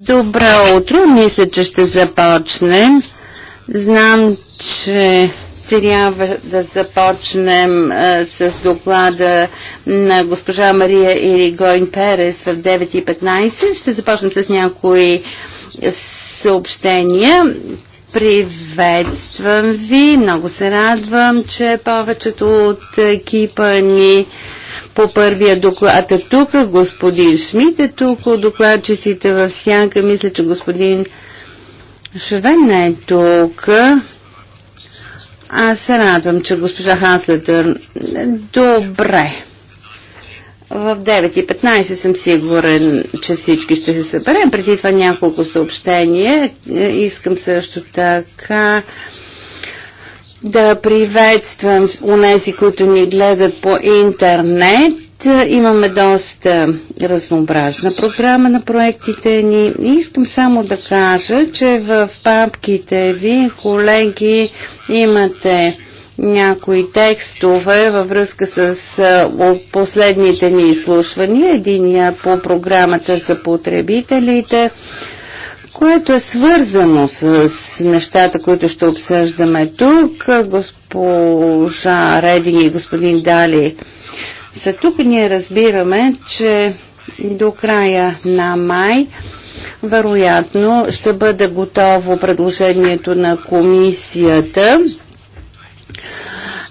Добро утро, мисля, че ще започнем. Знам, че трябва да започнем а, с доклада на госпожа Мария Иригойн Перес в 9.15. Ще започнем с някои съобщения. Приветствам ви, много се радвам, че повечето от екипа ни по първия доклад. А тук господин Шмидт е тук, докладчиците в сянка. Мисля, че господин Шевен е тук. Аз се радвам, че госпожа Ханслетър... Добре. В 9.15 съм сигурен, че всички ще се съберем. Преди това няколко съобщения. Искам също така да приветствам унези, които ни гледат по интернет. Имаме доста разнообразна програма на проектите ни. Искам само да кажа, че в папките ви, колеги, имате някои текстове във връзка с последните ни изслушвания. Единия по програмата за потребителите което е свързано с, с нещата, които ще обсъждаме тук. Госпожа Реди и господин Дали са тук. Ние разбираме, че до края на май вероятно ще бъде готово предложението на комисията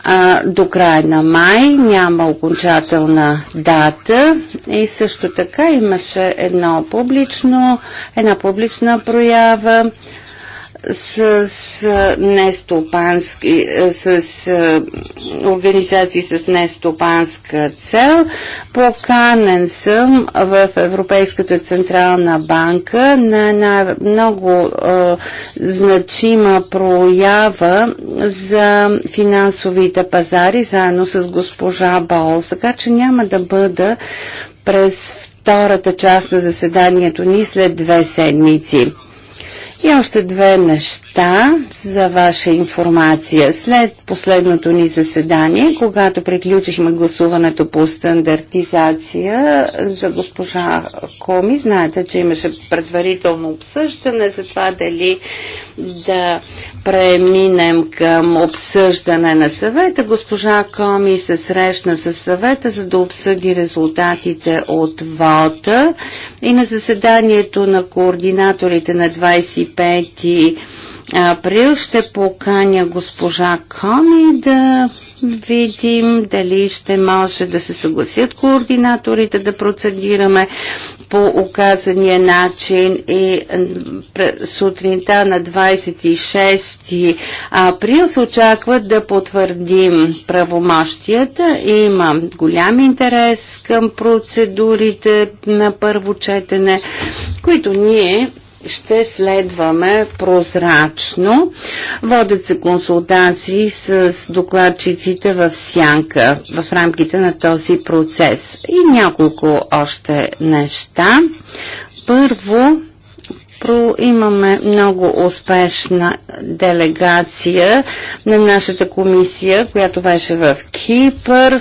а, до края на май, няма окончателна дата и също така имаше едно публично, една публична проява с, с нестопански, е, с, с е, организации с нестопанска цел. Поканен съм в Европейската централна банка на една много е, значима проява за финансовите пазари, заедно с госпожа Болс. Така че няма да бъда през втората част на заседанието ни след две седмици. И още две неща за ваша информация. След последното ни заседание, когато приключихме гласуването по стандартизация за госпожа Коми, знаете, че имаше предварително обсъждане за това дали да преминем към обсъждане на съвета. Госпожа Коми се срещна с съвета, за да обсъди резултатите от вота и на заседанието на координаторите на 20 25 април ще поканя госпожа Кони да видим дали ще може да се съгласят координаторите да процедираме по оказания начин и сутринта на 26 април се очаква да потвърдим правомощията. Има голям интерес към процедурите на първо четене, които ние ще следваме прозрачно. Водят се консултации с докладчиците в Сянка в рамките на този процес. И няколко още неща. Първо, имаме много успешна делегация на нашата комисия, която беше в Кипър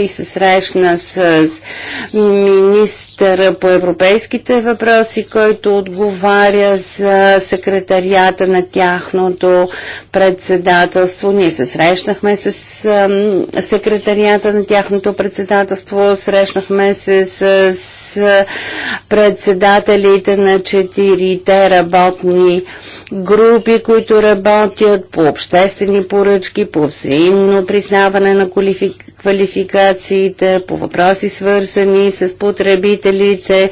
и се срещна с министъра по европейските въпроси, който отговаря за секретарията на тяхното председателство. Ние се срещнахме с секретарията на тяхното председателство, срещнахме се с, председателите на четирите работни групи, които работят по обществени поръчки, по взаимно признаване на квалификации квалификациите, по въпроси свързани с потребителите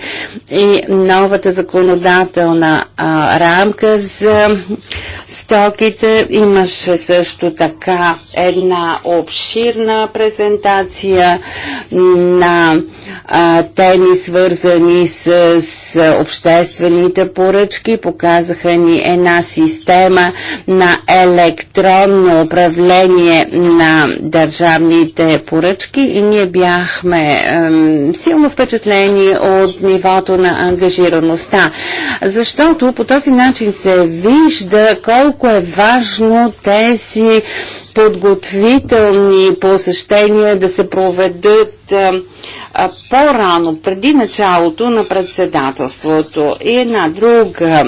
и новата законодателна а, рамка за стоките. Имаше също така една обширна презентация на а, теми свързани с, с обществените поръчки. Показаха ни една система на електронно управление на държавните поръчки и ние бяхме ем, силно впечатлени от нивото на ангажираността, защото по този начин се вижда колко е важно тези подготвителни посещения да се проведат по-рано, преди началото на председателството. И една друга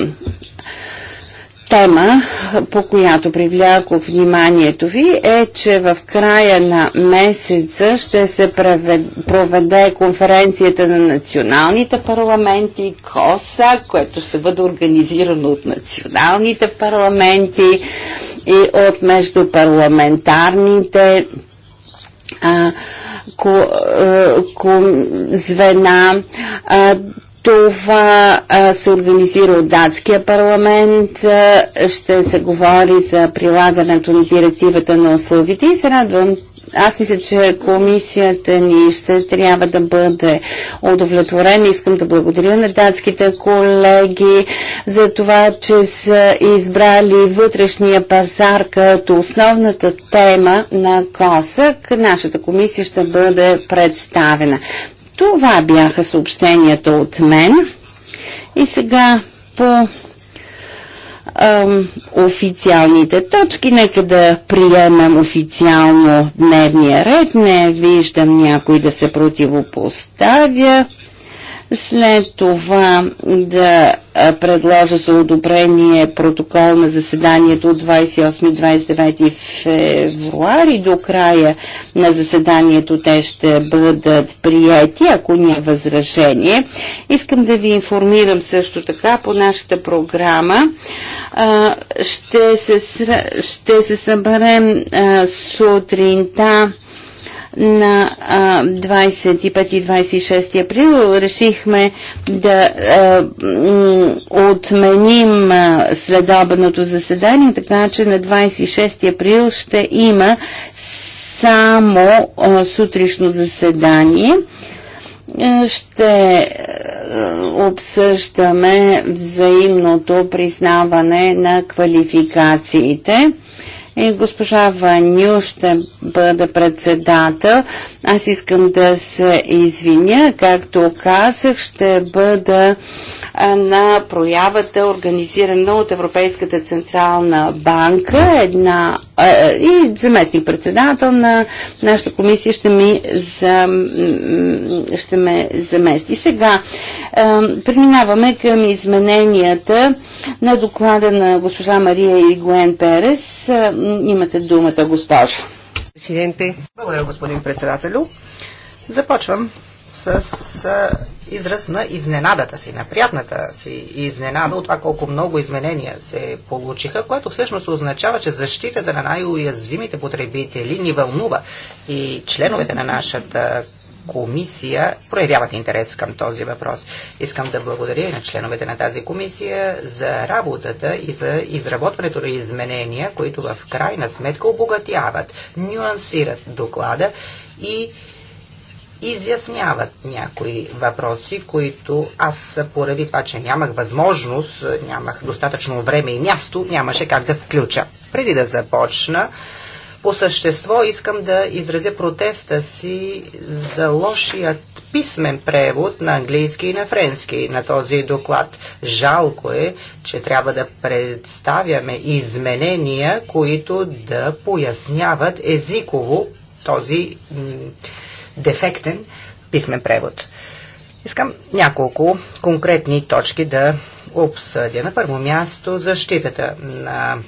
тема, по която привлякох вниманието ви, е, че в края на месеца ще се проведе конференцията на националните парламенти КОСА, което ще бъде организирано от националните парламенти и от междупарламентарните а, ко, а, ко, звена. А, това а, се организира от датския парламент. А, ще се говори за прилагането на директивата на услугите и се радвам. Аз мисля, че комисията ни ще трябва да бъде удовлетворена. Искам да благодаря на датските колеги за това, че са избрали вътрешния пазар като основната тема на КОСАК. Нашата комисия ще бъде представена. Това бяха съобщенията от мен. И сега по ам, официалните точки. Нека да приемем официално дневния ред. Не виждам някой да се противопоставя след това да предложа за одобрение протокол на заседанието от 28-29 февруари до края на заседанието те ще бъдат прияти, ако ни е възражение. Искам да ви информирам също така по нашата програма. Ще се, ще се съберем сутринта на 25 и 26 април решихме да отменим следобедното заседание, така че на 26 април ще има само сутрешно заседание ще обсъждаме взаимното признаване на квалификациите и госпожа Ваню ще бъде председател. Аз искам да се извиня, както казах, ще бъда на проявата, организирана от Европейската централна банка, една и заместник председател на нашата комисия ще ми за, ще ме замести. Сега преминаваме към измененията на доклада на госпожа Мария Игуен Перес. Имате думата, госпожа. Благодаря, господин председателю. Започвам с израз на изненадата си, на приятната си изненада от това колко много изменения се получиха, което всъщност означава, че защитата на най-уязвимите потребители ни вълнува и членовете на нашата комисия проявяват интерес към този въпрос. Искам да благодаря и на членовете на тази комисия за работата и за изработването на изменения, които в крайна сметка обогатяват, нюансират доклада и изясняват някои въпроси, които аз поради това, че нямах възможност, нямах достатъчно време и място, нямаше как да включа. Преди да започна, по същество искам да изразя протеста си за лошият писмен превод на английски и на френски на този доклад. Жалко е, че трябва да представяме изменения, които да поясняват езиково този дефектен писмен превод. Искам няколко конкретни точки да обсъдя. На първо място защитата на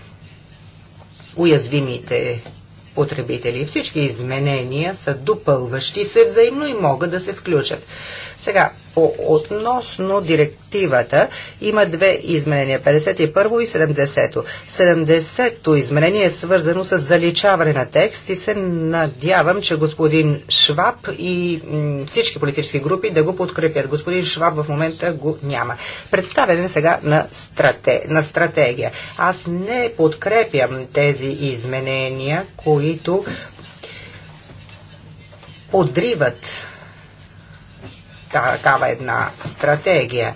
уязвимите потребители. Всички изменения са допълващи се взаимно и могат да се включат. Сега, по относно директивата има две изменения, 51 и 70-то. 70-то изменение е свързано с заличаване на текст и се надявам, че господин Шваб и всички политически групи да го подкрепят. Господин Шваб в момента го няма. Представяне сега на, на стратегия. Аз не подкрепям тези изменения, които подриват такава една стратегия.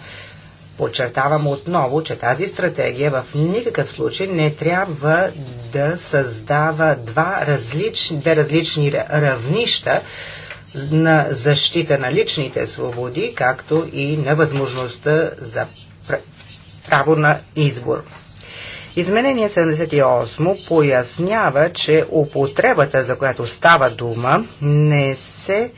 Подчертавам отново, че тази стратегия в никакъв случай не трябва да създава два различни, две различни равнища на защита на личните свободи, както и на възможността за право на избор. Изменение 78 пояснява, че употребата, за която става дума, не се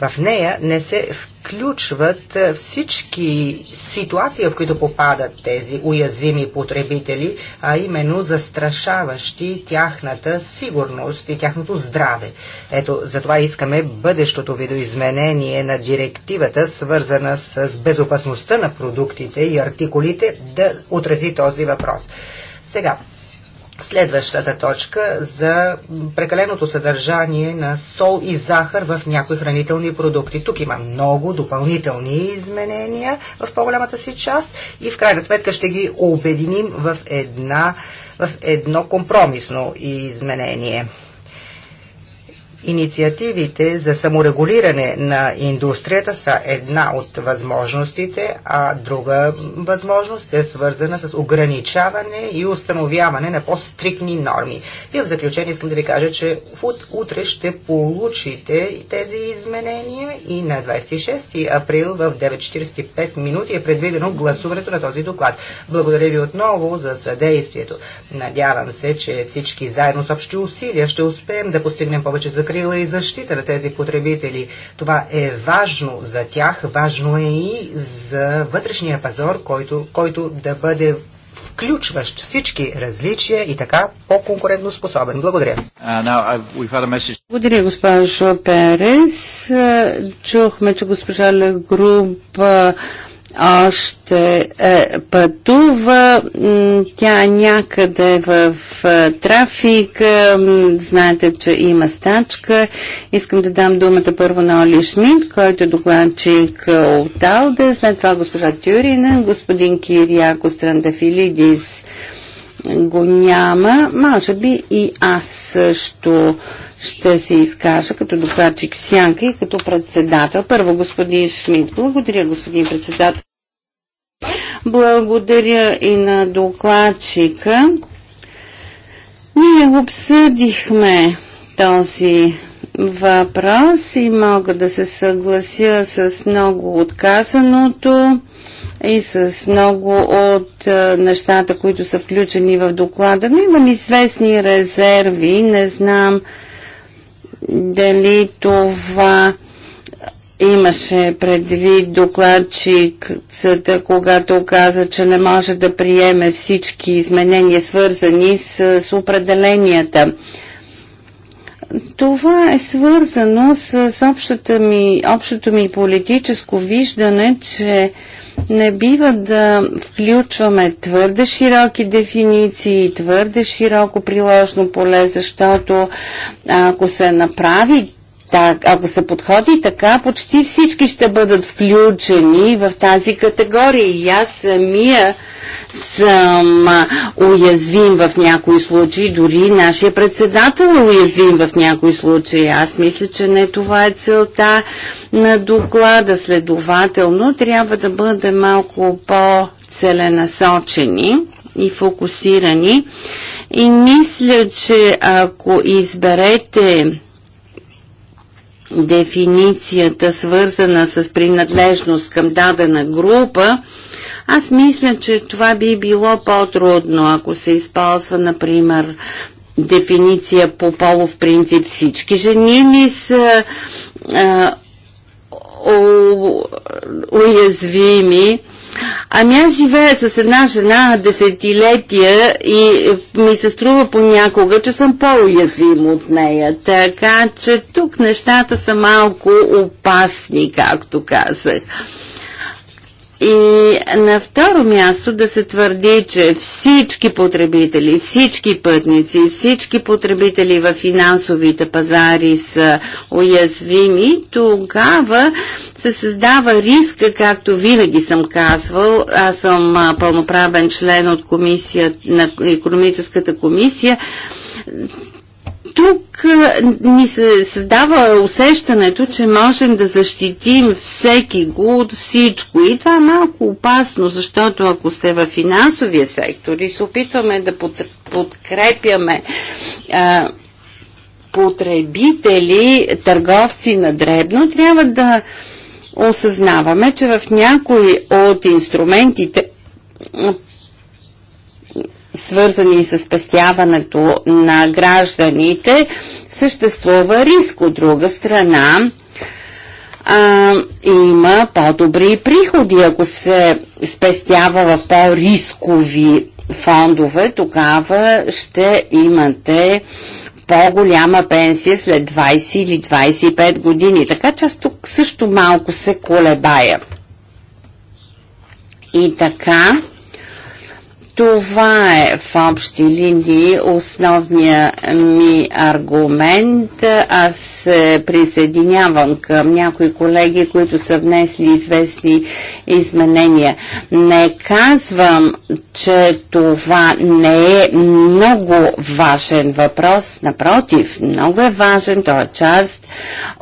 в нея не се включват е, всички ситуации, в които попадат тези уязвими потребители, а именно застрашаващи тяхната сигурност и тяхното здраве. Ето, затова искаме бъдещото видоизменение на директивата, свързана с безопасността на продуктите и артикулите, да отрази този въпрос. Сега, следващата точка за прекаленото съдържание на сол и захар в някои хранителни продукти. Тук има много допълнителни изменения в по-голямата си част и в крайна сметка ще ги обединим в, една, в едно компромисно изменение. Инициативите за саморегулиране на индустрията са една от възможностите, а друга възможност е свързана с ограничаване и установяване на по-стрикни норми. И в заключение искам да ви кажа, че утре ще получите тези изменения и на 26 април в 9.45 минути е предвидено гласуването на този доклад. Благодаря ви отново за съдействието. Надявам се, че всички заедно с общи усилия ще успеем да постигнем повече за закрила и защита на тези потребители. Това е важно за тях, важно е и за вътрешния пазар, който, който да бъде включващ всички различия и така по-конкурентно способен. Благодаря. Uh, Благодаря, госпожо Перес. Чухме, че госпожа Легруп още е, пътува. Тя някъде в е, трафик. Е, знаете, че има стачка. Искам да дам думата първо на Оли Шмид, който е докладчик от Алде. След това госпожа Тюрина, господин Кирияко Страндафилидис го няма. Може би и аз също ще се изкажа като докладчик сянка и като председател. Първо господин Шмидт. Благодаря господин председател. Благодаря и на докладчика. Ние обсъдихме този въпрос и мога да се съглася с много отказаното и с много от е, нещата, които са включени в доклада, но имам известни резерви. Не знам дали това имаше предвид докладчицата, когато каза, че не може да приеме всички изменения, свързани с, с определенията. Това е свързано с, с общата ми, общото ми политическо виждане, че не бива да включваме твърде широки дефиниции, твърде широко приложно поле, защото ако се направи Так, ако се подходи така, почти всички ще бъдат включени в тази категория. И аз самия съм уязвим в някои случаи, дори нашия председател е уязвим в някои случаи. Аз мисля, че не това е целта на доклада. Следователно, трябва да бъдем малко по-целенасочени и фокусирани. И мисля, че ако изберете дефиницията, свързана с принадлежност към дадена група, аз мисля, че това би било по-трудно, ако се използва, например, дефиниция по полов принцип всички жени ли са а, уязвими Ами аз живея с една жена десетилетия и ми се струва понякога, че съм по-уязвим от нея. Така че тук нещата са малко опасни, както казах. И на второ място да се твърди, че всички потребители, всички пътници, всички потребители в финансовите пазари са уязвими, тогава се създава риска, както винаги съм казвал, аз съм пълноправен член от комисия, на економическата комисия, тук ни се създава усещането, че можем да защитим всеки го от всичко. И това е малко опасно, защото ако сте в финансовия сектор и се опитваме да подкрепяме а, потребители, търговци на дребно, трябва да осъзнаваме, че в някои от инструментите свързани с спестяването на гражданите, съществува риск от друга страна а, има по-добри приходи. Ако се спестява в по-рискови фондове, тогава ще имате по-голяма пенсия след 20 или 25 години. Така че аз тук също малко се колебая. И така, това е в общи линии основния ми аргумент. Аз присъединявам към някои колеги, които са внесли известни изменения. Не казвам, че това не е много важен въпрос. Напротив, много е важен. Той е част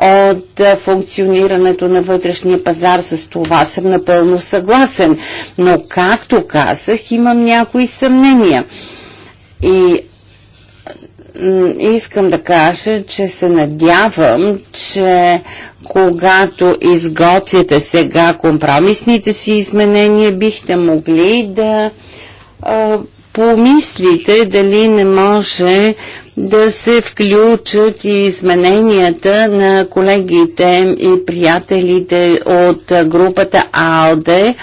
от функционирането на вътрешния пазар. С това съм напълно съгласен. Но, както казах, имам някои някои съмнения. И искам да кажа, че се надявам, че когато изготвяте сега компромисните си изменения, бихте могли да а, помислите дали не може да се включат и измененията на колегите и приятелите от групата АЛДЕ.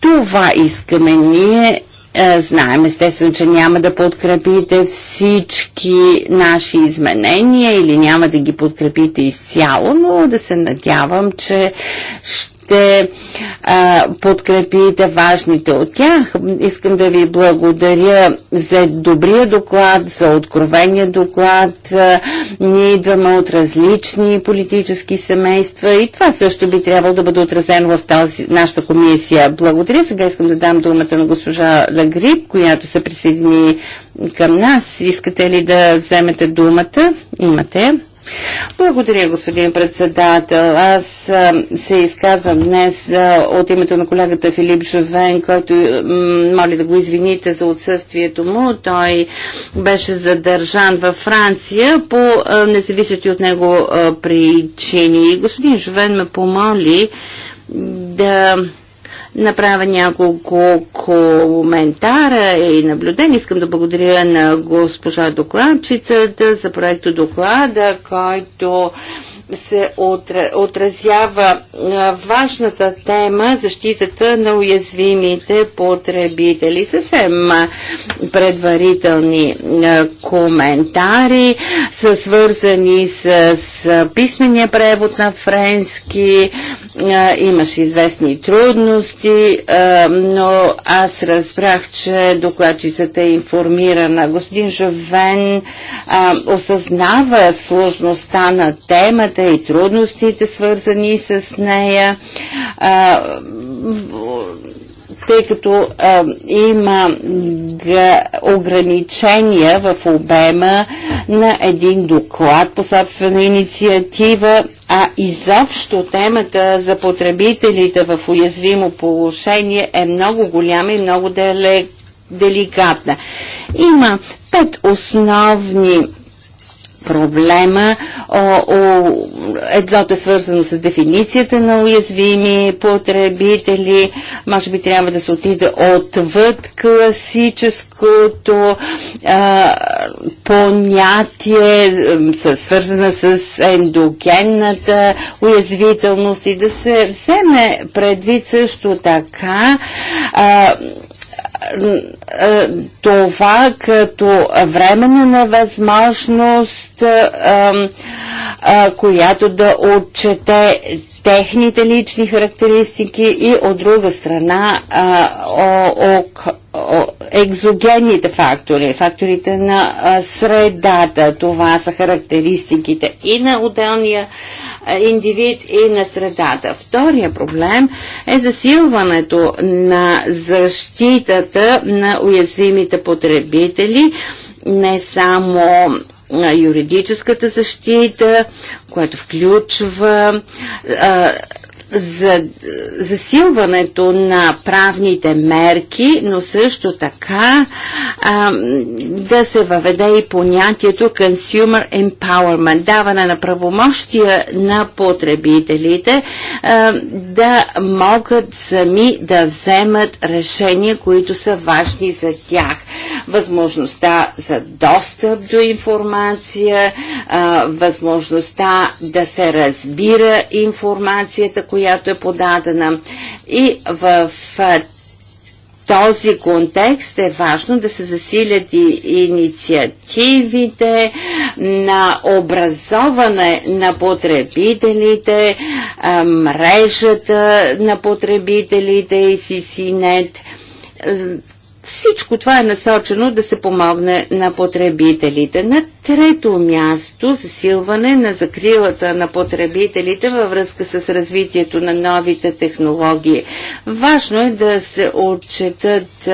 Това искаме ние е, знаем естествено, че няма да подкрепите всички наши изменения или няма да ги подкрепите изцяло, но да се надявам, че ще ще а, подкрепите важните от тях. Искам да ви благодаря за добрия доклад, за откровения доклад. ние идваме от различни политически семейства и това също би трябвало да бъде отразено в тази нашата комисия. Благодаря. Сега искам да дам думата на госпожа Лагрип, която се присъедини към нас. Искате ли да вземете думата? Имате. Благодаря, господин председател. Аз се изказвам днес от името на колегата Филип Жовен, който моля да го извините за отсъствието му. Той беше задържан във Франция по независещи от него причини. Господин Жовен ме помоли да направя няколко коментара и наблюдения. Искам да благодаря на госпожа докладчицата за проекто доклада, който се отразява важната тема защитата на уязвимите потребители. Съвсем предварителни коментари са свързани с писмения превод на френски. Имаше известни трудности, но аз разбрах, че докладчицата е информирана. Господин Жовен осъзнава сложността на темата кризата и трудностите, свързани с нея, а, тъй като а, има ограничения в обема на един доклад по собствена инициатива, а изобщо темата за потребителите в уязвимо положение е много голяма и много деликатна. Има пет основни проблема. едното е свързано с дефиницията на уязвими потребители. Може би трябва да се отиде отвъд класическо политическото а, понятие, а, свързана с ендогенната уязвителност и да се вземе предвид също така а, това като на възможност, която да отчете техните лични характеристики и от друга страна екзогенните фактори, факторите на средата. Това са характеристиките и на отделния индивид и на средата. Втория проблем е засилването на защитата на уязвимите потребители, не само юридическата защита, която включва а, за засилването на правните мерки, но също така а, да се въведе и понятието consumer empowerment, даване на правомощия на потребителите а, да могат сами да вземат решения, които са важни за тях възможността за достъп до информация, а, възможността да се разбира информацията, която е подадена. И в този контекст е важно да се засилят и инициативите на образоване на потребителите, мрежата на потребителите и CCNet всичко това е насочено да се помогне на потребителите. На трето място засилване на закрилата на потребителите във връзка с развитието на новите технологии. Важно е да се отчетат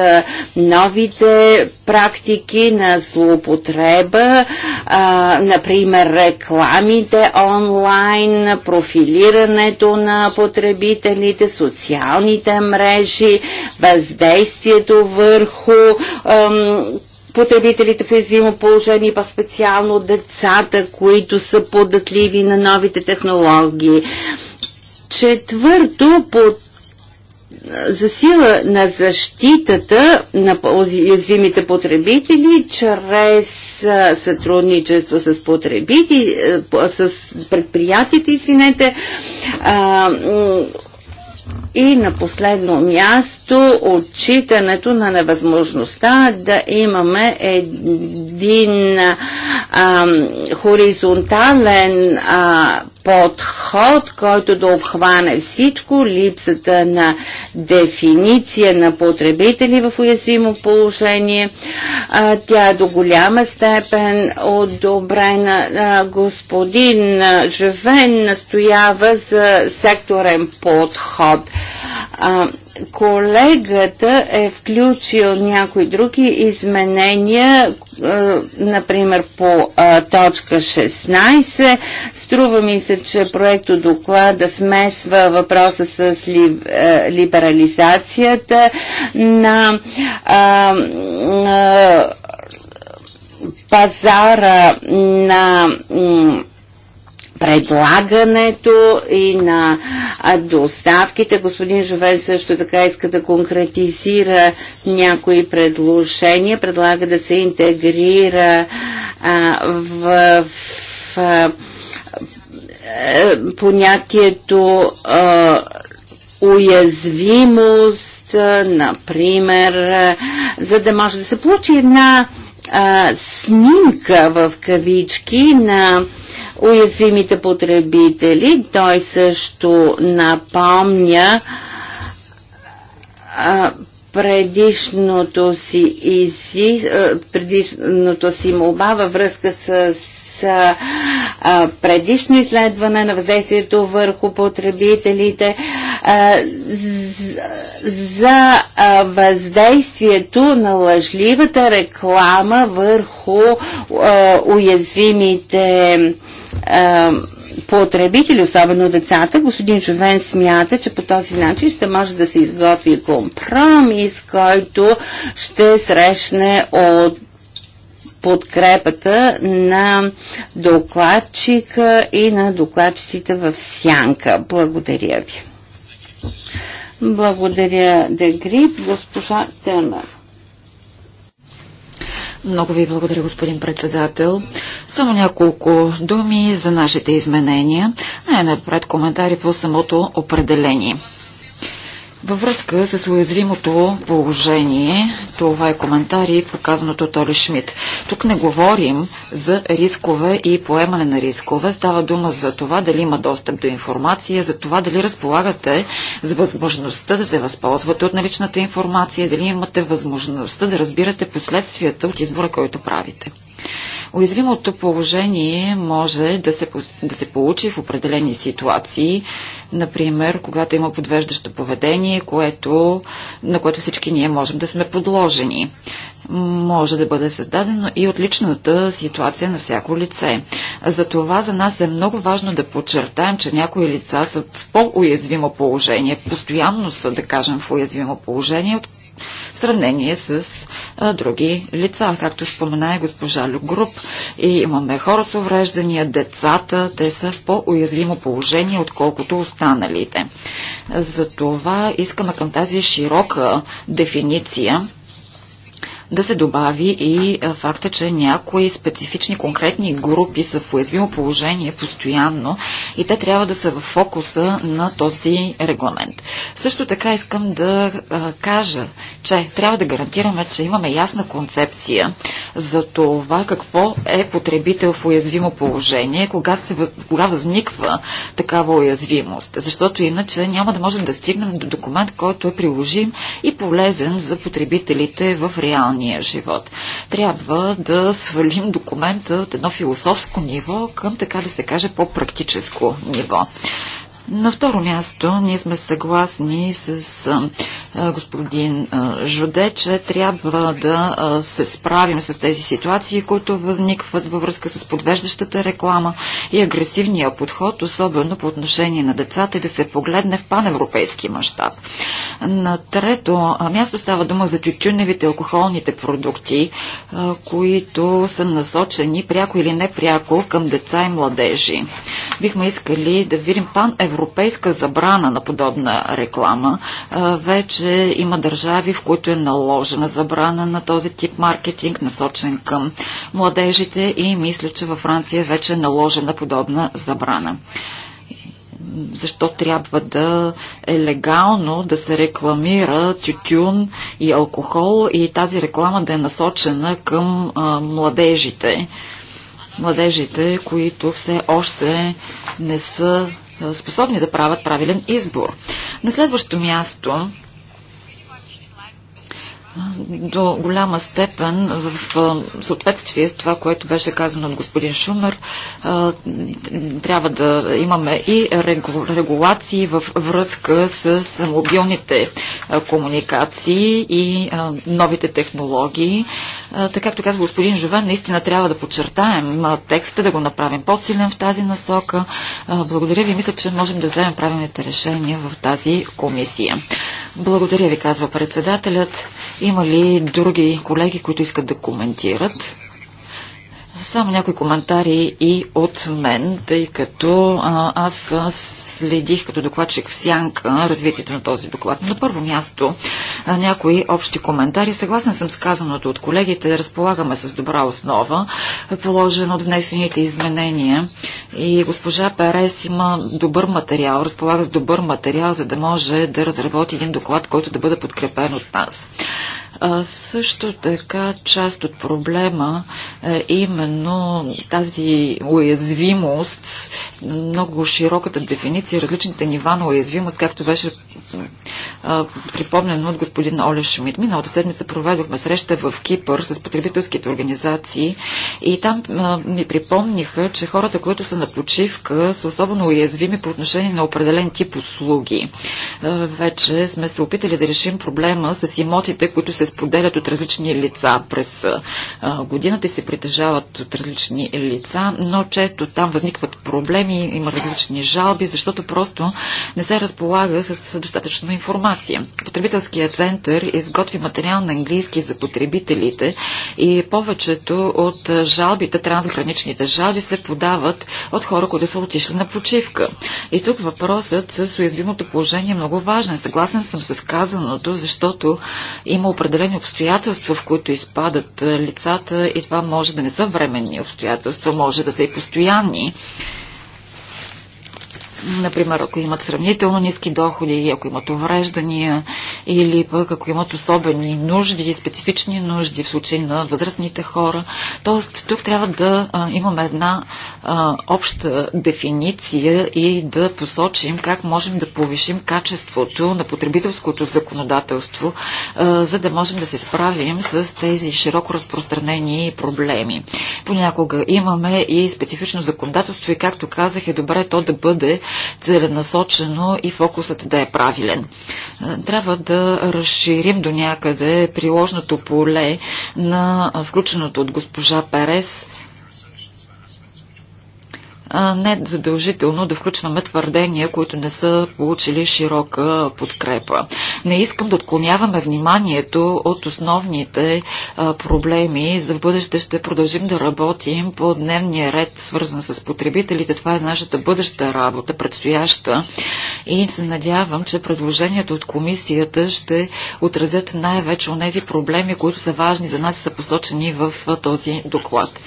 новите практики на злоупотреба, а, например рекламите онлайн, профилирането на потребителите, социалните мрежи, въздействието в върху ам, потребителите в уязвимо положение, по-специално децата, които са податливи на новите технологии. Четвърто, под засила на защитата на уязвимите потребители чрез сътрудничество с потребители, с предприятите, извинете, и на последно място отчитането на невъзможността да имаме един а, хоризонтален а, подход, който да обхване всичко, липсата на дефиниция на потребители в уязвимо положение. А, тя е до голяма степен одобрена. А, господин Жевен настоява за секторен подход. А, колегата е включил някои други изменения, е, например по е, точка 16. Струва ми се, че проекто доклада смесва въпроса с е, либерализацията на пазара на предлагането и на доставките. Господин Жовен също така иска да конкретизира някои предложения. Предлага да се интегрира а, в, в а, е, понятието а, уязвимост, например, за да може да се получи една а, снимка в кавички на а, уязвимите потребители. Той също напомня предишното си, изи, предишното си молба във връзка с а, а, предишно изследване на въздействието върху потребителите, а, за, а, въздействието на лъжливата реклама върху а, уязвимите а, потребители, особено децата, господин Жовен смята, че по този начин ще може да се изготви компромис, който ще срещне от подкрепата на докладчика и на докладчиците в Сянка. Благодаря ви. Благодаря, Дегрип. Госпожа Тема. Много ви благодаря, господин председател. Само няколко думи за нашите изменения. Най-напред коментари по самото определение. Във връзка с уязвимото положение, това е коментар и показаното от Оли Шмидт. Тук не говорим за рискове и поемане на рискове. Става дума за това дали има достъп до информация, за това дали разполагате с възможността да се възползвате от наличната информация, дали имате възможността да разбирате последствията от избора, който правите. Уязвимото положение може да се, да се получи в определени ситуации, например, когато има подвеждащо поведение, което, на което всички ние можем да сме подложени. Може да бъде създадено и отличната ситуация на всяко лице. Затова за нас е много важно да подчертаем, че някои лица са в по-уязвимо положение, постоянно са, да кажем, в уязвимо положение, в сравнение с а, други лица, както спомена и госпожа Люгруп. И имаме хора с увреждания, децата, те са в по-уязвимо положение, отколкото останалите. Затова искаме към тази широка дефиниция да се добави и факта, че някои специфични конкретни групи са в уязвимо положение постоянно и те трябва да са в фокуса на този регламент. Също така искам да кажа, че трябва да гарантираме, че имаме ясна концепция за това какво е потребител в уязвимо положение, кога, се, кога възниква такава уязвимост. Защото иначе няма да можем да стигнем до документ, който е приложим и полезен за потребителите в реалния реалния живот. Трябва да свалим документа от едно философско ниво към, така да се каже, по-практическо ниво. На второ място, ние сме съгласни с господин Жоде, че трябва да се справим с тези ситуации, които възникват във връзка с подвеждащата реклама и агресивния подход, особено по отношение на децата и да се погледне в паневропейски мащаб. На трето място става дума за тютюневите алкохолните продукти, които са насочени пряко или непряко към деца и младежи. Бихме искали да видим паневропейски европейска забрана на подобна реклама. Вече има държави, в които е наложена забрана на този тип маркетинг, насочен към младежите и мисля, че във Франция вече е наложена подобна забрана защо трябва да е легално да се рекламира тютюн и алкохол и тази реклама да е насочена към а, младежите. Младежите, които все още не са е, способни да правят правилен избор. На следващо място до голяма степен в съответствие с това, което беше казано от господин Шумер. Трябва да имаме и регулации в връзка с мобилните комуникации и новите технологии. Така както казва господин Жовен, наистина трябва да подчертаем текста, да го направим по-силен в тази насока. Благодаря ви. Мисля, че можем да вземем правилните решения в тази комисия. Благодаря ви, казва председателят. Има ли ли други колеги, които искат да коментират? Само някои коментари и от мен, тъй като а, аз следих като докладчик в сянка развитието на този доклад. На първо място а, някои общи коментари. Съгласен съм с казаното от колегите. Разполагаме с добра основа, положено от внесените изменения. И госпожа Перес има добър материал, разполага с добър материал, за да може да разработи един доклад, който да бъде подкрепен от нас. А, също така част от проблема е именно тази уязвимост, много широката дефиниция, различните нива на уязвимост, както беше а, припомнено от господин Оле Шмидт. Миналата седмица проведохме среща в Кипър с потребителските организации и там а, ми припомниха, че хората, които са на почивка, са особено уязвими по отношение на определен тип услуги. Вече сме се опитали да решим проблема с имотите, които се споделят от различни лица през а, годината и се притежават от различни лица, но често там възникват проблеми, има различни жалби, защото просто не се разполага с достатъчно информация. Потребителският център изготви материал на английски за потребителите и повечето от жалбите, трансграничните жалби се подават от хора, които са отишли на почивка. И тук въпросът с уязвимото положение е много важен. Съгласен съм с казаното, защото има определено определени обстоятелства, в които изпадат лицата и това може да не са временни обстоятелства, може да са и постоянни. Например, ако имат сравнително ниски доходи, ако имат увреждания или пък ако имат особени нужди, специфични нужди в случай на възрастните хора. Тоест, тук трябва да а, имаме една а, обща дефиниция и да посочим как можем да повишим качеството на потребителското законодателство, а, за да можем да се справим с тези широко разпространени проблеми. Понякога имаме и специфично законодателство и, както казах, е добре то да бъде целенасочено и фокусът да е правилен. Е, трябва да разширим до някъде приложното поле на включеното от госпожа Перес не задължително да включваме твърдения, които не са получили широка подкрепа. Не искам да отклоняваме вниманието от основните а, проблеми. За в бъдеще ще продължим да работим по дневния ред, свързан с потребителите. Това е нашата бъдеща работа, предстояща. И се надявам, че предложението от комисията ще отразят най-вече от тези проблеми, които са важни за нас и са посочени в този доклад.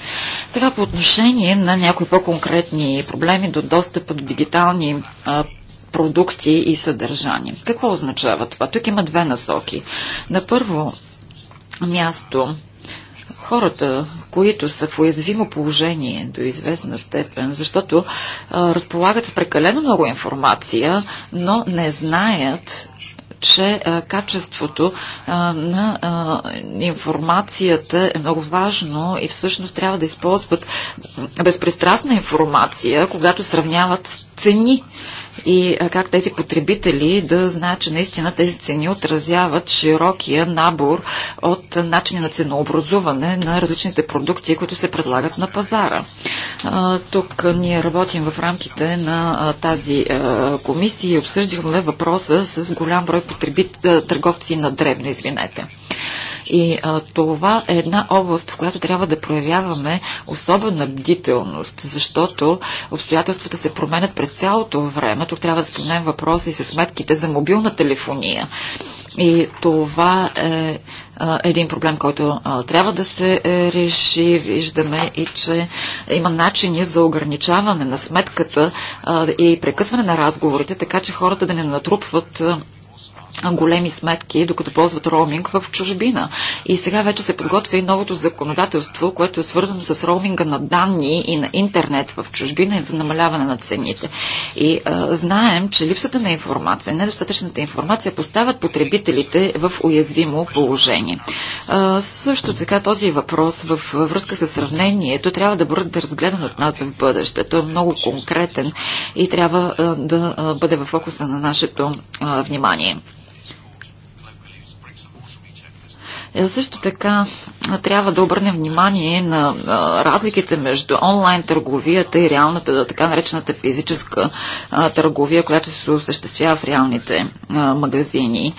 Сега по отношение на някои по-конкретни конкретни проблеми до достъпа до дигитални а, продукти и съдържания. Какво означава това? Тук има две насоки. На първо място хората, които са в уязвимо положение до известна степен, защото а, разполагат с прекалено много информация, но не знаят че качеството на информацията е много важно и всъщност трябва да използват безпристрастна информация, когато сравняват цени и как тези потребители да знаят, че наистина тези цени отразяват широкия набор от начини на ценообразуване на различните продукти, които се предлагат на пазара. Тук ние работим в рамките на тази комисия и обсъждахме въпроса с голям брой потребит, търговци на дребно, извинете. И а, това е една област, в която трябва да проявяваме особена бдителност, защото обстоятелствата се променят през цялото време. Тук трябва да споменем въпроси с сметките за мобилна телефония. И това е един проблем, който трябва да се е, реши. Виждаме и, че има начини за ограничаване на сметката и прекъсване на разговорите, така че хората да не натрупват големи сметки, докато ползват роуминг в чужбина. И сега вече се подготвя и новото законодателство, което е свързано с роуминга на данни и на интернет в чужбина и за намаляване на цените. И а, знаем, че липсата на информация, недостатъчната информация поставят потребителите в уязвимо положение. А, също така този въпрос в връзка с сравнението трябва да бъде разгледан от нас в бъдеще. Той е много конкретен и трябва а, да бъде в фокуса на нашето а, внимание. Е, също така трябва да обърнем внимание на разликите между онлайн търговията и реалната, така наречената физическа търговия, която се осъществява в реалните магазини.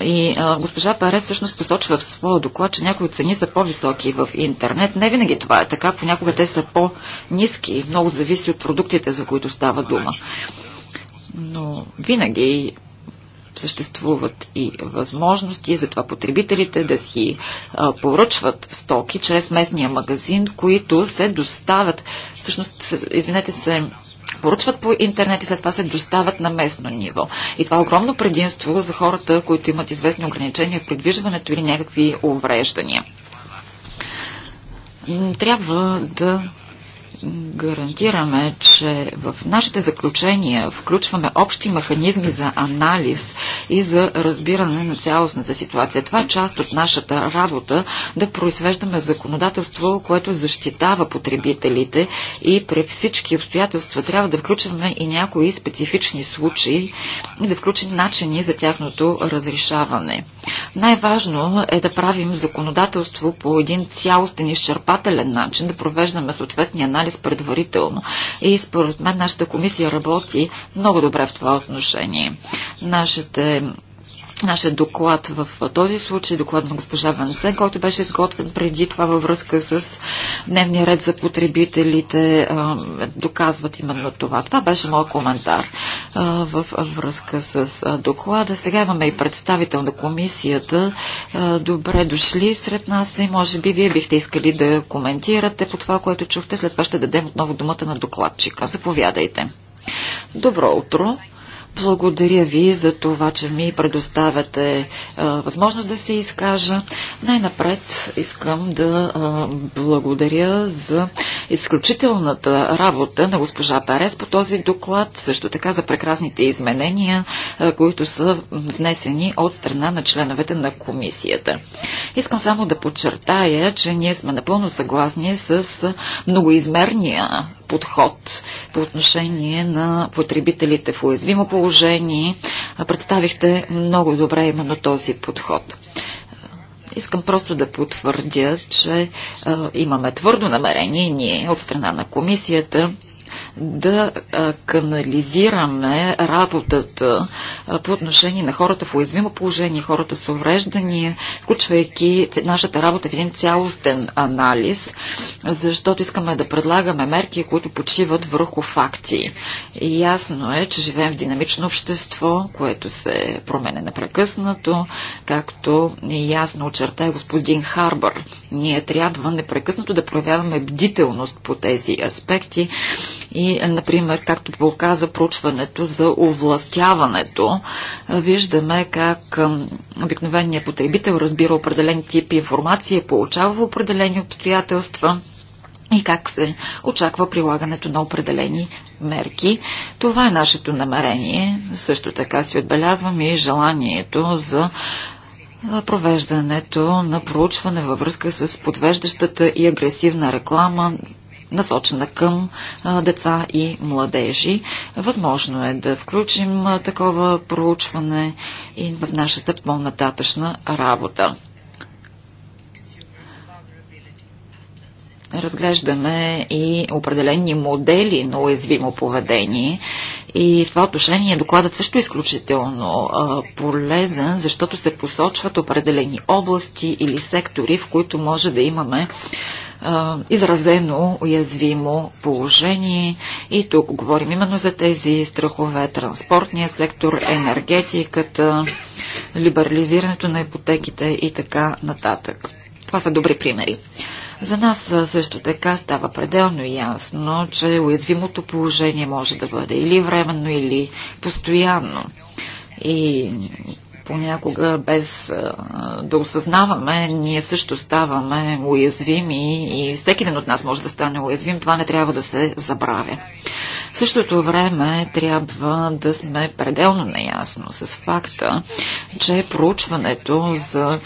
И госпожа Парес всъщност посочва в своя доклад, че някои цени са по-високи в интернет. Не винаги това е така, понякога те са по-низки. Много зависи от продуктите, за които става дума. Но винаги съществуват и възможности за това потребителите да си а, поръчват стоки чрез местния магазин, които се доставят, всъщност, извинете се, поръчват по интернет и след това се доставят на местно ниво. И това е огромно предимство за хората, които имат известни ограничения в предвижването или някакви увреждания. Трябва да гарантираме, че в нашите заключения включваме общи механизми за анализ и за разбиране на цялостната ситуация. Това е част от нашата работа да произвеждаме законодателство, което защитава потребителите и при всички обстоятелства трябва да включваме и някои специфични случаи и да включим начини за тяхното разрешаване. Най-важно е да правим законодателство по един цялостен изчерпателен начин, да провеждаме съответния анализ анализ предварително. И според мен нашата комисия работи много добре в това отношение. Нашите Нашия доклад в този случай, доклад на госпожа Вансен, който беше изготвен преди това във връзка с дневния ред за потребителите, доказват именно това. Това беше моят коментар в връзка с доклада. Сега имаме и представител на комисията. Добре дошли сред нас и може би вие бихте искали да коментирате по това, което чухте. След това ще дадем отново думата на докладчика. Заповядайте. Добро утро. Благодаря ви за това, че ми предоставяте а, е, възможност да се изкажа. Най-напред искам да а, е, благодаря за изключителната работа на госпожа Перес по този доклад, също така за прекрасните изменения, а, е, които са внесени от страна на членовете на комисията. Искам само да подчертая, че ние сме напълно съгласни с многоизмерния подход по отношение на потребителите в уязвимо положение. Представихте много добре именно този подход. Искам просто да потвърдя, че а, имаме твърдо намерение ние от страна на комисията да канализираме работата по отношение на хората в уязвимо положение, хората с увреждания, включвайки нашата работа в един цялостен анализ, защото искаме да предлагаме мерки, които почиват върху факти. И ясно е, че живеем в динамично общество, което се променя непрекъснато, както ясно очерта господин Харбър. Ние трябва непрекъснато да проявяваме бдителност по тези аспекти, и, е, например, както показа проучването за овластяването, е, виждаме как е, обикновеният потребител разбира определен тип информация, получава в определени обстоятелства и как се очаква прилагането на определени мерки. Това е нашето намерение. Също така си отбелязваме и желанието за провеждането на проучване във връзка с подвеждащата и агресивна реклама, насочена към деца и младежи. Възможно е да включим такова проучване и в нашата по-нататъчна работа. разглеждаме и определени модели на уязвимо поведение. И в това отношение докладът също е изключително а, полезен, защото се посочват определени области или сектори, в които може да имаме изразено уязвимо положение. И тук говорим именно за тези страхове. Транспортния сектор, енергетиката, либерализирането на ипотеките и така нататък. Това са добри примери. За нас също така става пределно ясно, че уязвимото положение може да бъде или временно, или постоянно. И понякога без да осъзнаваме, ние също ставаме уязвими и всеки ден от нас може да стане уязвим. Това не трябва да се забравя. В същото време трябва да сме пределно наясно с факта, че проучването за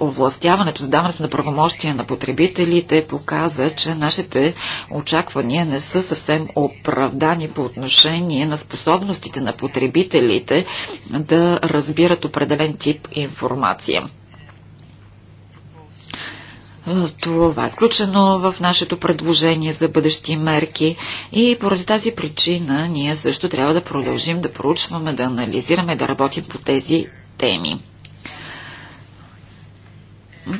овластяването, задаването на правомощия на потребителите показа, че нашите очаквания не са съвсем оправдани по отношение на способностите на потребителите да разбират определен тип информация. Е, това е включено в нашето предложение за бъдещи мерки и поради тази причина ние също трябва да продължим да проучваме, да анализираме, да работим по тези теми.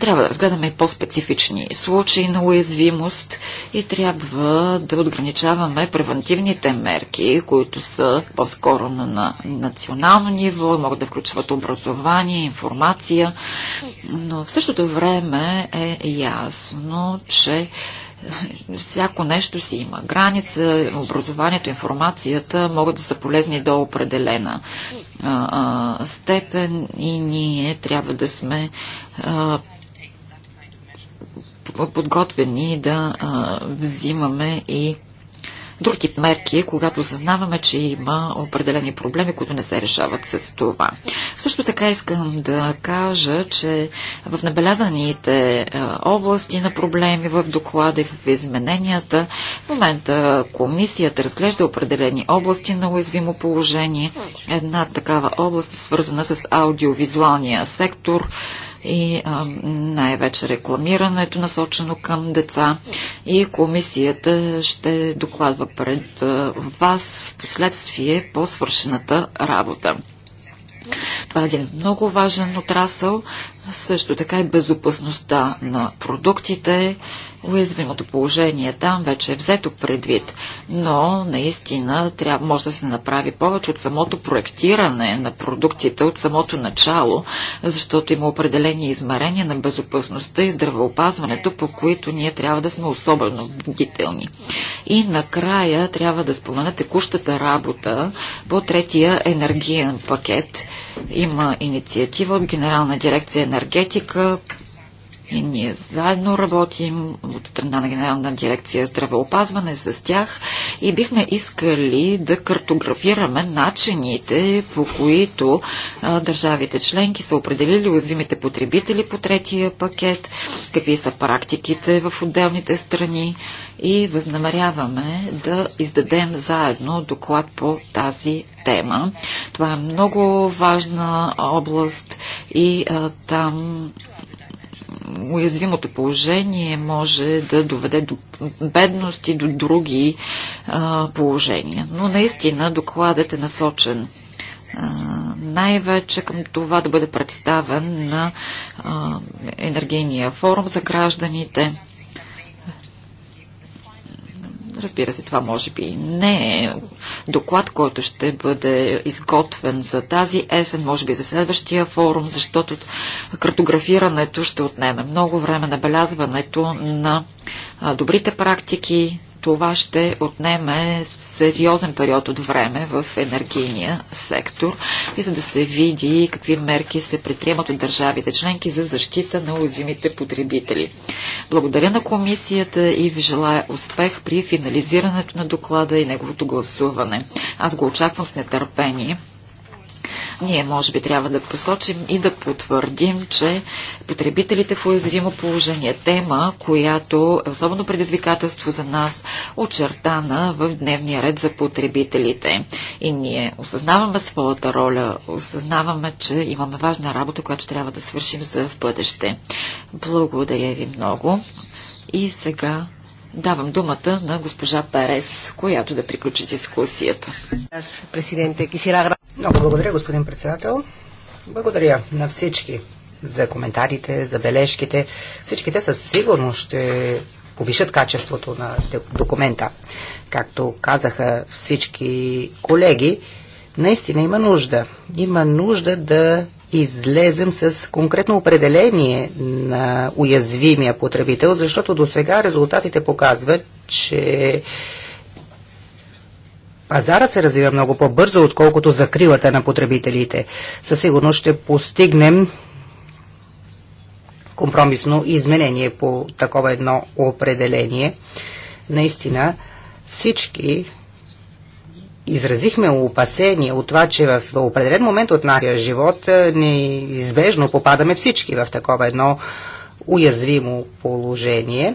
Трябва да разгледаме и по-специфични случаи на уязвимост и трябва да отграничаваме превентивните мерки, които са по-скоро на, на национално ниво, могат да включват образование, информация, но в същото време е ясно, че всяко нещо си има граница, образованието, информацията могат да са полезни до определена а, а, степен и ние трябва да сме а, подготвени да а, взимаме и друг тип мерки, когато съзнаваме, че има определени проблеми, които не се решават с това. Също така искам да кажа, че в набелязаните области на проблеми в доклада и в измененията, в момента комисията разглежда определени области на уязвимо положение. Една такава област е свързана с аудиовизуалния сектор, и най-вече рекламирането насочено към деца. И комисията ще докладва пред вас в последствие по свършената работа. Това е един много важен отрасъл, също така и безопасността на продуктите Уязвимото положение там вече е взето предвид, но наистина трябва, може да се направи повече от самото проектиране на продуктите, от самото начало, защото има определени измерения на безопасността и здравеопазването, по които ние трябва да сме особено бдителни. И накрая трябва да спомена текущата работа по третия енергиен пакет. Има инициатива от Генерална дирекция енергетика, и ние заедно работим от страна на Генерална дирекция здравеопазване с тях и бихме искали да картографираме начините, по които а, държавите членки са определили уязвимите потребители по третия пакет, какви са практиките в отделните страни и възнамеряваме да издадем заедно доклад по тази тема. Това е много важна област и а, там уязвимото положение може да доведе до бедност и до други а, положения. Но наистина докладът е насочен най-вече към това да бъде представен на а, енергийния форум за гражданите. Разбира се, това може би не е доклад, който ще бъде изготвен за тази есен, може би за следващия форум, защото картографирането ще отнеме много време, набелязването на добрите практики, това ще отнеме сериозен период от време в енергийния сектор и за да се види какви мерки се предприемат от държавите членки за защита на уязвимите потребители. Благодаря на комисията и ви желая успех при финализирането на доклада и неговото гласуване. Аз го очаквам с нетърпение. Ние може би трябва да посочим и да потвърдим, че потребителите в уязвимо положение тема, която е особено предизвикателство за нас, очертана в дневния ред за потребителите. И ние осъзнаваме своята роля, осъзнаваме, че имаме важна работа, която трябва да свършим за в бъдеще. Благодаря ви много. И сега Давам думата на госпожа Перес, която да приключи дискусията. Много благодаря, господин председател. Благодаря на всички за коментарите, за бележките. Всичките със сигурност ще повишат качеството на документа. Както казаха всички колеги, наистина има нужда. Има нужда да излезем с конкретно определение на уязвимия потребител, защото до сега резултатите показват, че пазара се развива много по-бързо, отколкото закрилата на потребителите. Със сигурност ще постигнем компромисно изменение по такова едно определение. Наистина всички изразихме опасение от това, че в определен момент от нашия живот е, неизбежно попадаме всички в такова едно уязвимо положение.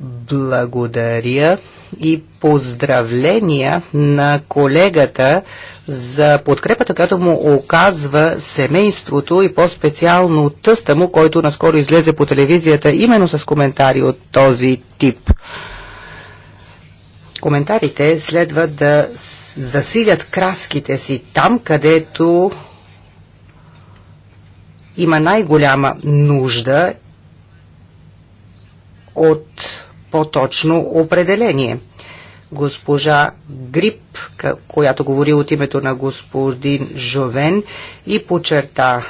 Благодаря и поздравления на колегата за подкрепата, която му оказва семейството и по-специално тъста му, който наскоро излезе по телевизията именно с коментари от този тип. Коментарите следва да засилят краските си там, където има най-голяма нужда от по-точно определение. Госпожа Грип, която говори от името на господин Жовен и почерта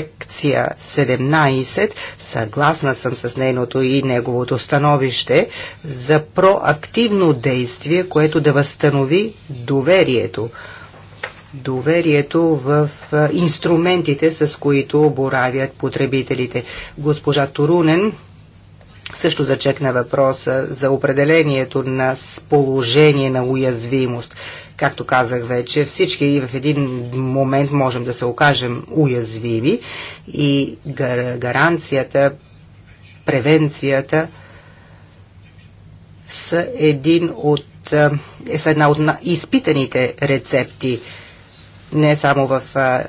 секция 17, съгласна съм с нейното и неговото становище, за проактивно действие, което да възстанови доверието. Доверието в инструментите, с които боравят потребителите. Госпожа Турунен също зачекна въпроса за определението на положение на уязвимост. Както казах вече, всички в един момент можем да се окажем уязвими и гаранцията, превенцията са един от, е са една от изпитаните рецепти не само в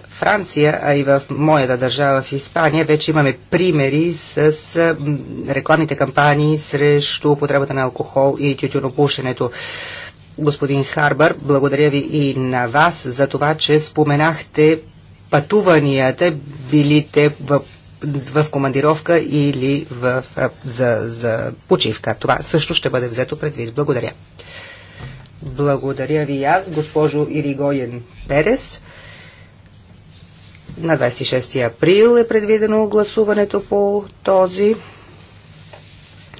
Франция, а и в моята държава в Испания. Вече имаме примери с рекламните кампании срещу употребата на алкохол и тютюнопушенето господин Харбър, благодаря ви и на вас за това, че споменахте пътуванията, те в в командировка или в, за, за почивка. Това също ще бъде взето предвид. Благодаря. Благодаря ви аз, госпожо Иригоен Перес. На 26 април е предвидено гласуването по този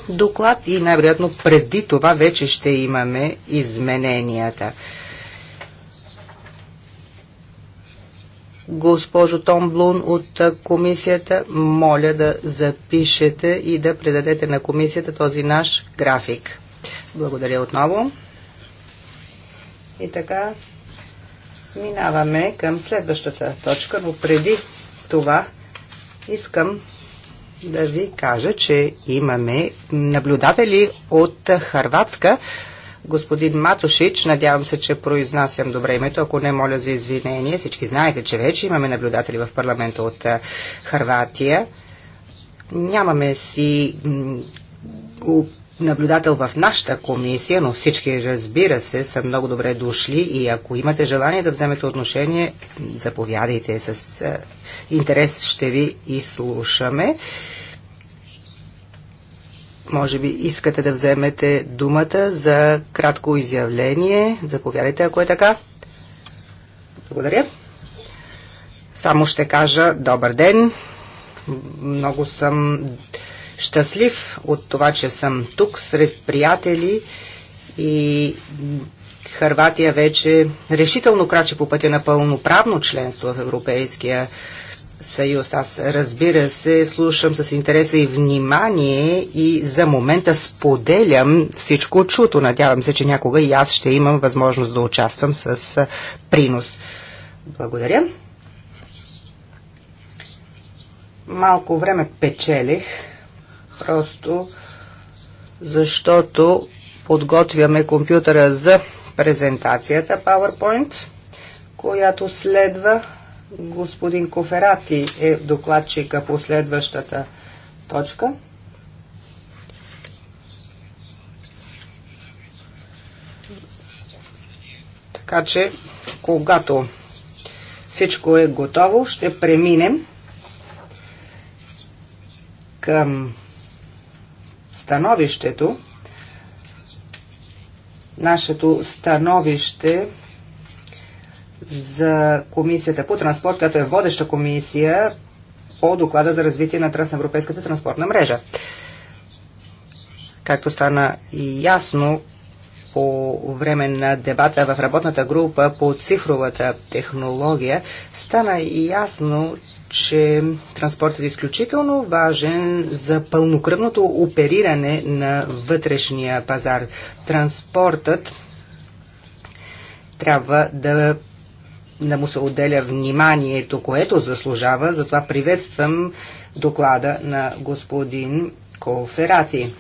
доклад и най-вероятно преди това вече ще имаме измененията. Госпожо Томблун от комисията, моля да запишете и да предадете на комисията този наш график. Благодаря отново. И така, минаваме към следващата точка, но преди това искам да ви кажа, че имаме наблюдатели от Харватска, господин Матушич, надявам се, че произнасям добре името, ако не моля за извинение. Всички знаете, че вече имаме наблюдатели в парламента от Харватия. Нямаме си наблюдател в нашата комисия, но всички, разбира се, са много добре дошли и ако имате желание да вземете отношение, заповядайте. С интерес ще ви изслушаме. слушаме може би искате да вземете думата за кратко изявление. Заповядайте, ако е така. Благодаря. Само ще кажа добър ден. Много съм щастлив от това, че съм тук сред приятели и Харватия вече решително крачи по пътя на пълноправно членство в Европейския съюз съюз. Аз разбира се, слушам с интереса и внимание и за момента споделям всичко чуто. Надявам се, че някога и аз ще имам възможност да участвам с принос. Благодаря. Малко време печелих, просто защото подготвяме компютъра за презентацията PowerPoint, която следва Господин Коферати е докладчика по следващата точка. Така че, когато всичко е готово, ще преминем към становището. Нашето становище за Комисията по транспорт, като е водеща комисия по доклада за развитие на трансевропейската транспортна мрежа. Както стана ясно по време на дебата в работната група по цифровата технология, стана ясно, че транспортът е изключително важен за пълнокръвното опериране на вътрешния пазар. Транспортът трябва да да му се отделя вниманието, което заслужава. Затова приветствам доклада на господин Коферати.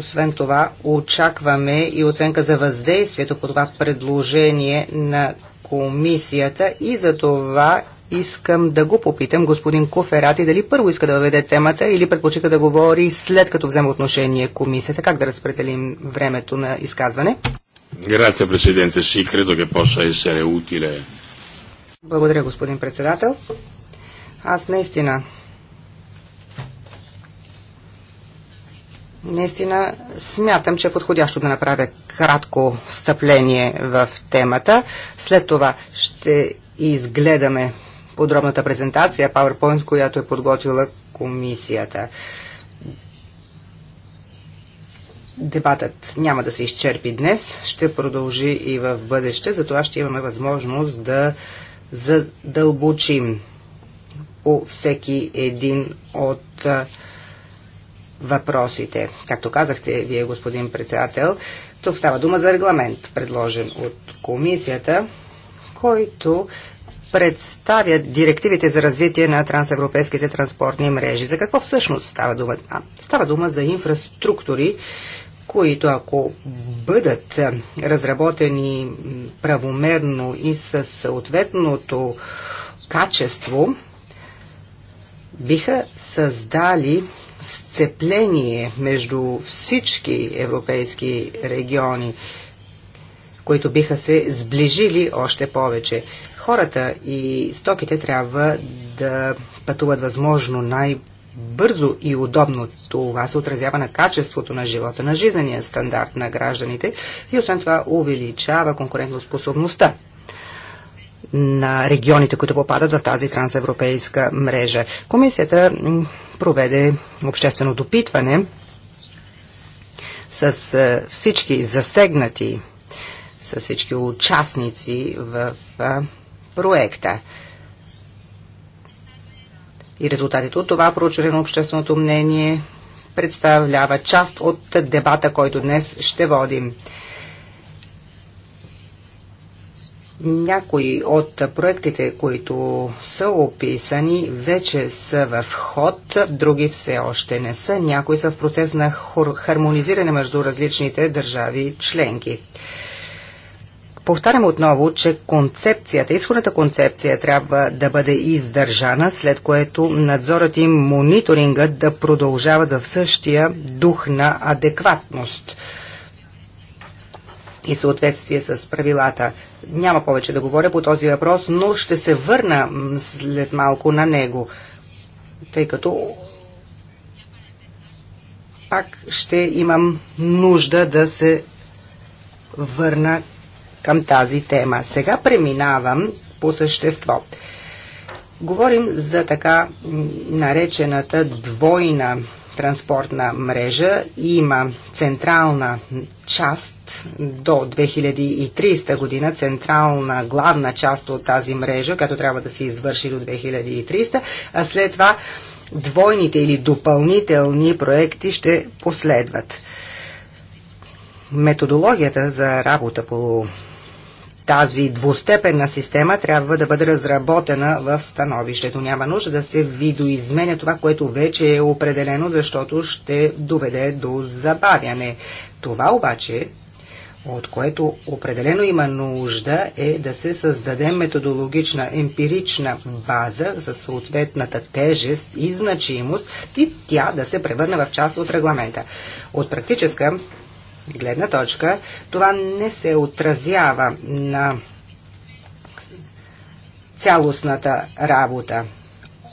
Освен това, очакваме и оценка за въздействието по това предложение на комисията и за това искам да го попитам господин Коферати дали първо иска да въведе темата или предпочита да говори след като взема отношение комисията. Как да разпределим времето на изказване? Grazie, Presidente. Sì, credo che possa essere utile. Благодаря, господин председател. Аз наистина наистина смятам, че е подходящо да направя кратко встъпление в темата. След това ще изгледаме подробната презентация, PowerPoint, която е подготвила комисията. Дебатът няма да се изчерпи днес, ще продължи и в бъдеще, затова ще имаме възможност да задълбочим по всеки един от въпросите. Както казахте вие, господин председател, тук става дума за регламент, предложен от комисията, който представя директивите за развитие на трансевропейските транспортни мрежи. За какво всъщност става дума? А, става дума за инфраструктури, които ако бъдат е, разработени правомерно и със съответното качество, биха създали сцепление между всички европейски региони, които биха се сближили още повече. Хората и стоките трябва да пътуват възможно най- бързо и удобно. Това се отразява на качеството на живота, на жизнения стандарт на гражданите и освен това увеличава конкурентоспособността на регионите, които попадат в тази трансевропейска мрежа. Комисията проведе обществено допитване с е, всички засегнати, с всички участници в е, проекта и резултатите от това проучване на общественото мнение представлява част от дебата, който днес ще водим. Някои от проектите, които са описани, вече са в ход, други все още не са. Някои са в процес на хармонизиране между различните държави членки. Повтарям отново, че концепцията, изходната концепция трябва да бъде издържана, след което надзорът и мониторингът да продължават в същия дух на адекватност и съответствие с правилата. Няма повече да говоря по този въпрос, но ще се върна след малко на него, тъй като пак ще имам нужда да се върна към тази тема. Сега преминавам по същество. Говорим за така наречената двойна транспортна мрежа има централна част до 2030 година, централна главна част от тази мрежа, която трябва да се извърши до 2300, а след това двойните или допълнителни проекти ще последват. Методологията за работа по тази двустепенна система трябва да бъде разработена в становището. Няма нужда да се видоизменя това, което вече е определено, защото ще доведе до забавяне. Това обаче от което определено има нужда е да се създаде методологична, емпирична база за съответната тежест и значимост и тя да се превърне в част от регламента. От практическа гледна точка, това не се отразява на цялостната работа.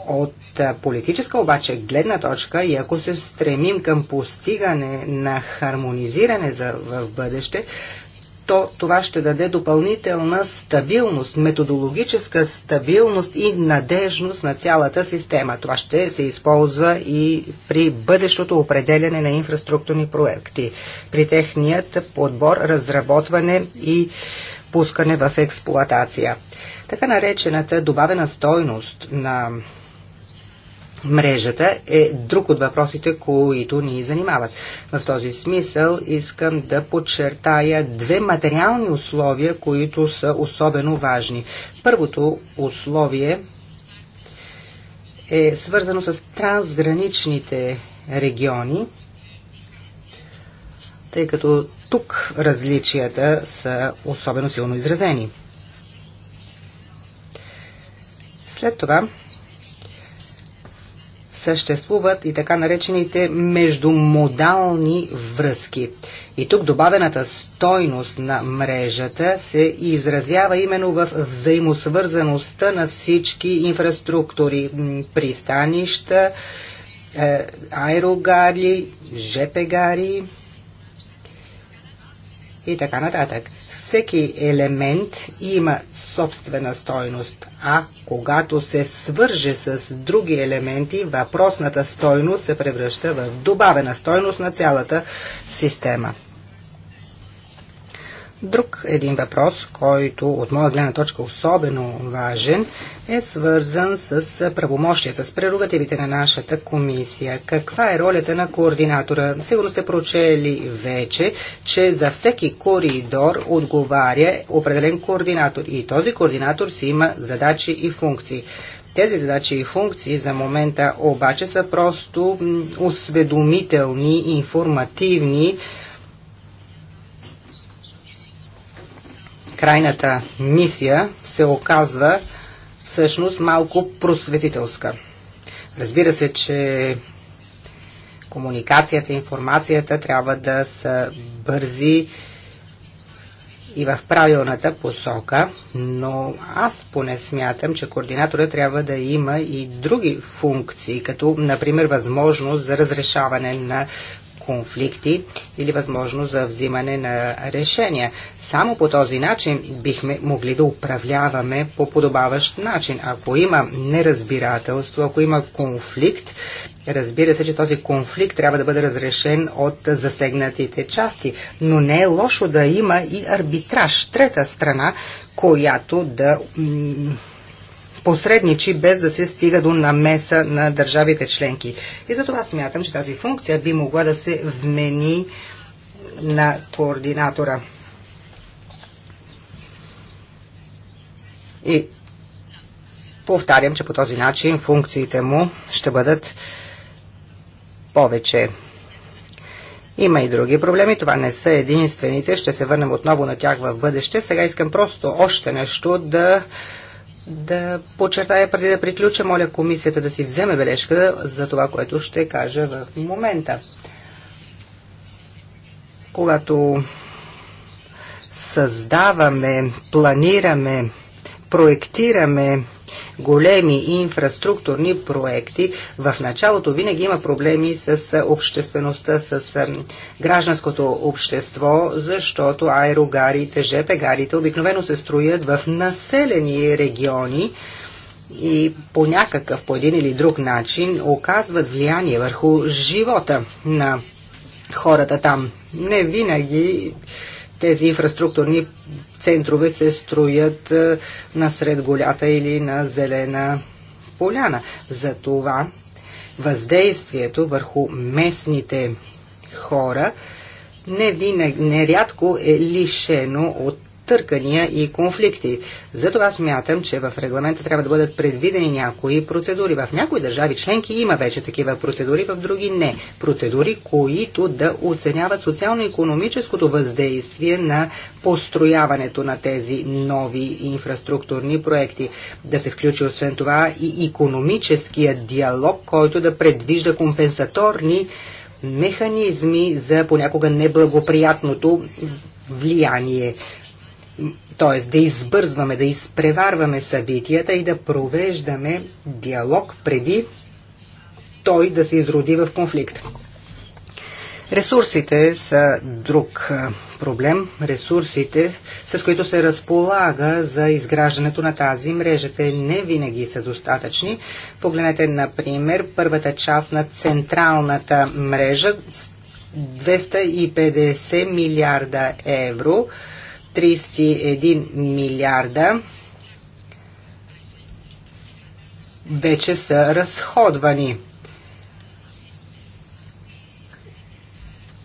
От политическа обаче гледна точка и ако се стремим към постигане на хармонизиране за, в бъдеще, то това ще даде допълнителна стабилност, методологическа стабилност и надежност на цялата система. Това ще се използва и при бъдещото определяне на инфраструктурни проекти, при техният подбор, разработване и пускане в експлоатация. Така наречената добавена стойност на мрежата е друг от въпросите, които ни занимават. В този смисъл искам да подчертая две материални условия, които са особено важни. Първото условие е свързано с трансграничните региони, тъй като тук различията са особено силно изразени. След това съществуват и така наречените междумодални връзки. И тук добавената стойност на мрежата се изразява именно в взаимосвързаността на всички инфраструктури, пристанища, е, аерогари, жепегари и така нататък. Всеки елемент има собствена стойност, а когато се свърже с други елементи, въпросната стойност се превръща в добавена стойност на цялата система. Друг един въпрос, който от моя гледна точка особено важен, е свързан с правомощията, с прерогативите на нашата комисия. Каква е ролята на координатора? Сигурно сте прочели вече, че за всеки коридор отговаря определен координатор и този координатор си има задачи и функции. Тези задачи и функции за момента обаче са просто осведомителни, информативни, крайната мисия се оказва всъщност малко просветителска. Разбира се, че комуникацията, информацията трябва да са бързи и в правилната посока, но аз поне смятам, че координатора трябва да има и други функции, като например възможност за разрешаване на конфликти или възможност за взимане на решения. Само по този начин бихме могли да управляваме по подобаващ начин. Ако има неразбирателство, ако има конфликт, Разбира се, че този конфликт трябва да бъде разрешен от засегнатите части, но не е лошо да има и арбитраж, трета страна, която да посредничи без да се стига до намеса на държавите членки. И за това смятам, че тази функция би могла да се вмени на координатора. И повтарям, че по този начин функциите му ще бъдат повече. Има и други проблеми, това не са единствените, ще се върнем отново на тях в бъдеще. Сега искам просто още нещо да да подчертая преди да приключа, моля комисията да си вземе бележка за това, което ще кажа в момента. Когато създаваме, планираме, проектираме големи инфраструктурни проекти, в началото винаги има проблеми с обществеността, с гражданското общество, защото аерогарите, ЖП гарите обикновено се строят в населени региони, и по някакъв, по един или друг начин оказват влияние върху живота на хората там. Не винаги тези инфраструктурни центрове се строят е, насред голята или на зелена поляна. Затова въздействието върху местните хора не винаг, нерядко е лишено от търкания и конфликти. Затова смятам, че в регламента трябва да бъдат предвидени някои процедури. В някои държави членки има вече такива процедури, в други не. Процедури, които да оценяват социално-економическото въздействие на построяването на тези нови инфраструктурни проекти. Да се включи освен това и економическия диалог, който да предвижда компенсаторни механизми за понякога неблагоприятното влияние т.е. да избързваме, да изпреварваме събитията и да провеждаме диалог преди той да се изроди в конфликт. Ресурсите са друг проблем. Ресурсите, с които се разполага за изграждането на тази мрежа, те не винаги са достатъчни. Погледнете, например, първата част на централната мрежа 250 милиарда евро – 31 милиарда вече са разходвани.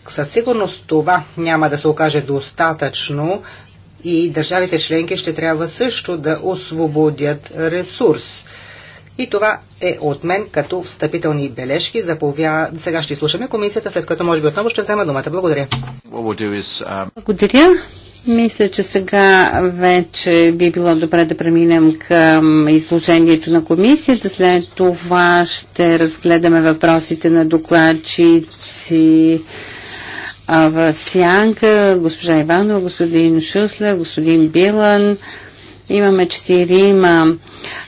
Със сигурност това няма да се окаже достатъчно и държавите членки ще трябва също да освободят ресурс. И това е от мен като встъпителни бележки. Заповя... Сега ще изслушаме комисията, след като може би отново ще взема думата. Благодаря. Um, Благодаря. Мисля, че сега вече би било добре да преминем към изложението на комисията. След това ще разгледаме въпросите на докладчици в Сянка, госпожа Иванова, господин Шуслер, господин Билан. Имаме четирима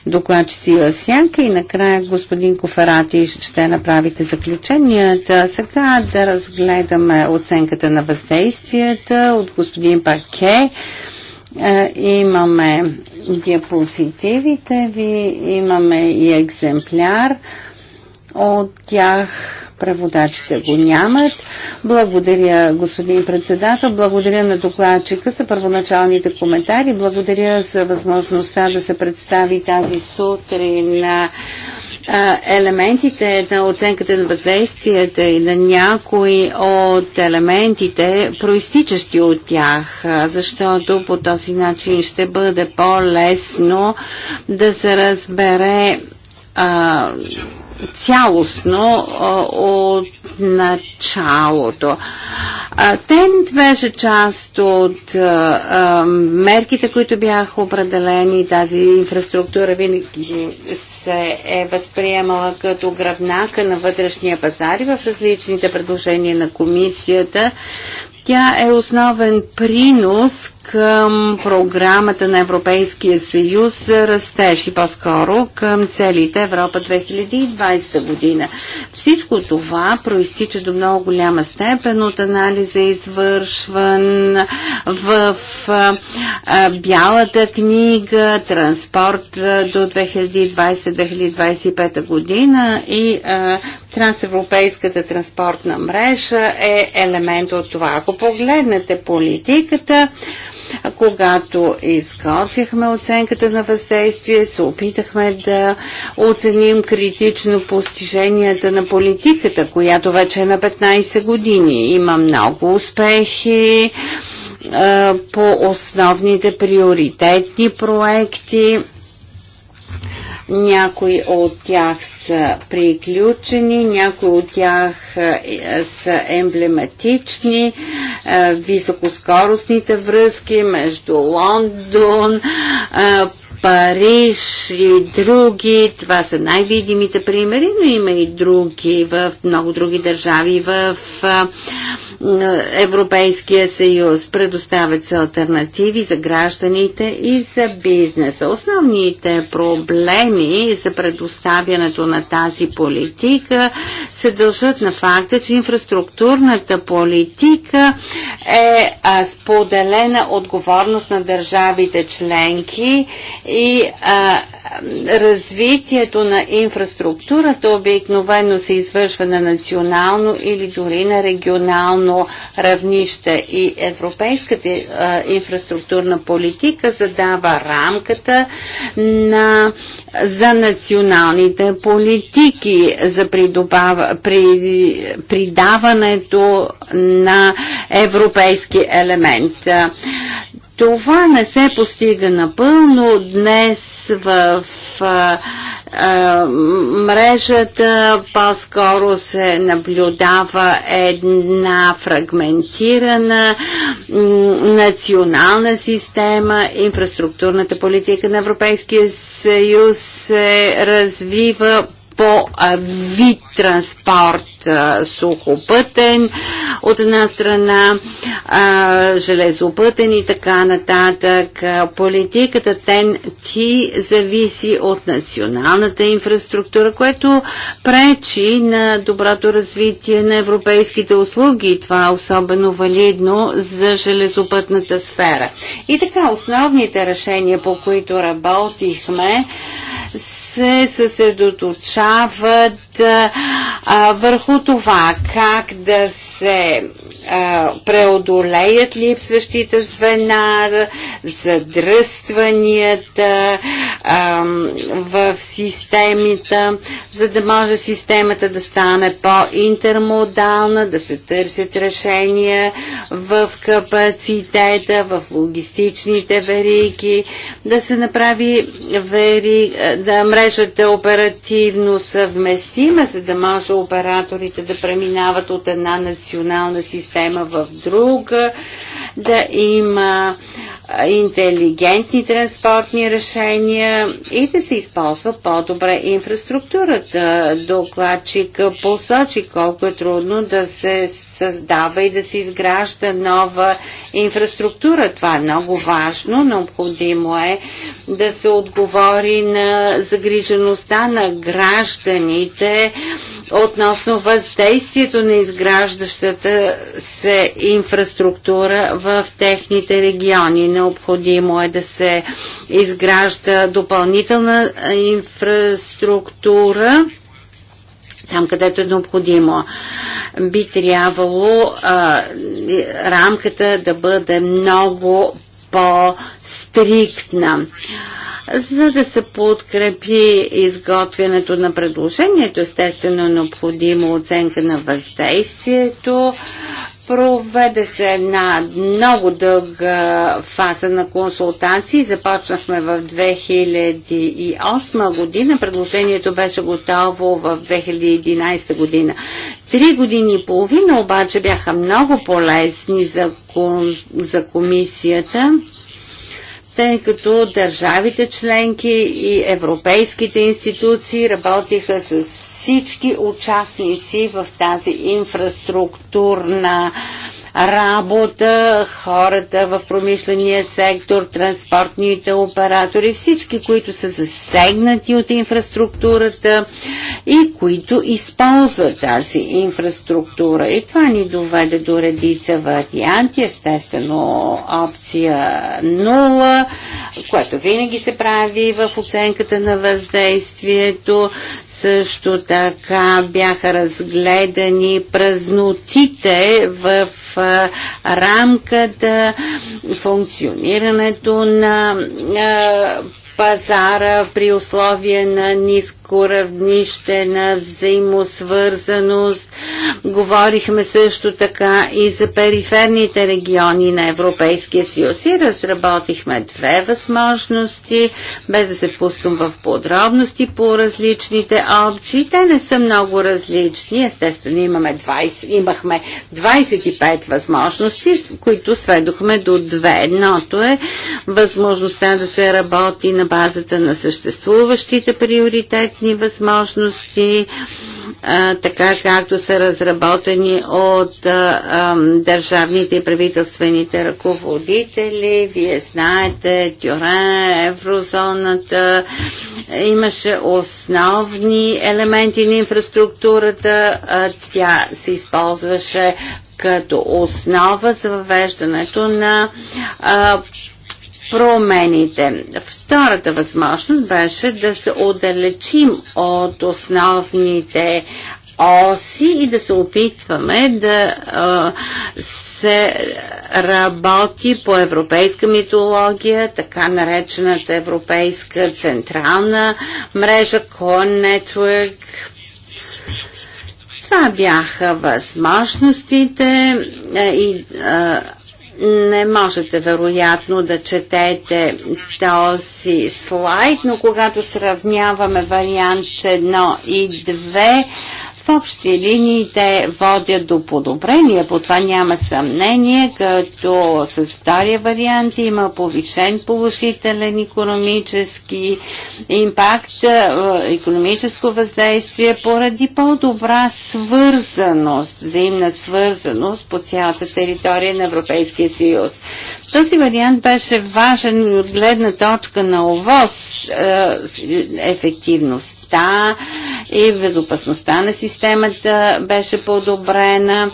докладчици сила сянка и накрая господин Коферати ще направите заключенията. Сега да разгледаме оценката на въздействията от господин Паке. Е, имаме диапозитивите ви, имаме и екземпляр от тях Преводачите го нямат. Благодаря, господин председател. Благодаря на докладчика за първоначалните коментари. Благодаря за възможността да се представи тази сутрин на елементите на оценката на въздействията и на някои от елементите, проистичащи от тях, защото по този начин ще бъде по-лесно да се разбере а, цялостно от началото. Тент беше част от мерките, които бяха определени. Тази инфраструктура винаги се е възприемала като гръбнака на вътрешния пазар и в различните предложения на комисията. Тя е основен принос към програмата на Европейския съюз за растеж и по-скоро към целите Европа 2020 година. Всичко това проистича до много голяма степен от анализа извършван в а, Бялата книга Транспорт до 2020-2025 година и а, трансевропейската транспортна мрежа е елемент от това. Ако погледнете политиката, когато изготвихме оценката на въздействие, се опитахме да оценим критично постиженията на политиката, която вече е на 15 години. Има много успехи по основните приоритетни проекти някои от тях са приключени, някои от тях е, са емблематични. Е, високоскоростните връзки между Лондон, е, Париж и други. Това са най-видимите примери, но има и други в много други държави в Европейския съюз. Предоставят се альтернативи за гражданите и за бизнеса. Основните проблеми за предоставянето на тази политика се дължат на факта, че инфраструктурната политика е а, споделена отговорност на държавите членки и а, развитието на инфраструктурата обикновено се извършва на национално или дори на регионално равнище и европейската инфраструктурна политика задава рамката на, за националните политики за придобава, при, придаването на европейски елемент. Това не се постига напълно днес в, а, а, мрежата, по-скоро се наблюдава една фрагментирана национална система. Инфраструктурната политика на Европейския съюз се развива по вид транспорт, сухопътен, от една страна железопътен и така нататък. Политиката тен ти зависи от националната инфраструктура, което пречи на доброто развитие на европейските услуги. Това е особено валидно за железопътната сфера. И така, основните решения, по които работихме, се съсредоточават а, върху това как да се а, преодолеят липсващите звена, задръстванията а, в системата, за да може системата да стане по-интермодална, да се търсят решения в капацитета, в логистичните вериги, да се направи вери, да мрежата оперативно съвмести необходима, за да може операторите да преминават от една национална система в друга, да има интелигентни транспортни решения и да се използва по-добре инфраструктурата. Докладчик посочи колко е трудно да се създава и да се изгражда нова инфраструктура. Това е много важно. Необходимо е да се отговори на загрижеността на гражданите относно въздействието на изграждащата се инфраструктура в техните региони. Необходимо е да се изгражда допълнителна инфраструктура там където е необходимо. Би трябвало а, рамката да бъде много по-стриктна. За да се подкрепи изготвянето на предложението, естествено е необходимо оценка на въздействието. Проведе се една много дълга фаза на консултации. Започнахме в 2008 година. Предложението беше готово в 2011 година. Три години и половина обаче бяха много полезни за, за комисията тъй като държавите членки и европейските институции работиха с всички участници в тази инфраструктурна работа, хората в промишления сектор, транспортните оператори, всички, които са засегнати от инфраструктурата и които използват тази инфраструктура. И това ни доведе до редица варианти, естествено опция 0, което винаги се прави в оценката на въздействието. Също така бяха разгледани празнотите в а, рамката, функционирането на пазара при условие на ниско ниско равнище на взаимосвързаност. Говорихме също така и за периферните региони на Европейския съюз и разработихме две възможности, без да се пускам в подробности по различните опции. Те не са много различни. Естествено, имаме 20, имахме 25 възможности, които сведохме до две. Едното е възможността да се работи на базата на съществуващите приоритети бюджетни възможности, така както са разработени от държавните и правителствените ръководители. Вие знаете, Тюре, еврозоната, имаше основни елементи на инфраструктурата. тя се използваше като основа за въвеждането на а, промените. Втората възможност беше да се отдалечим от основните оси и да се опитваме да се работи по европейска митология, така наречената европейска централна мрежа Core Network. Това бяха възможностите и а, не можете вероятно да четете този слайд, но когато сравняваме вариант 1 и 2, в общи линии те водят до подобрение, по това няма съмнение, като с втория вариант има повишен положителен економически импакт, економическо въздействие поради по-добра свързаност, взаимна свързаност по цялата територия на Европейския съюз. Този вариант беше важен и от гледна точка на ОВОз, е, ефективността и безопасността на системата системата беше подобрена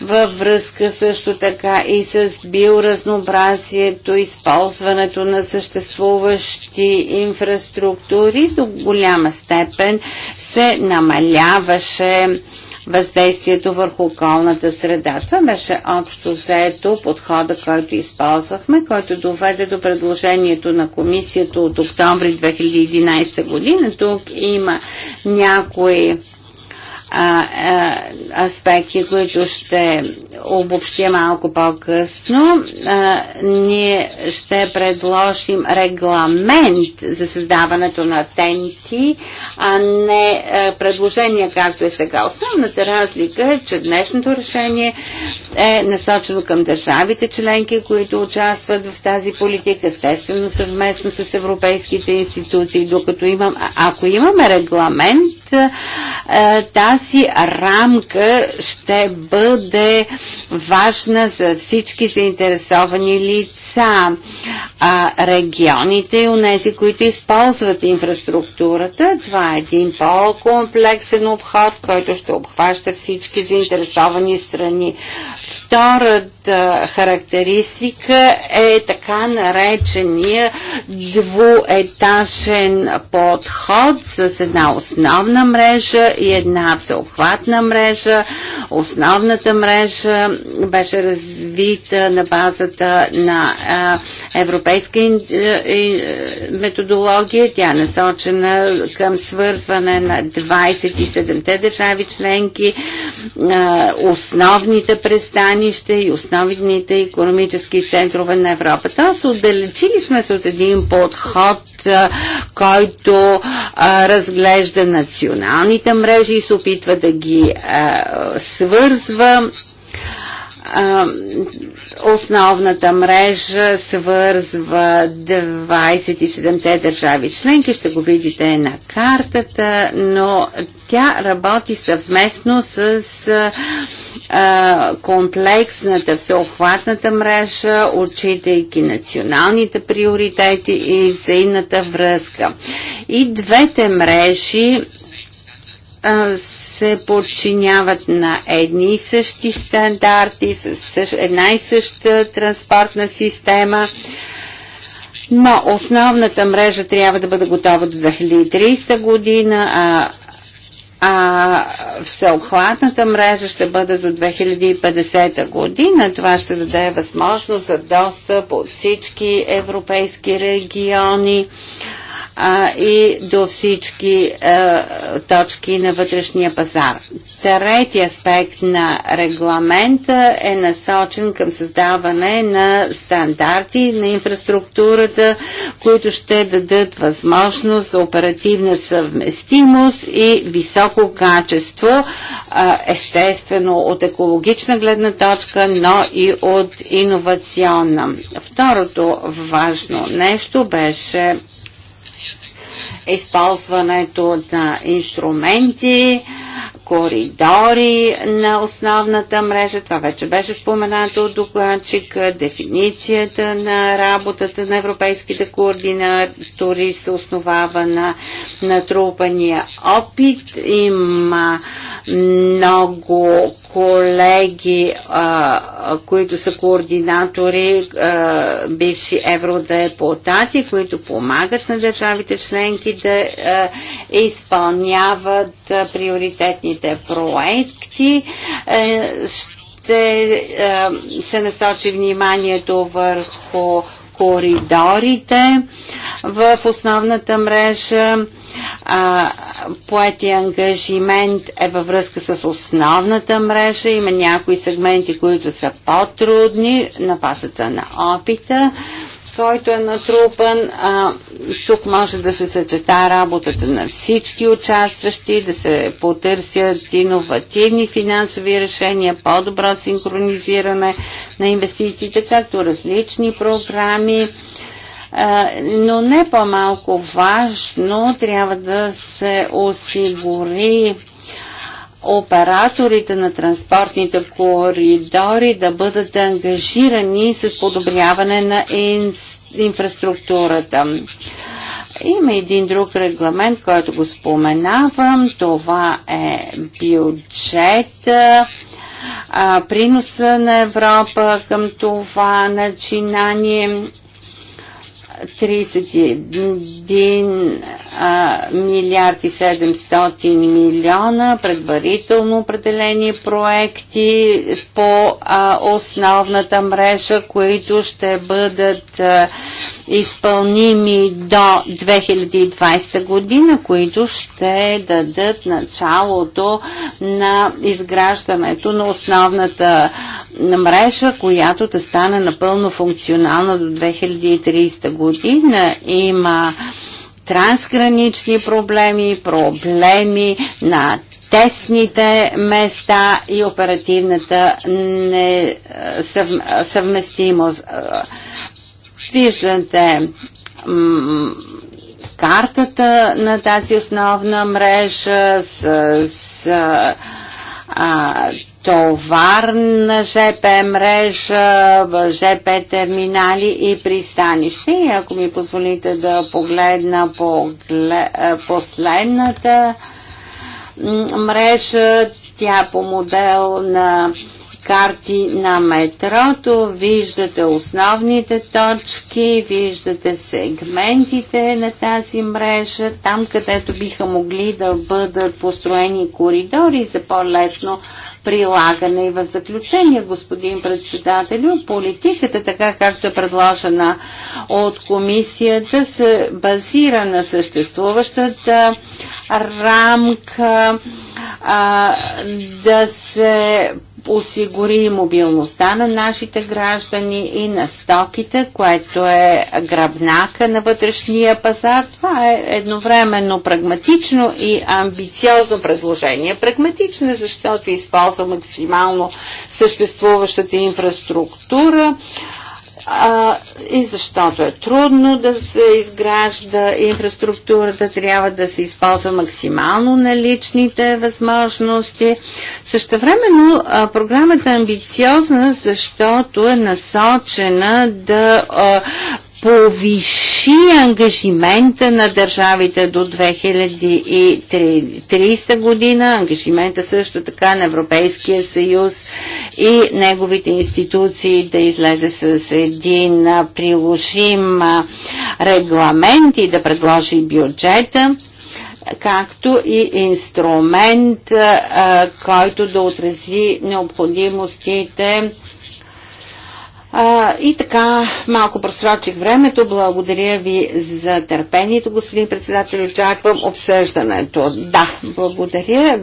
във връзка също така и с биоразнообразието, използването на съществуващи инфраструктури. До голяма степен се намаляваше въздействието върху околната среда. Това беше общо взето, подхода, който използвахме, който доведе до предложението на комисията от октомври 2011 година. Тук има някои а, аспекти, които ще обобщя малко по-късно. ние ще предложим регламент за създаването на тенти, а не а, предложение, както е сега. Основната разлика е, че днешното решение е насочено към държавите членки, които участват в тази политика, естествено съвместно с европейските институции, докато имам, ако имаме регламент, тази тази рамка ще бъде важна за всички заинтересовани лица, а, регионите и унези, които използват инфраструктурата. Това е един по-комплексен обход, който ще обхваща всички заинтересовани страни. Втората характеристика е така наречения двуетажен подход с една основна мрежа и една всеобхватна мрежа. Основната мрежа беше развита на базата на европейска методология. Тя е насочена към свързване на 27-те държави членки, основните пристанища и основните основните економически центрове на Европа. Тоест, отдалечили сме се от един подход, който а, разглежда националните мрежи и се опитва да ги а, свързва основната мрежа свързва 27-те държави членки. Ще го видите на картата, но тя работи съвместно с комплексната, всеохватната мрежа, отчитайки националните приоритети и взаимната връзка. И двете мрежи се подчиняват на едни и същи стандарти, с една и съща транспортна система. Но основната мрежа трябва да бъде готова до 2030 година, а а всеобхватната мрежа ще бъде до 2050 година. Това ще даде възможност за достъп от всички европейски региони а, и до всички а, е, точки на вътрешния пазар. Третия аспект на регламента е насочен към създаване на стандарти на инфраструктурата, които ще дадат възможност за оперативна съвместимост и високо качество, а, е, естествено от екологична гледна точка, но и от иновационна. Второто важно нещо беше използването на инструменти, коридори на основната мрежа. Това вече беше споменато от докладчика. Дефиницията на работата на европейските координатори се основава на натрупания опит. Има много колеги, а, които са координатори, а, бивши евродепутати, които помагат на държавите членки да а, изпълняват приоритетните проекти. Е, ще е, се насочи вниманието върху коридорите в основната мрежа. Поети ангажимент е във връзка с основната мрежа. Има някои сегменти, които са по-трудни на пасата на опита който е натрупан. А, тук може да се съчета работата на всички участващи, да се потърсят иновативни финансови решения, по-добро синхронизиране на инвестициите, както различни програми. А, но не по-малко важно трябва да се осигури операторите на транспортните коридори да бъдат ангажирани с подобряване на инфраструктурата. Има един друг регламент, който го споменавам. Това е бюджет, приноса на Европа към това начинание 31 милиард и 700 милиона, предварително определени проекти по а, основната мрежа, които ще бъдат а, изпълними до 2020 година, които ще дадат началото на изграждането на основната мрежа, която да стане напълно функционална до 2030 година. Има трансгранични проблеми, проблеми на тесните места и оперативната съвместимост. Виждате картата на тази основна мрежа с, товарна ЖП мрежа, ЖП терминали и пристанище. И ако ми позволите да погледна е, последната мрежа, тя по модел на карти на метрото, виждате основните точки, виждате сегментите на тази мрежа, там където биха могли да бъдат построени коридори за по-лесно прилагане. И в заключение, господин председателю, политиката, така както е предложена от комисията, се базира на съществуващата рамка а, да се осигури мобилността на нашите граждани и на стоките, което е гръбнака на вътрешния пазар. Това е едновременно прагматично и амбициозно предложение. Прагматично, защото използва максимално съществуващата инфраструктура, а, и защото е трудно да се изгражда инфраструктурата, трябва да се използва максимално наличните възможности. Същевременно а, програмата е амбициозна, защото е насочена да а, повиши ангажимента на държавите до 2030 година, ангажимента също така на Европейския съюз и неговите институции да излезе с един приложим регламент и да предложи бюджета както и инструмент, който да отрази необходимостите а, и така, малко просрочих времето. Благодаря ви за търпението, господин председател. Очаквам обсъждането. Да, благодаря.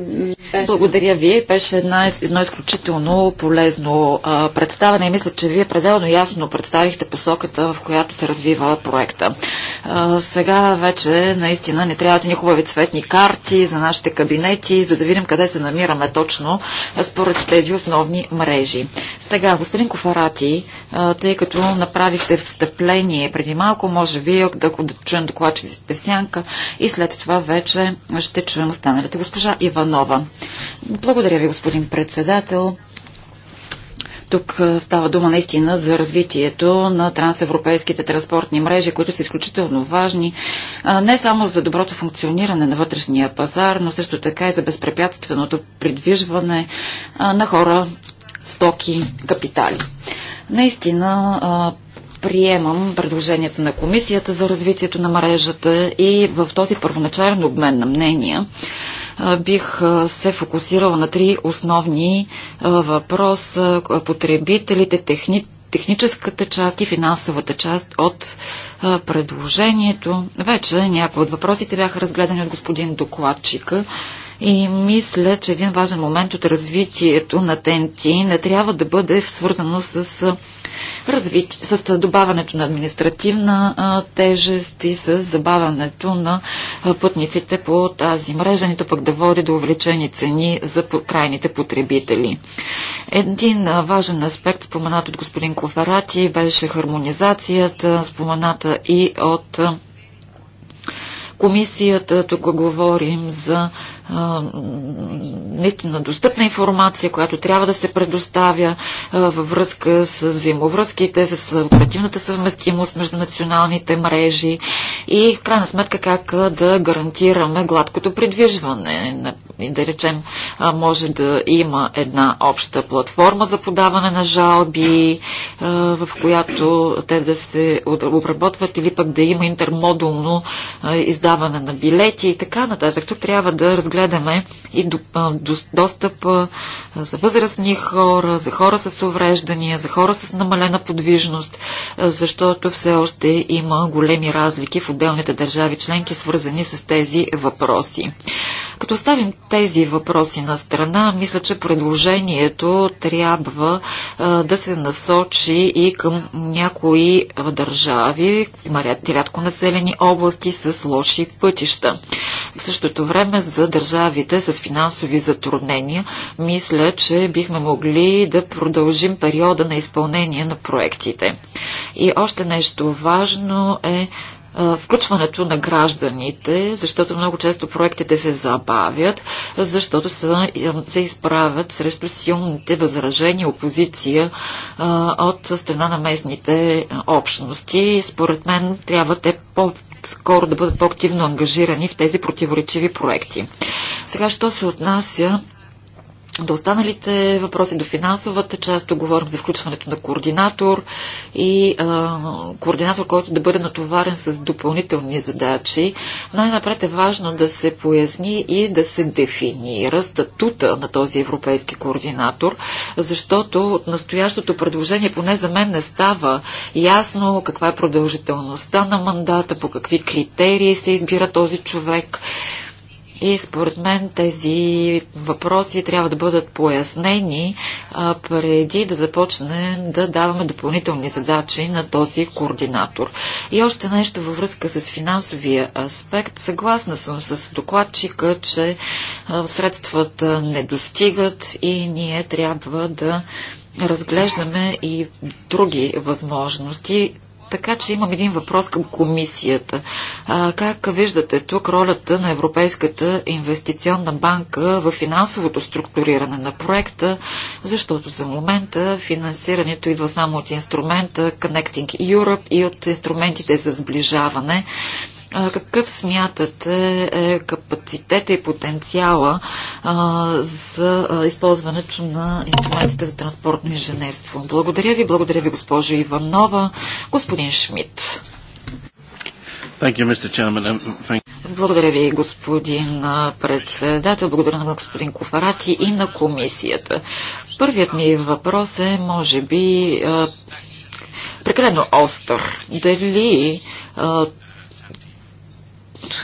Беше... Благодаря ви. Беше една, едно изключително полезно а, представане и мисля, че вие пределно ясно представихте посоката, в която се развива проекта. А, сега вече наистина не трябват да ни хубави цветни карти за нашите кабинети, за да видим къде се намираме точно според тези основни мрежи. Сега, господин Кофарати, тъй като направихте встъпление преди малко, може би да, да чуем докладчиците в сянка и след това вече ще чуем останалите. Госпожа Иванова. Благодаря ви, господин председател. Тук става дума наистина за развитието на трансевропейските транспортни мрежи, които са изключително важни не само за доброто функциониране на вътрешния пазар, но също така и за безпрепятственото придвижване на хора стоки, капитали. Наистина, приемам предложенията на Комисията за развитието на мрежата и в този първоначален обмен на мнения бих се фокусирала на три основни въпроса потребителите, техни, техническата част и финансовата част от предложението. Вече някои от въпросите бяха разгледани от господин докладчика. И мисля, че един важен момент от развитието на ТНТ не трябва да бъде свързано с, развити... с добаването на административна а, тежест и с забавянето на а, пътниците по тази мрежа, нито пък да води до увеличени цени за крайните потребители. Един а, важен аспект, споменат от господин Коферати, беше хармонизацията, спомената и от комисията. Тук говорим за наистина достъпна информация, която трябва да се предоставя във връзка с взаимовръзките, с оперативната съвместимост между националните мрежи и в крайна сметка как да гарантираме гладкото придвижване. Да речем, може да има една обща платформа за подаване на жалби, в която те да се обработват или пък да има интермодулно издаване на билети и така нататък. Тук трябва да разглеждаме разгледаме и до, до, достъп за възрастни хора, за хора с увреждания, за хора с намалена подвижност, защото все още има големи разлики в отделните държави членки, свързани с тези въпроси. Като оставим тези въпроси на страна, мисля, че предложението трябва да се насочи и към някои държави, рядко населени области с лоши пътища. В същото време за държави държавите с финансови затруднения, мисля, че бихме могли да продължим периода на изпълнение на проектите. И още нещо важно е включването на гражданите, защото много често проектите се забавят, защото са, се изправят срещу силните възражения, опозиция от страна на местните общности. Според мен трябва те по скоро да бъдат по-активно ангажирани в тези противоречиви проекти. Сега, що се отнася до останалите въпроси, до финансовата част, то говорим за включването на координатор и а, координатор, който да бъде натоварен с допълнителни задачи. Най-напред е важно да се поясни и да се дефинира статута на този европейски координатор, защото от настоящото предложение поне за мен не става ясно каква е продължителността на мандата, по какви критерии се избира този човек. И според мен тези въпроси трябва да бъдат пояснени а, преди да започнем да даваме допълнителни задачи на този координатор. И още нещо във връзка с финансовия аспект. Съгласна съм с докладчика, че а, средствата не достигат и ние трябва да разглеждаме и други възможности, така че имам един въпрос към комисията. А, как виждате тук ролята на Европейската инвестиционна банка в финансовото структуриране на проекта, защото за момента финансирането идва само от инструмента Connecting Europe и от инструментите за сближаване. Какъв смятате е капацитета и потенциала а, за а, използването на инструментите за транспортно инженерство? Благодаря ви, благодаря ви госпожо Иванова, господин Шмидт. Благодаря ви, господин председател. Благодаря на господин Кофарати и на комисията. Първият ми въпрос е, може би, прекалено остър. Дали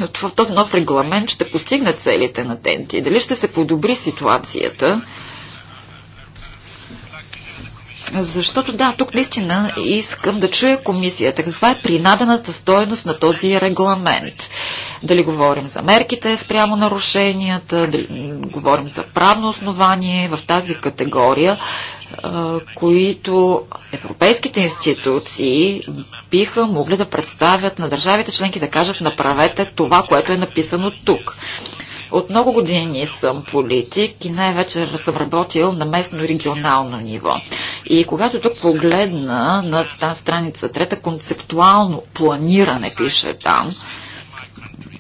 този нов регламент ще постигне целите на ТЕНТИ? Дали ще се подобри ситуацията? Защото да, тук наистина искам да чуя комисията. Каква е принадената стоеност на този регламент? Дали говорим за мерките спрямо нарушенията, дали говорим за правно основание в тази категория които европейските институции биха могли да представят на държавите членки да кажат направете това, което е написано тук. От много години съм политик и най-вече съм работил на местно и регионално ниво. И когато тук погледна на тази страница трета, концептуално планиране пише там,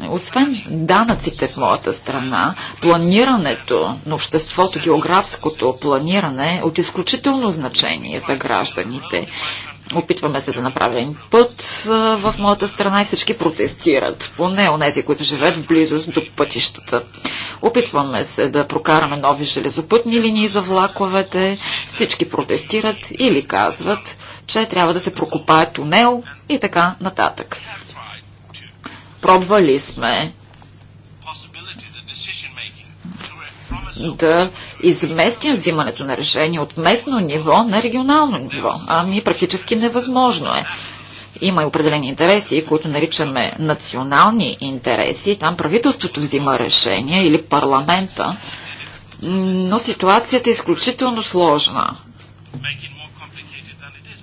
освен данъците в моята страна, планирането на обществото, географското планиране е от изключително значение за гражданите. Опитваме се да направим път в моята страна и всички протестират, поне онези, които живеят в близост до пътищата. Опитваме се да прокараме нови железопътни линии за влаковете, всички протестират или казват, че трябва да се прокопае тунел и така нататък. Пробвали сме да изместим взимането на решение от местно ниво на регионално ниво. Ами практически невъзможно е. Има и определени интереси, които наричаме национални интереси. Там правителството взима решение или парламента. Но ситуацията е изключително сложна.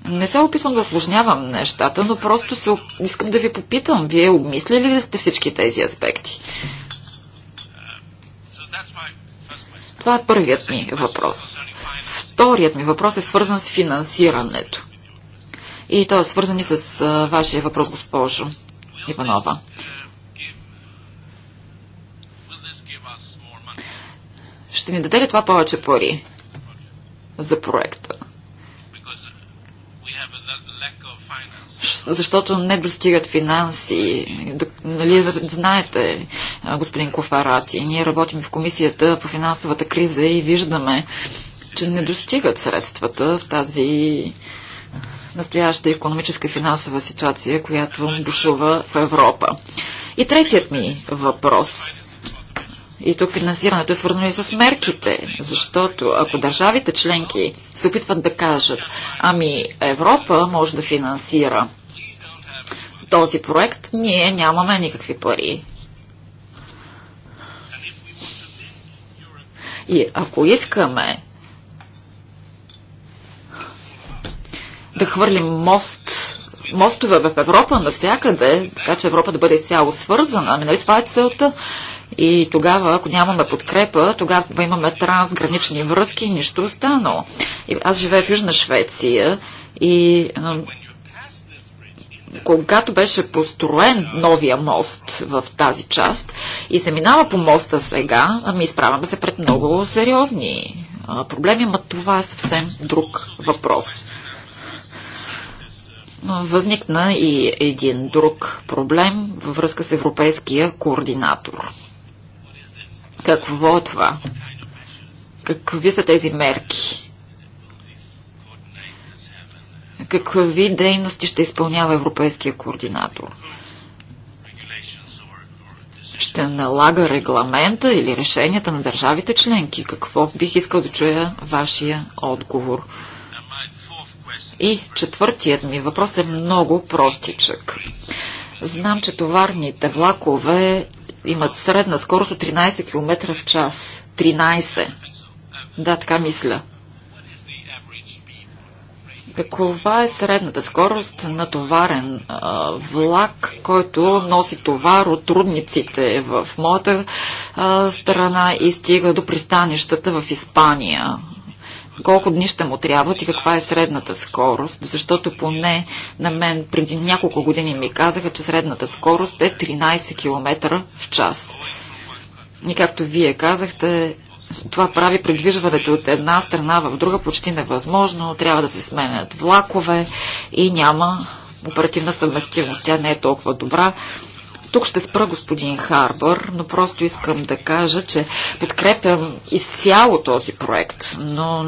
Не се опитвам да осложнявам нещата, но просто се, искам да ви попитам. Вие обмислили ли сте всички тези аспекти? Това е първият ми въпрос. Вторият ми въпрос е свързан с финансирането. И то е свързан и с вашия въпрос, госпожо Иванова. Ще ни даде ли това повече пари за проекта? защото не достигат финанси. Нали, знаете, господин Кофарати, ние работим в комисията по финансовата криза и виждаме, че не достигат средствата в тази настояща економическа и финансова ситуация, която бушува в Европа. И третият ми въпрос – и тук финансирането е свързано и с мерките, защото ако държавите членки се опитват да кажат, ами Европа може да финансира този проект, ние нямаме никакви пари. И ако искаме да хвърлим мост, мостове в Европа навсякъде, така че Европа да бъде изцяло свързана, ами нали това е целта, и тогава, ако нямаме подкрепа, тогава имаме трансгранични връзки и нищо останало. И аз живея в Южна Швеция и когато беше построен новия мост в тази част и се минава по моста сега, ами изправяме се пред много сериозни проблеми, но това е съвсем друг въпрос. Възникна и един друг проблем във връзка с европейския координатор – какво е това? Какви са тези мерки? Какви дейности ще изпълнява европейския координатор? Ще налага регламента или решенията на държавите членки? Какво бих искал да чуя вашия отговор? И четвъртият ми въпрос е много простичък. Знам, че товарните влакове имат средна скорост от 13 км в час. 13. Да, така мисля. Каква е средната скорост на товарен а, влак, който носи товар от трудниците в моята а, страна и стига до пристанищата в Испания? колко дни ще му трябват и каква е средната скорост, защото поне на мен преди няколко години ми казаха, че средната скорост е 13 км в час. И както вие казахте, това прави придвижването от една страна в друга почти невъзможно, трябва да се сменят влакове и няма оперативна съвместимост. Тя не е толкова добра. Тук ще спра господин Харбър, но просто искам да кажа, че подкрепям изцяло този проект, но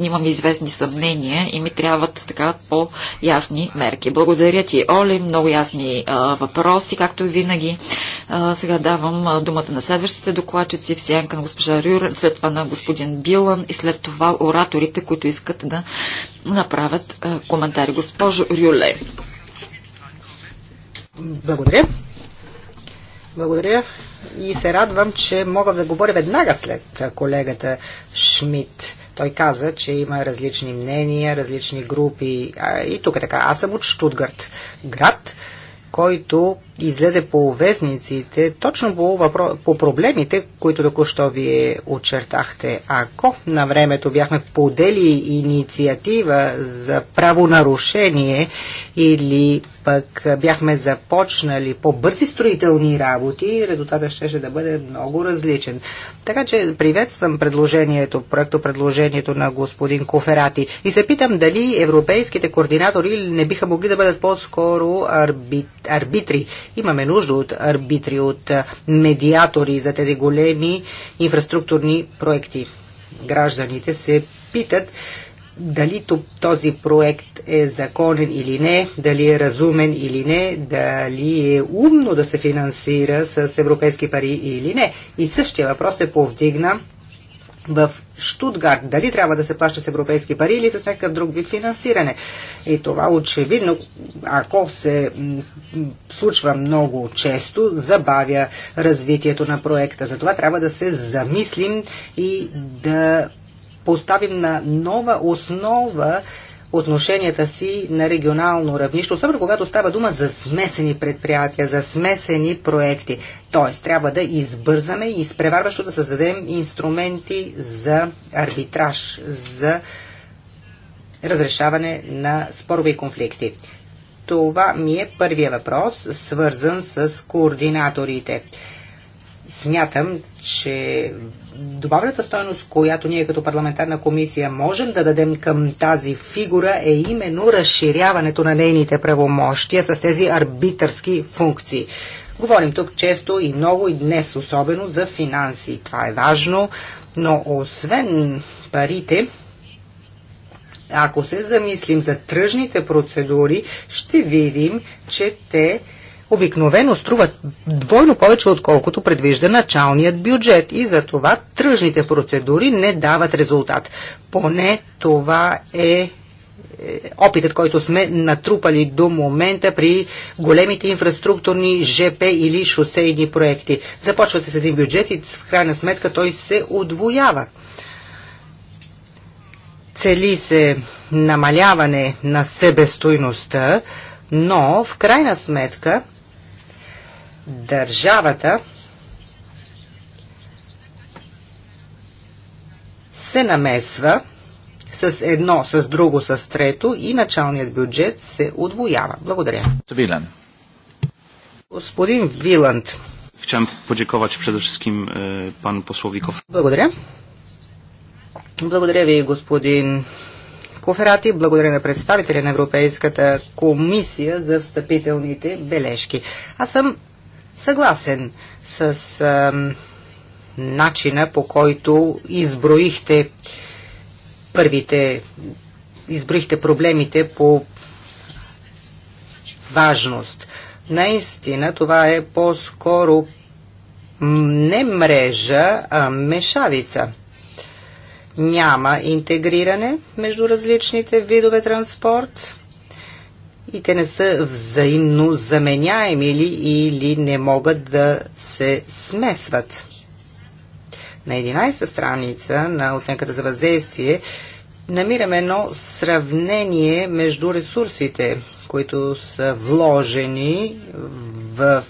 имам известни съмнения и ми трябват така по-ясни мерки. Благодаря ти, Оли, много ясни а, въпроси, както и винаги. А, сега давам думата на следващите докладчици, в сянка на госпожа Рюрен, след това на господин Билан и след това ораторите, които искат да направят а, коментари. Госпожо Рюле. Благодаря. Благодаря и се радвам, че мога да говоря веднага след колегата Шмидт. Той каза, че има различни мнения, различни групи. А, и тук е така. Аз съм от Штутгарт. Град, който излезе по вестниците точно по, въпро... по проблемите, които току-що вие очертахте. Ако на времето бяхме подели инициатива за правонарушение или пък бяхме започнали по-бързи строителни работи, резултатът ще, ще да бъде много различен. Така че приветствам предложението, проекто предложението на господин Коферати и се питам дали европейските координатори не биха могли да бъдат по-скоро арбит, арбитри Имаме нужда от арбитри, от медиатори за тези големи инфраструктурни проекти. Гражданите се питат дали този проект е законен или не, дали е разумен или не, дали е умно да се финансира с европейски пари или не. И същия въпрос се повдигна в Штутгарт. Дали трябва да се плаща с европейски пари или с някакъв друг вид финансиране. И това очевидно, ако се случва много често, забавя развитието на проекта. Затова трябва да се замислим и да поставим на нова основа отношенията си на регионално равнище, особено когато става дума за смесени предприятия, за смесени проекти. Т.е. трябва да избързаме и изпреварващо да създадем инструменти за арбитраж, за разрешаване на спорови и конфликти. Това ми е първия въпрос, свързан с координаторите смятам, че добавената стойност, която ние като парламентарна комисия можем да дадем към тази фигура е именно разширяването на нейните правомощия с тези арбитърски функции. Говорим тук често и много и днес особено за финанси. Това е важно, но освен парите, ако се замислим за тръжните процедури, ще видим, че те обикновено струват двойно повече, отколкото предвижда началният бюджет и за това тръжните процедури не дават резултат. Поне това е, е опитът, който сме натрупали до момента при големите инфраструктурни ЖП или шосейни проекти. Започва се с един бюджет и в крайна сметка той се отвоява. Цели се намаляване на себестойността, но в крайна сметка държавата се намесва с едно, с друго, с трето и началният бюджет се отвоява. Благодаря. Вилен. Господин Виланд. Chciałem podziękować przede wszystkim e, panu posłowi Благодаря. Благодаря ви, господин Коферати. Благодаря на представителя на Европейската комисия за встъпителните бележки. Аз съм съгласен с а, начина по който изброихте първите, изброихте проблемите по важност. Наистина това е по-скоро не мрежа, а мешавица. Няма интегриране между различните видове транспорт и те не са взаимно заменяеми или, или не могат да се смесват. На 11-та страница на оценката за въздействие намираме едно сравнение между ресурсите, които са вложени в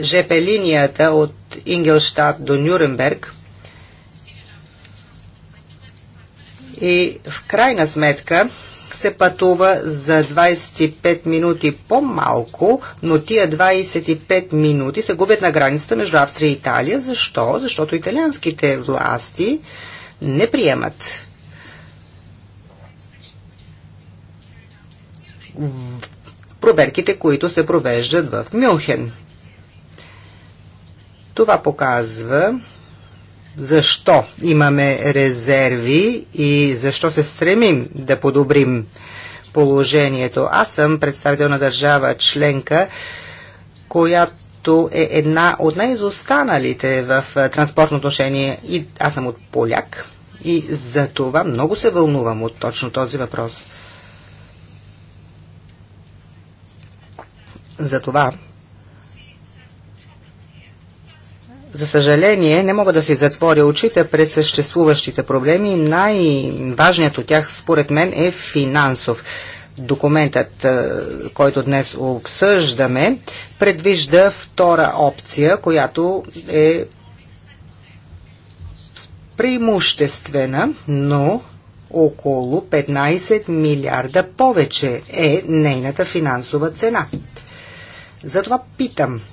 ЖП линията от Ингелштад до Нюрнберг и в крайна сметка се пътува за 25 минути по-малко, но тия 25 минути се губят на границата между Австрия и Италия. Защо? Защото италианските власти не приемат проверките, които се провеждат в Мюнхен. Това показва, защо имаме резерви и защо се стремим да подобрим положението. Аз съм представител на държава членка, която е една от най-изостаналите в транспортно отношение и аз съм от поляк и за това много се вълнувам от точно този въпрос. За това. за съжаление, не мога да си затворя очите пред съществуващите проблеми. Най-важният от тях, според мен, е финансов. Документът, е, който днес обсъждаме, предвижда втора опция, която е преимуществена, но около 15 милиарда повече е нейната финансова цена. Затова питам –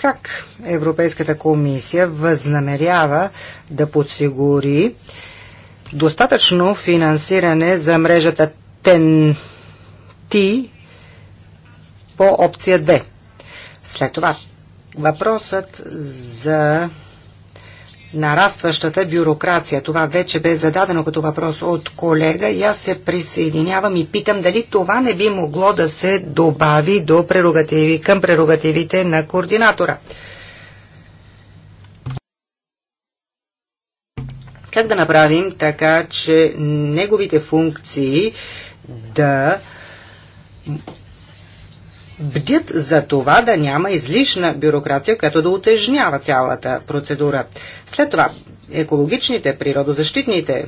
как Европейската комисия възнамерява да подсигури достатъчно финансиране за мрежата ten по опция 2. След това въпросът за нарастващата бюрокрация. Това вече бе зададено като въпрос от колега и аз се присъединявам и питам дали това не би могло да се добави до прерогативи, към прерогативите на координатора. Как да направим така, че неговите функции да бдят за това да няма излишна бюрокрация, която да утежнява цялата процедура. След това, екологичните, природозащитните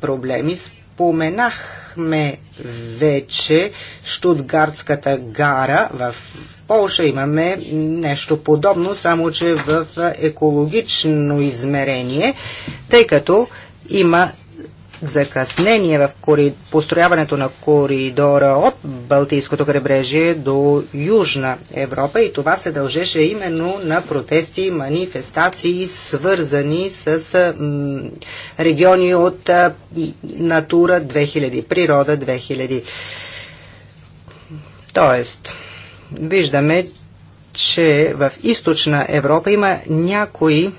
проблеми споменахме вече Штутгарската гара в Полша имаме нещо подобно, само че в екологично измерение, тъй като има закъснение в кори... построяването на коридора от Балтийското крайбрежие до Южна Европа и това се дължеше именно на протести, манифестации, свързани с региони от Натура 2000, Природа 2000. Тоест, виждаме, че в източна Европа има някои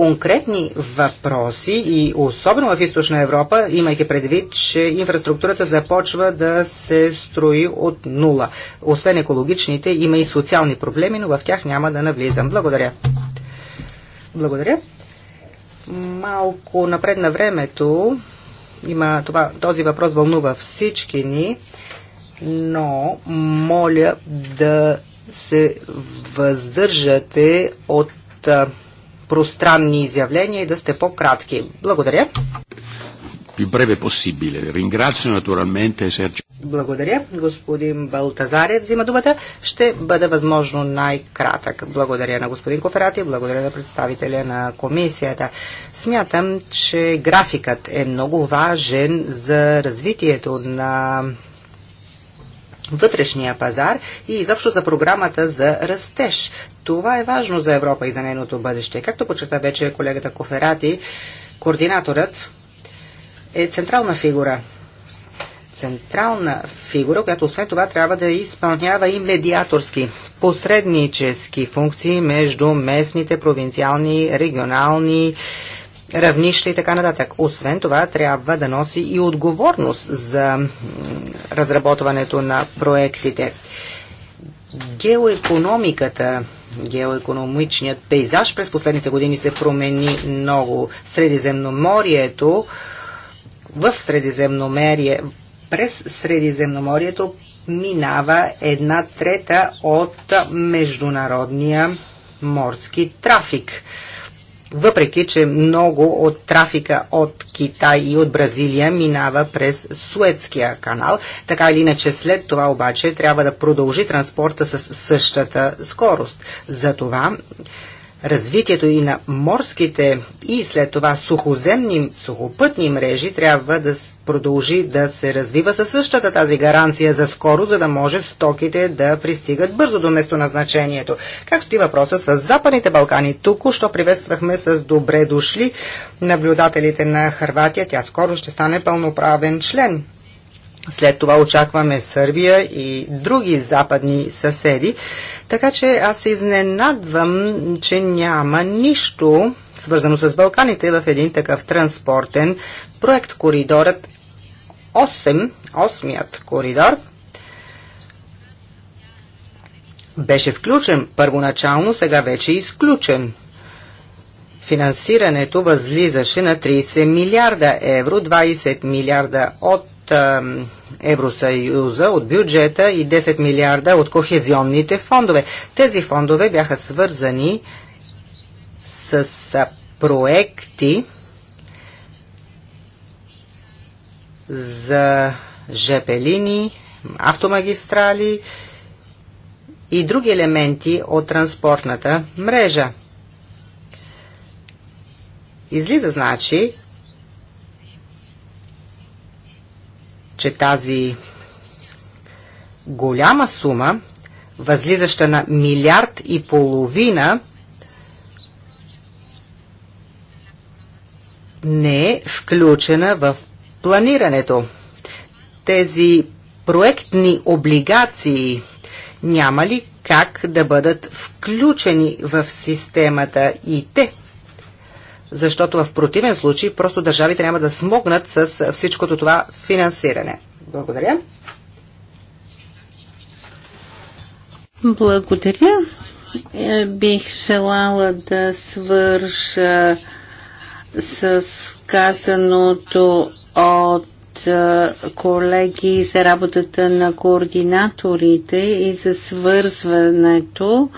конкретни въпроси и особено в Източна Европа, имайки предвид, че инфраструктурата започва да се строи от нула. Освен екологичните, има и социални проблеми, но в тях няма да навлизам. Благодаря. Благодаря. Малко напред на времето, има това, този въпрос вълнува всички ни, но моля да се въздържате от пространни изявления и да сте по-кратки. Благодаря. Благодаря. Господин Балтазарев взима думата. Ще бъде възможно най-кратък. Благодаря на господин Коферати, благодаря на представителя на комисията. Смятам, че графикът е много важен за развитието на вътрешния пазар и изобщо за програмата за растеж. Това е важно за Европа и за нейното бъдеще. Както почета вече колегата Коферати, координаторът е централна фигура. Централна фигура, която освен това трябва да изпълнява и медиаторски, посреднически функции между местните, провинциални, регионални, равнища и така нататък. Освен това, трябва да носи и отговорност за разработването на проектите. Геоекономиката геоекономичният пейзаж през последните години се промени много. Средиземноморието в Средиземноморие през Средиземноморието минава една трета от международния морски трафик въпреки че много от трафика от Китай и от Бразилия минава през Суетския канал. Така или иначе след това обаче трябва да продължи транспорта с същата скорост. Затова развитието и на морските и след това сухоземни, сухопътни мрежи трябва да продължи да се развива със същата тази гаранция за скоро, за да може стоките да пристигат бързо до местоназначението. Как стои въпроса с Западните Балкани? Тук, що приветствахме с добре дошли наблюдателите на Харватия. Тя скоро ще стане пълноправен член след това очакваме Сърбия и други западни съседи. Така че аз се изненадвам, че няма нищо свързано с Балканите в един такъв транспортен проект. Коридорът 8, 8 коридор, беше включен първоначално, сега вече е изключен. Финансирането възлизаше на 30 милиарда евро, 20 милиарда от Евросъюза, от бюджета и 10 милиарда от кохезионните фондове. Тези фондове бяха свързани с проекти за жепелини, автомагистрали и други елементи от транспортната мрежа. Излиза значи, че тази голяма сума, възлизаща на милиард и половина, не е включена в планирането. Тези проектни облигации няма ли как да бъдат включени в системата и те защото в противен случай просто държавите няма да смогнат с всичкото това финансиране. Благодаря. Благодаря. Е, бих желала да свърша с казаното от е, колеги за работата на координаторите и за свързването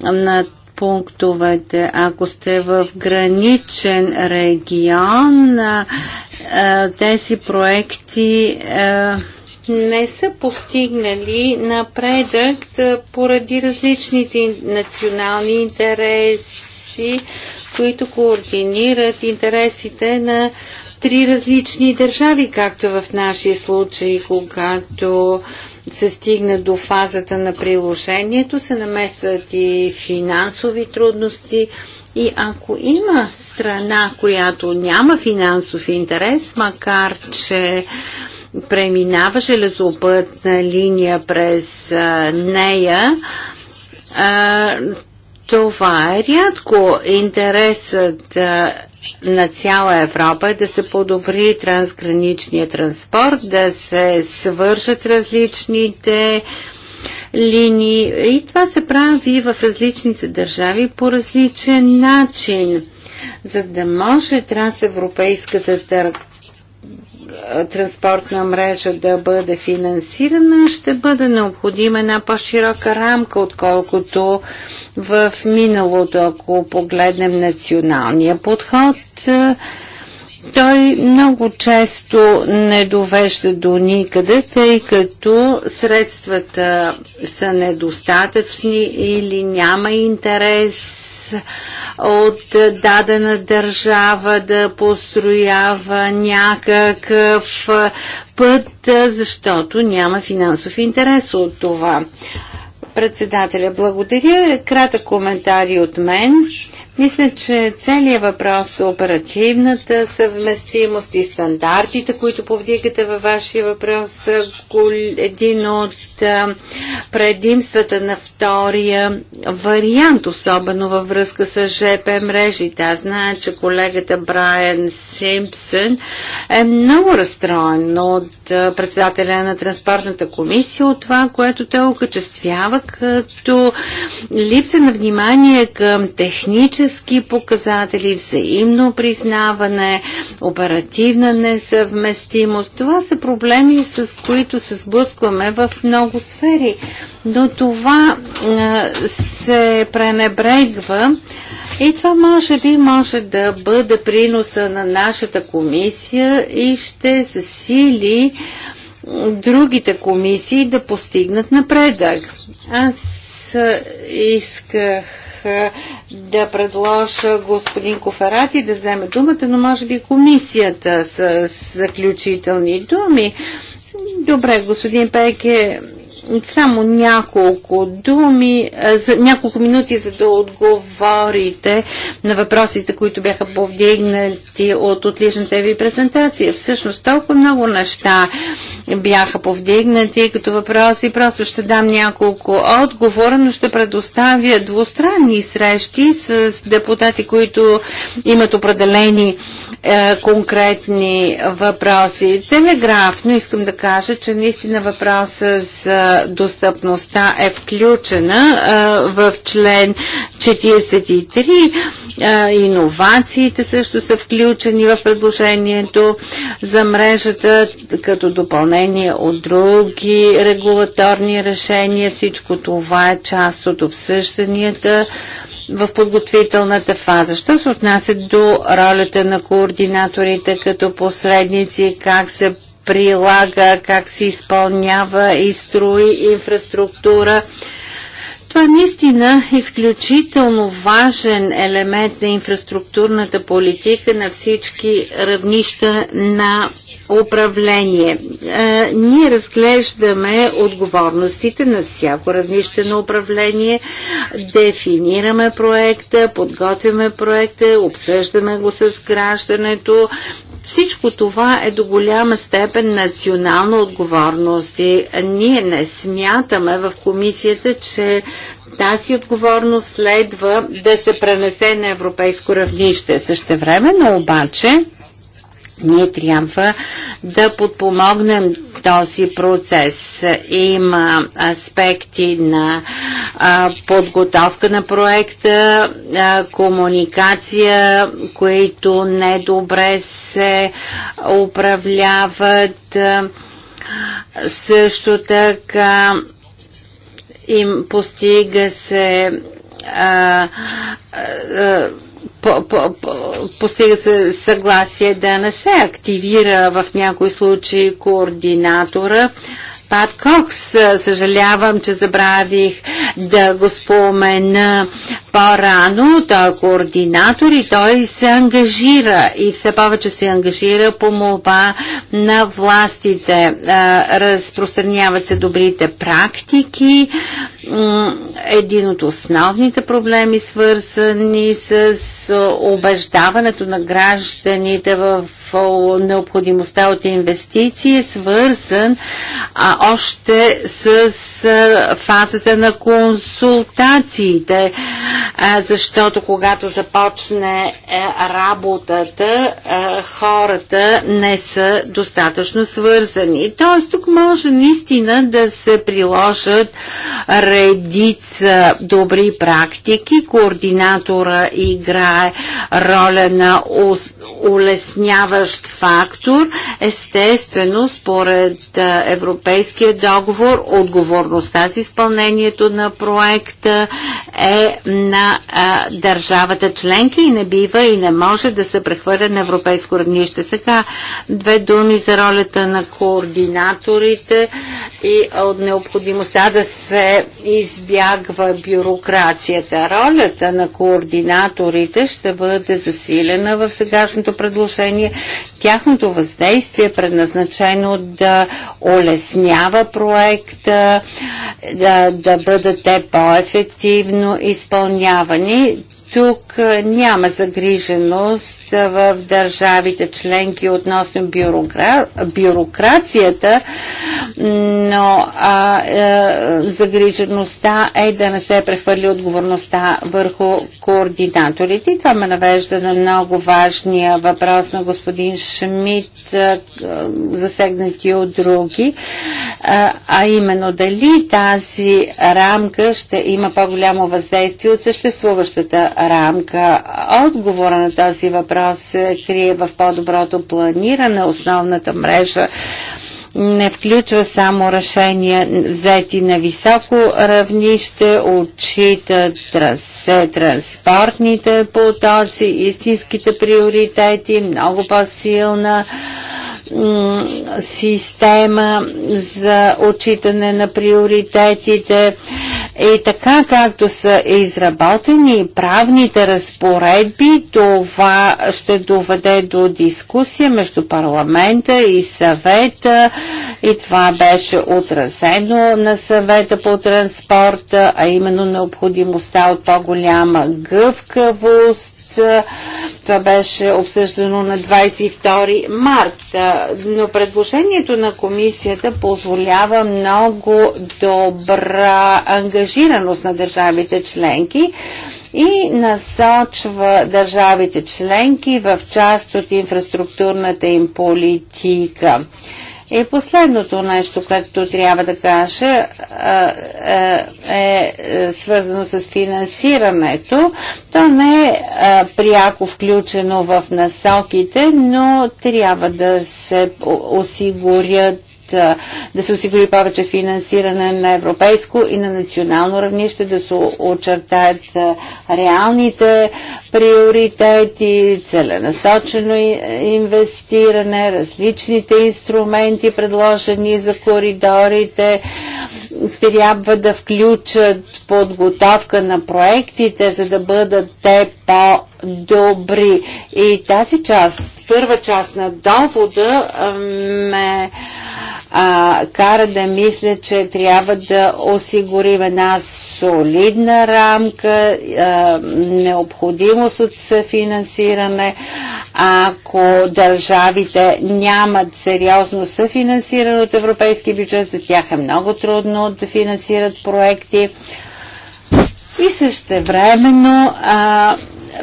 на пунктовете. Ако сте в граничен регион, тези проекти не са постигнали напредък поради различните национални интереси, които координират интересите на три различни държави, както в нашия случай, когато се стигне до фазата на приложението, се намесват и финансови трудности. И ако има страна, която няма финансов интерес, макар че преминава железопътна линия през а, нея, а, това е рядко. Интересът а, на цяла Европа е да се подобри трансграничния транспорт, да се свържат различните линии. И това се прави в различните държави по различен начин, за да може трансевропейската търговия транспортна мрежа да бъде финансирана, ще бъде необходима една по-широка рамка, отколкото в миналото, ако погледнем националния подход. Той много често не довежда до никъде, тъй като средствата са недостатъчни или няма интерес от дадена държава да построява някакъв път, защото няма финансов интерес от това. Председателя, благодаря. Кратък коментар от мен. Мисля, че целият въпрос за е оперативната съвместимост и стандартите, които повдигате във вашия въпрос, са един от предимствата на втория вариант, особено във връзка с ЖП мрежите. Аз знае, че колегата Брайан Симпсън е много разстроен от председателя на транспортната комисия от това, което той окачествява като липса на внимание към технически технически показатели, взаимно признаване, оперативна несъвместимост. Това са проблеми, с които се сблъскваме в много сфери. Но това се пренебрегва и това може би може да бъде приноса на нашата комисия и ще засили другите комисии да постигнат напредък. Аз исках да предложа господин Коферати да вземе думата, но може би комисията с заключителни думи. Добре, господин Пеке, само няколко думи, за няколко минути, за да отговорите на въпросите, които бяха повдигнати от отличната ви презентация. Всъщност толкова много неща бяха повдигнати като въпроси. Просто ще дам няколко отговора, но ще предоставя двустранни срещи с депутати, които имат определени е, конкретни въпроси. Телеграфно искам да кажа, че наистина въпроса за достъпността е включена е, в член 43. Е, иновациите също са включени в предложението за мрежата като допълнение допълнение от други регулаторни решения. Всичко това е част от обсъжданията в подготвителната фаза. Що се отнася до ролята на координаторите като посредници, как се прилага, как се изпълнява и строи инфраструктура, това е наистина изключително важен елемент на инфраструктурната политика на всички равнища на управление. Е, ние разглеждаме отговорностите на всяко равнище на управление, дефинираме проекта, подготвяме проекта, обсъждаме го с граждането, всичко това е до голяма степен национална отговорност и ние не смятаме в комисията, че тази отговорност следва да се пренесе на европейско равнище. Същевременно обаче ние трябва да подпомогнем този процес. Има аспекти на подготовка на проекта, комуникация, които недобре се управляват. също така им постига се а, а, по, по, по, постига се съгласие да не се активира в някои случаи координатора. Пат Кокс, съжалявам, че забравих да го спомена по-рано, той е координатор и той се ангажира и все повече се ангажира по молба на властите. Разпространяват се добрите практики. Един от основните проблеми, свързани с убеждаването на гражданите в необходимостта от инвестиции, е свързан а, още с фазата на консултациите защото когато започне е, работата, е, хората не са достатъчно свързани. Тоест тук може наистина да се приложат редица добри практики. Координатора играе роля на улесняващ фактор. Естествено, според е, Европейския договор, отговорността за изпълнението на проекта е на на а, държавата членка и не бива и не може да се прехвърля на европейско равнище. Сега две думи за ролята на координаторите и от необходимостта да се избягва бюрокрацията. Ролята на координаторите ще бъде засилена в сегашното предложение. Тяхното въздействие е предназначено да улеснява проекта, да, да бъдат те по-ефективно изпълнени оценявани тук няма загриженост в държавите членки относно бюрокра... бюрокрацията, но а, а, загрижеността е да не се прехвърли отговорността върху координаторите. И това ме навежда на много важния въпрос на господин Шмидт, засегнати от други, а именно дали тази рамка ще има по-голямо въздействие от съществуващата рамка. Отговора на този въпрос се крие в по-доброто планиране. Основната мрежа не включва само решения взети на високо равнище, отчитат трансе, транспортните потоци, истинските приоритети, много по-силна система за отчитане на приоритетите и така както са изработени правните разпоредби, това ще доведе до дискусия между парламента и съвета и това беше отразено на съвета по транспорта, а именно необходимостта от по-голяма гъвкавост. Това беше обсъждано на 22 марта но предложението на комисията позволява много добра ангажираност на държавите членки и насочва държавите членки в част от инфраструктурната им политика. И последното нещо, което трябва да кажа, е, е свързано с финансирането. То не е пряко включено в насоките, но трябва да се осигурят да се осигури повече финансиране на европейско и на национално равнище, да се очертаят реалните приоритети, целенасочено инвестиране, различните инструменти, предложени за коридорите, трябва да включат подготовка на проектите, за да бъдат те по-добри. И тази част, първа част на довода ме а, кара да мисля, че трябва да осигурим една солидна рамка, а, необходимост от съфинансиране. Ако държавите нямат сериозно съфинансиране от европейски бюджет, за тях е много трудно да финансират проекти. И също времено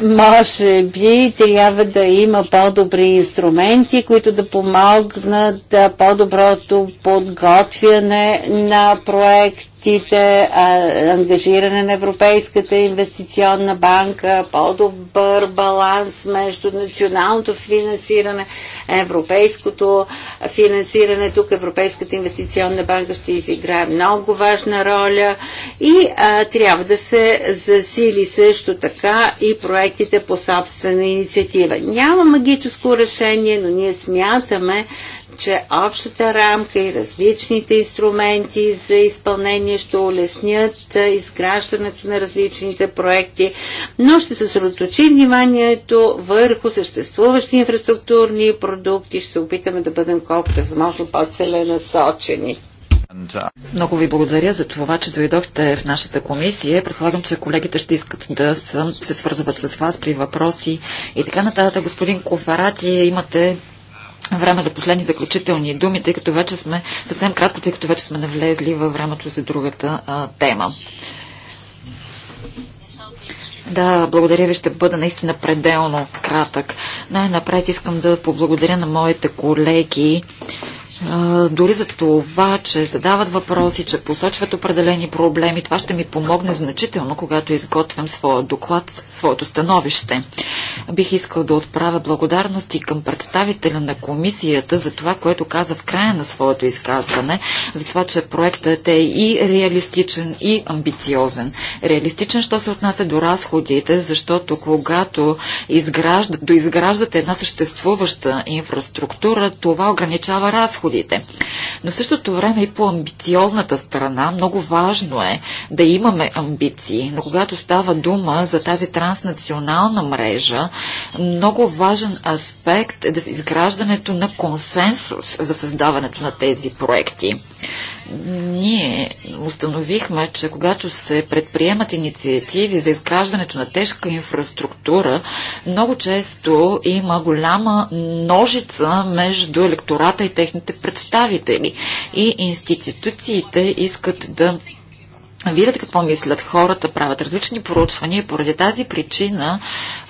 може би трябва да има по-добри инструменти, които да помогнат да по-доброто подготвяне на проект проектите, ангажиране на Европейската инвестиционна банка, по-добър баланс между националното финансиране, европейското финансиране. Тук Европейската инвестиционна банка ще изиграе много важна роля и а, трябва да се засили също така и проектите по собствена инициатива. Няма магическо решение, но ние смятаме, че общата рамка и различните инструменти за изпълнение ще улеснят изграждането на различните проекти, но ще се съсредоточи вниманието върху съществуващи инфраструктурни продукти. Ще опитаме да бъдем колкото е възможно по-целенасочени. Много ви благодаря за това, че дойдохте в нашата комисия. Предполагам, че колегите ще искат да се свързват с вас при въпроси и така нататък. Господин Кофарати, имате време за последни заключителни думи, тъй като вече сме съвсем кратко, тъй като вече сме навлезли във времето за другата а, тема. Да, благодаря ви, ще бъда наистина пределно кратък. Най-напред искам да поблагодаря на моите колеги а, дори за това, че задават въпроси, че посочват определени проблеми. Това ще ми помогне значително, когато изготвям своя доклад, своето становище. Бих искал да отправя благодарности към представителя на комисията за това, което каза в края на своето изказване, за това, че проектът е и реалистичен, и амбициозен. Реалистичен, що се отнася до разходите, защото когато изграждат, доизграждате една съществуваща инфраструктура, това ограничава разходите разходите. Но в същото време и по амбициозната страна много важно е да имаме амбиции. Но когато става дума за тази транснационална мрежа, много важен аспект е да изграждането на консенсус за създаването на тези проекти. Ние установихме, че когато се предприемат инициативи за изграждането на тежка инфраструктура, много често има голяма ножица между електората и техните представители. И институциите искат да Видят какво мислят хората, правят различни проучвания и поради тази причина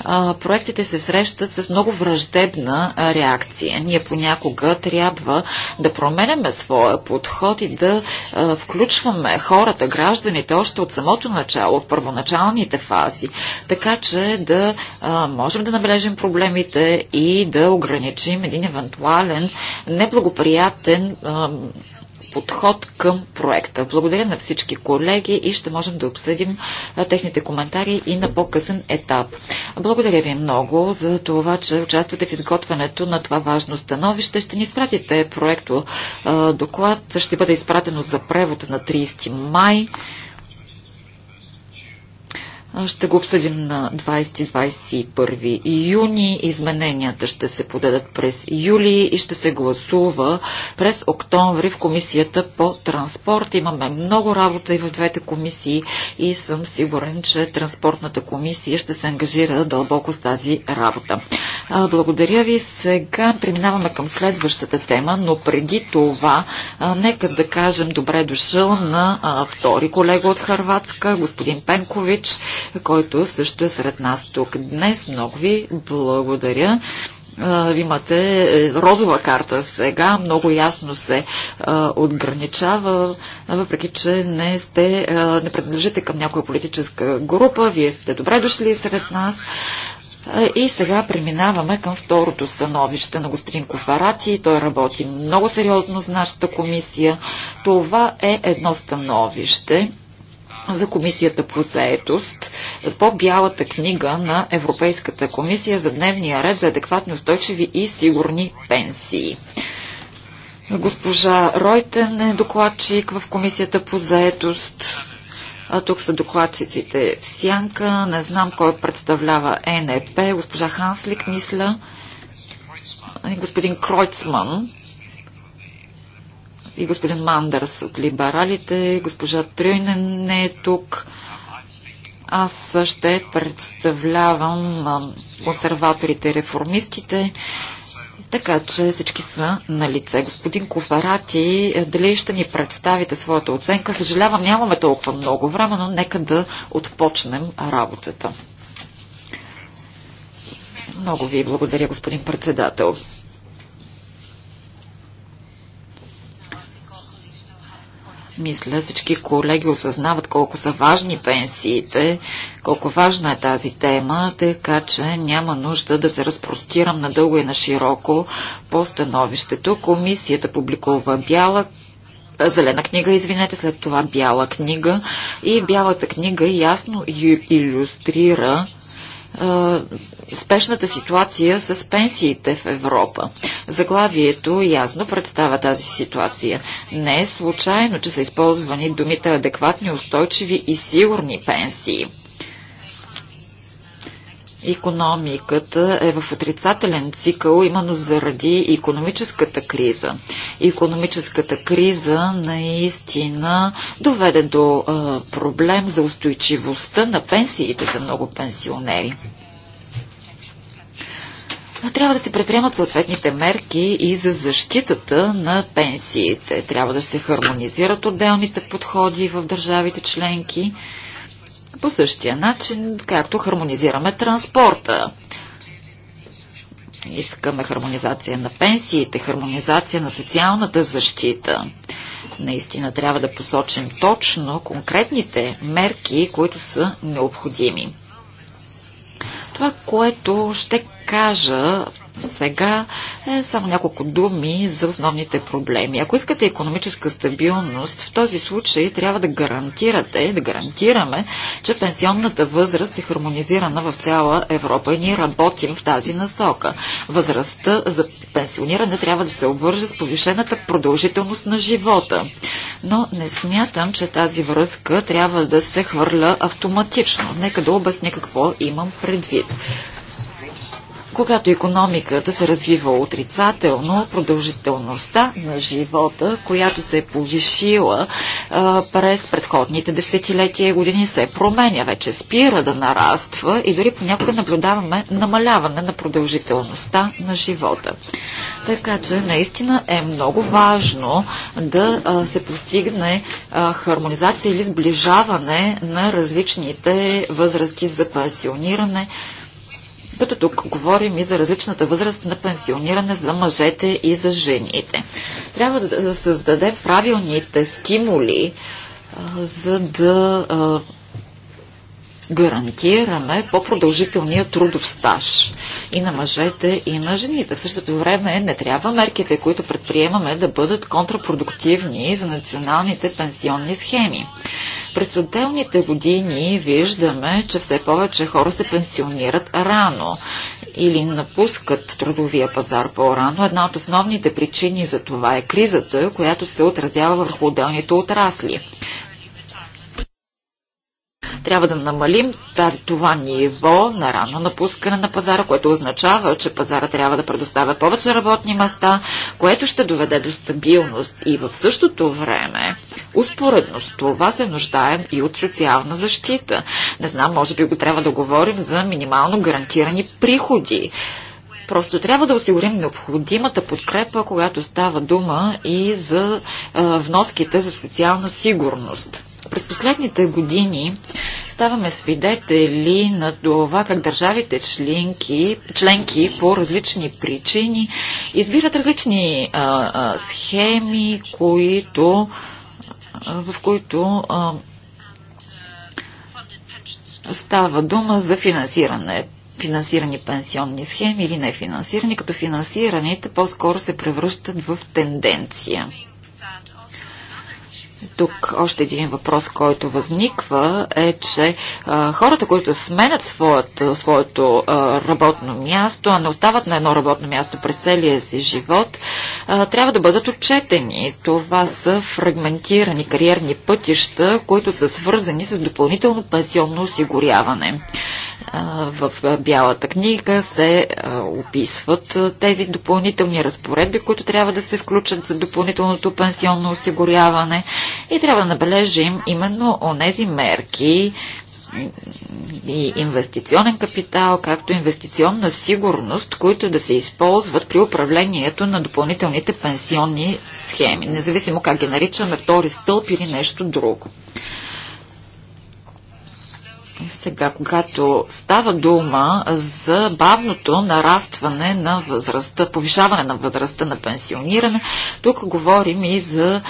а, проектите се срещат с много враждебна реакция. Ние понякога трябва да променяме своя подход и да а, включваме хората, гражданите още от самото начало, от първоначалните фази, така че да а, можем да набележим проблемите и да ограничим един евентуален неблагоприятен а, подход към проекта. Благодаря на всички колеги и ще можем да обсъдим техните коментари и на по-късен етап. Благодаря ви много за това, че участвате в изготвянето на това важно становище. Ще ни изпратите проекто доклад. Ще бъде изпратено за превод на 30 май. Ще го обсъдим на 20-21 юни. Измененията ще се подадат през юли и ще се гласува през октомври в комисията по транспорт. Имаме много работа и в двете комисии и съм сигурен, че транспортната комисия ще се ангажира дълбоко с тази работа. Благодаря ви. Сега преминаваме към следващата тема, но преди това нека да кажем добре дошъл на втори колега от Харватска, господин Пенкович който също е сред нас тук днес. Много ви благодаря имате е, розова карта сега, много ясно се отграничава, въпреки че не сте, не принадлежите към някоя политическа група, вие сте добре дошли сред нас. И сега преминаваме към второто становище на господин Кофарати. Той работи много сериозно с нашата комисия. Това е едно становище за Комисията по заетост по бялата книга на Европейската комисия за дневния ред за адекватни, устойчиви и сигурни пенсии. Госпожа Ройтен е докладчик в Комисията по заетост. А тук са докладчиците в Сянка. Не знам кой представлява НЕП, Госпожа Ханслик, мисля. И господин Кройцман и господин Мандърс от либералите, госпожа Трюйнен не е тук. Аз ще представлявам консерваторите и реформистите, така че всички са на лице. Господин Кофарати, е, дали ще ни представите своята оценка? Съжалявам, нямаме толкова много време, но нека да отпочнем работата. Много ви благодаря, господин председател. Мисля, всички колеги осъзнават колко са важни пенсиите, колко важна е тази тема, така че няма нужда да се разпростирам надълго и на широко по становището. Комисията публикува бяла зелена книга, извинете, след това бяла книга. И бялата книга ясно иллюстрира спешната ситуация с пенсиите в Европа. Заглавието ясно представя тази ситуация. Не е случайно, че са използвани думите адекватни, устойчиви и сигурни пенсии. Економиката е в отрицателен цикъл именно заради економическата криза. Економическата криза наистина доведе до проблем за устойчивостта на пенсиите за много пенсионери трябва да се предприемат съответните мерки и за защитата на пенсиите. Трябва да се хармонизират отделните подходи в държавите членки по същия начин, както хармонизираме транспорта. Искаме хармонизация на пенсиите, хармонизация на социалната защита. Наистина трябва да посочим точно конкретните мерки, които са необходими. Това, което ще кажа сега е само няколко думи за основните проблеми. Ако искате економическа стабилност, в този случай трябва да гарантирате, да гарантираме, че пенсионната възраст е хармонизирана в цяла Европа и ние работим в тази насока. Възрастта за пенсиониране трябва да се обвърже с повишената продължителност на живота. Но не смятам, че тази връзка трябва да се хвърля автоматично. Нека да обясня какво имам предвид. Когато економиката се развива отрицателно, продължителността на живота, която се е повишила а, през предходните десетилетия и години, се променя вече, спира да нараства и дори понякога наблюдаваме намаляване на продължителността на живота. Така че наистина е много важно да а, се постигне а, хармонизация или сближаване на различните възрасти за пенсиониране, като тук говорим и за различната възраст на пенсиониране за мъжете и за жените. Трябва да създадем правилните стимули, за да гарантираме по-продължителния трудов стаж и на мъжете, и на жените. В същото време не трябва мерките, които предприемаме, да бъдат контрапродуктивни за националните пенсионни схеми. През отделните години виждаме, че все повече хора се пенсионират рано или напускат трудовия пазар по-рано. Една от основните причини за това е кризата, която се отразява върху отделните отрасли. Трябва да намалим това ниво на рано напускане на пазара, което означава, че пазара трябва да предоставя повече работни места, което ще доведе до стабилност и в същото време, успоредно с това се нуждаем и от социална защита. Не знам, може би го трябва да говорим за минимално гарантирани приходи. Просто трябва да осигурим необходимата подкрепа, когато става дума и за вноските за социална сигурност. През последните години ставаме свидетели на това как държавите членки, членки по различни причини избират различни а, а, схеми, които, а, в които а, става дума за финансиране финансирани пенсионни схеми или нефинансирани, като финансираните по-скоро се превръщат в тенденция. Тук още един въпрос, който възниква е, че а, хората, които сменят своят, своето а, работно място, а не остават на едно работно място през целия си живот, а, трябва да бъдат отчетени. Това са фрагментирани кариерни пътища, които са свързани с допълнително пенсионно осигуряване в Бялата книга се описват тези допълнителни разпоредби, които трябва да се включат за допълнителното пенсионно осигуряване и трябва да набележим именно онези мерки, и инвестиционен капитал, както инвестиционна сигурност, които да се използват при управлението на допълнителните пенсионни схеми, независимо как ги наричаме втори стълб или нещо друго. Сега, когато става дума за бавното нарастване на възрастта, повишаване на възрастта на пенсиониране, тук говорим и за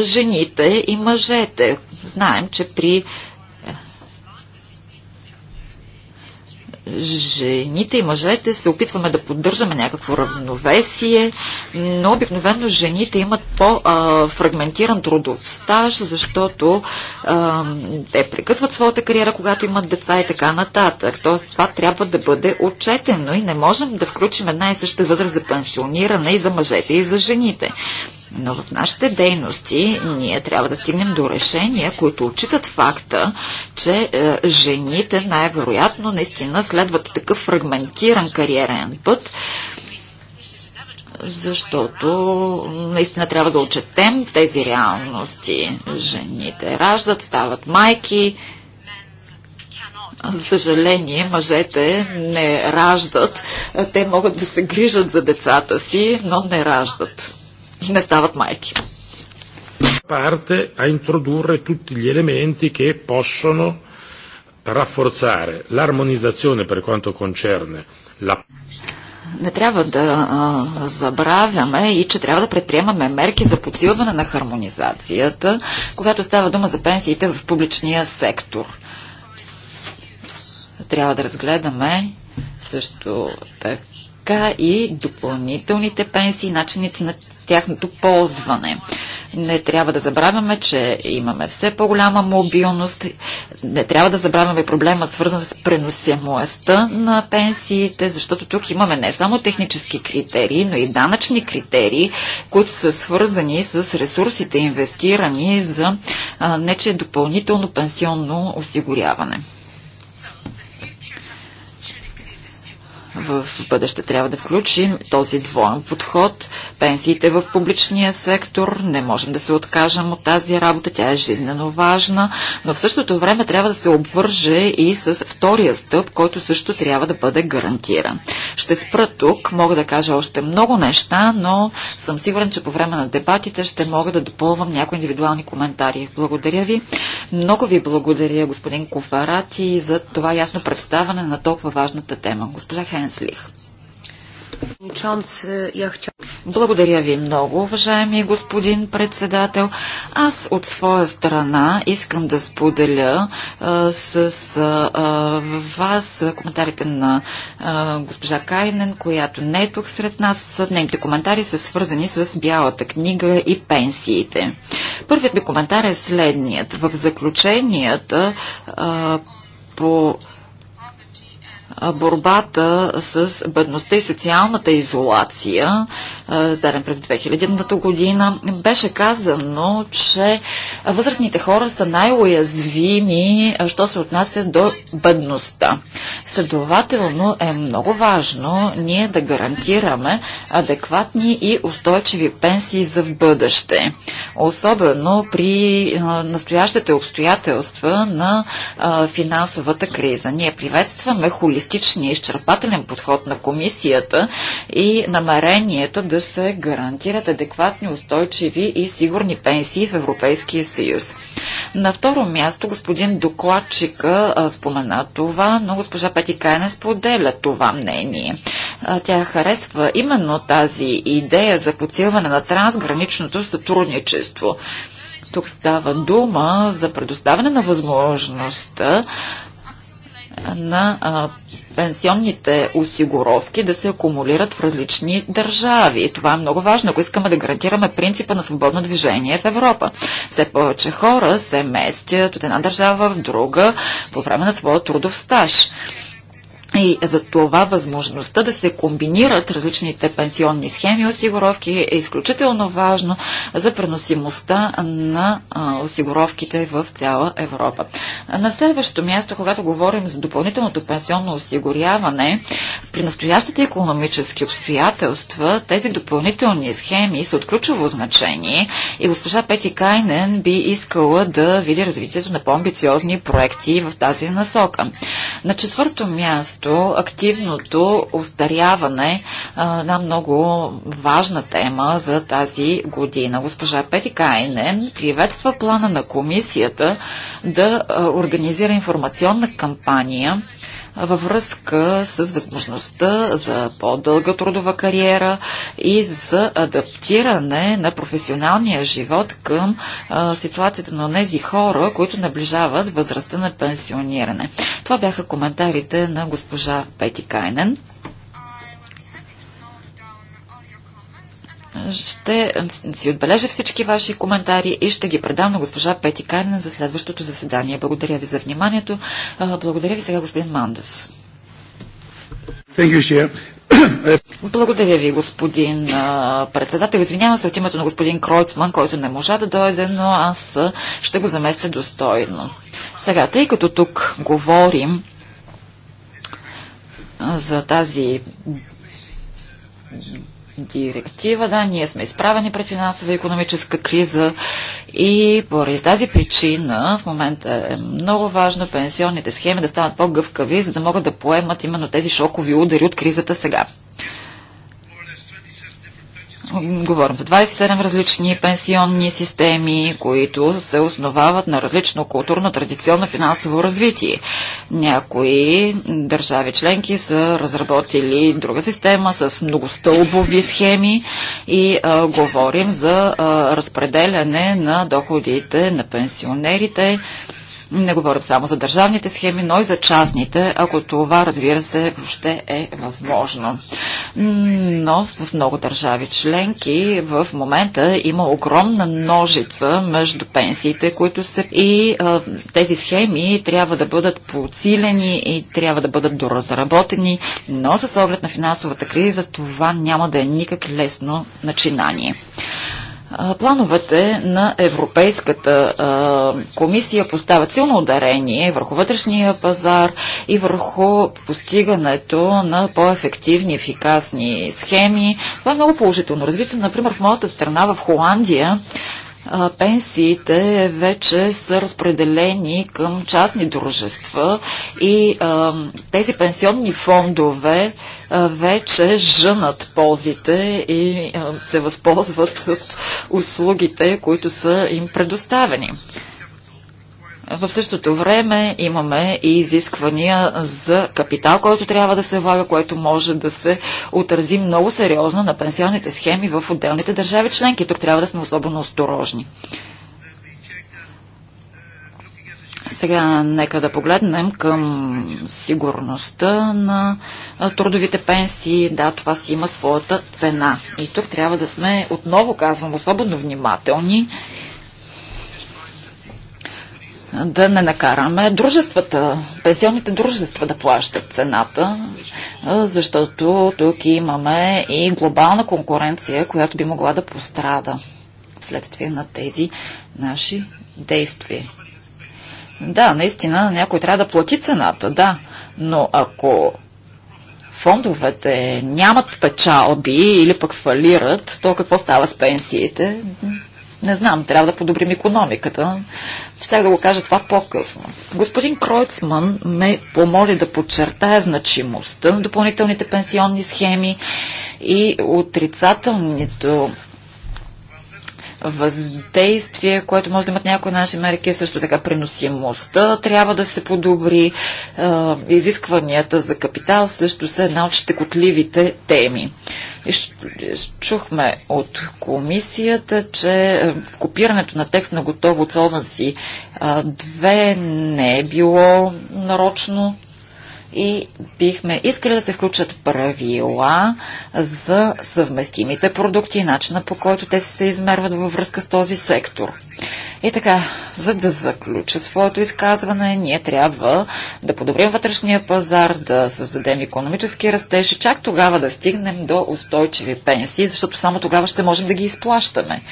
жените и мъжете. Знаем, че при жените и мъжете се опитваме да поддържаме някакво равновесие, но обикновено жените имат по-фрагментиран трудов стаж, защото а, те прекъсват своята кариера, когато имат деца и така нататък. Тоест това трябва да бъде отчетено и не можем да включим една и съща възраст за пенсиониране и за мъжете и за жените. Но в нашите дейности ние трябва да стигнем до решения, които отчитат факта, че е, жените най-вероятно наистина следват такъв фрагментиран кариерен път, защото наистина трябва да отчетем тези реалности. Жените раждат, стават майки, за съжаление, мъжете не раждат. Те могат да се грижат за децата си, но не раждат не стават майки. Parte a introdurre tutti gli elementi che possono rafforzare l'armonizzazione per quanto concerne la не трябва да а, забравяме и че трябва да предприемаме мерки за подсилване на хармонизацията, когато става дума за пенсиите в публичния сектор. Трябва да разгледаме също така и допълнителните пенсии, начините на тяхното ползване. Не трябва да забравяме, че имаме все по-голяма мобилност. Не трябва да забравяме проблема, свързан с преносимостта на пенсиите, защото тук имаме не само технически критерии, но и данъчни критерии, които са свързани с ресурсите инвестирани за нече допълнително пенсионно осигуряване. В бъдеще трябва да включим този двоен подход. Пенсиите в публичния сектор, не можем да се откажем от тази работа, тя е жизненно важна, но в същото време трябва да се обвърже и с втория стъп, който също трябва да бъде гарантиран. Ще спра тук, мога да кажа още много неща, но съм сигурен, че по време на дебатите ще мога да допълвам някои индивидуални коментари. Благодаря ви. Много ви благодаря, господин Кофарати, за това ясно представане на толкова важната тема. Госпожа Хен, Хенслих. Благодаря ви много, уважаеми господин председател. Аз от своя страна искам да споделя а, с а, вас коментарите на а, госпожа Кайнен, която не е тук сред нас. Нейните коментари са свързани с Бялата книга и пенсиите. Първият ми коментар е следният. В заключенията а, по борбата с бедността и социалната изолация, издаден през 2000-та година, беше казано, че възрастните хора са най-уязвими, що се отнася до бедността. Следователно е много важно ние да гарантираме адекватни и устойчиви пенсии за в бъдеще. Особено при настоящите обстоятелства на финансовата криза. Ние приветстваме холистичната холистичния, изчерпателен подход на комисията и намерението да се гарантират адекватни, устойчиви и сигурни пенсии в Европейския съюз. На второ място господин Докладчик спомена това, но госпожа Пети Кайна споделя това мнение. тя харесва именно тази идея за подсилване на трансграничното сътрудничество. Тук става дума за предоставяне на възможността на а, пенсионните осигуровки да се акумулират в различни държави. И това е много важно, ако искаме да гарантираме принципа на свободно движение в Европа. Все повече хора се местят от една държава в друга по време на своя трудов стаж. И за това възможността да се комбинират различните пенсионни схеми и осигуровки е изключително важно за преносимостта на осигуровките в цяла Европа. На следващо място, когато говорим за допълнителното пенсионно осигуряване, при настоящите економически обстоятелства тези допълнителни схеми са от ключово значение и госпожа Пети Кайнен би искала да види развитието на по-амбициозни проекти в тази насока. На четвърто място също активното остаряване, една много важна тема за тази година. Госпожа Пети Кайнен приветства плана на комисията да организира информационна кампания във връзка с възможността за по-дълга трудова кариера и за адаптиране на професионалния живот към ситуацията на тези хора, които наближават възрастта на пенсиониране. Това бяха коментарите на госпожа Пети Кайнен. Ще си отбележа всички ваши коментари и ще ги предам на госпожа Пети Кайнен за следващото заседание. Благодаря ви за вниманието. Благодаря ви сега, господин Мандас. You, Благодаря ви, господин председател. Извинявам се от името на господин Кройцман, който не можа да дойде, но аз ще го заместя достойно. Сега, тъй като тук говорим за тази директива. Да, ние сме изправени пред финансова и економическа криза и поради тази причина в момента е много важно пенсионните схеми да станат по-гъвкави, за да могат да поемат именно тези шокови удари от кризата сега. Говорим за 27 различни пенсионни системи, които се основават на различно културно, традиционно, финансово развитие. Някои държави членки са разработили друга система с многостълбови схеми и а, говорим за а, разпределяне на доходите на пенсионерите, не говорим само за държавните схеми, но и за частните, ако това, разбира се, въобще е възможно. Но в много държави членки в момента има огромна ножица между пенсиите, които се и а, тези схеми трябва да бъдат подсилени и трябва да бъдат доразработени, но с оглед на финансовата криза това няма да е никак лесно начинание. Плановете на Европейската комисия поставят силно ударение върху вътрешния пазар и върху постигането на по-ефективни, ефикасни схеми. Това е много положително развитие. Например, в моята страна, в Холандия, пенсиите вече са разпределени към частни дружества и тези пенсионни фондове вече жънат ползите и се възползват от услугите, които са им предоставени. В същото време имаме и изисквания за капитал, който трябва да се влага, което може да се отрази много сериозно на пенсионните схеми в отделните държави членки. Тук трябва да сме особено осторожни. Сега нека да погледнем към сигурността на трудовите пенсии. Да, това си има своята цена. И тук трябва да сме, отново казвам, особено внимателни, да не накараме дружествата, пенсионните дружества да плащат цената, защото тук имаме и глобална конкуренция, която би могла да пострада вследствие на тези наши действия. Да, наистина някой трябва да плати цената, да, но ако фондовете нямат печалби или пък фалират, то какво става с пенсиите? Не знам, трябва да подобрим економиката. Ще да го кажа това по-късно. Господин Кройцман ме помоли да подчертая значимостта на допълнителните пенсионни схеми и отрицателното въздействие, което може да имат някои наши мерки, е също така преносимостта трябва да се подобри, е, изискванията за капитал също са една от щекотливите теми. И чухме от комисията, че копирането на текст на готово от Solvency 2 не е било нарочно и бихме искали да се включат правила за съвместимите продукти и начина по който те се измерват във връзка с този сектор. И така, за да заключа своето изказване, ние трябва да подобрим вътрешния пазар, да създадем економически растеж и чак тогава да стигнем до устойчиви пенсии, защото само тогава ще можем да ги изплащаме.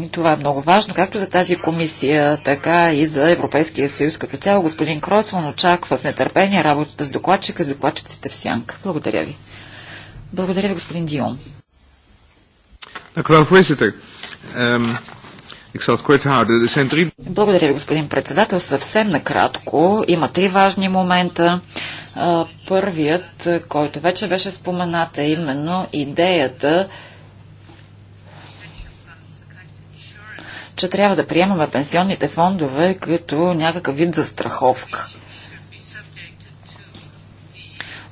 И това е много важно, както за тази комисия, така и за Европейския съюз като цяло. Господин Кроцман очаква с нетърпение работата с докладчика, с докладчиците в сянка. Благодаря ви. Благодаря ви, господин Дион. Ehm, er Благодаря ви, господин председател. Съвсем накратко. Има три важни момента. Първият, който вече беше споменат, е именно идеята, че трябва да приемаме пенсионните фондове като някакъв вид застраховка.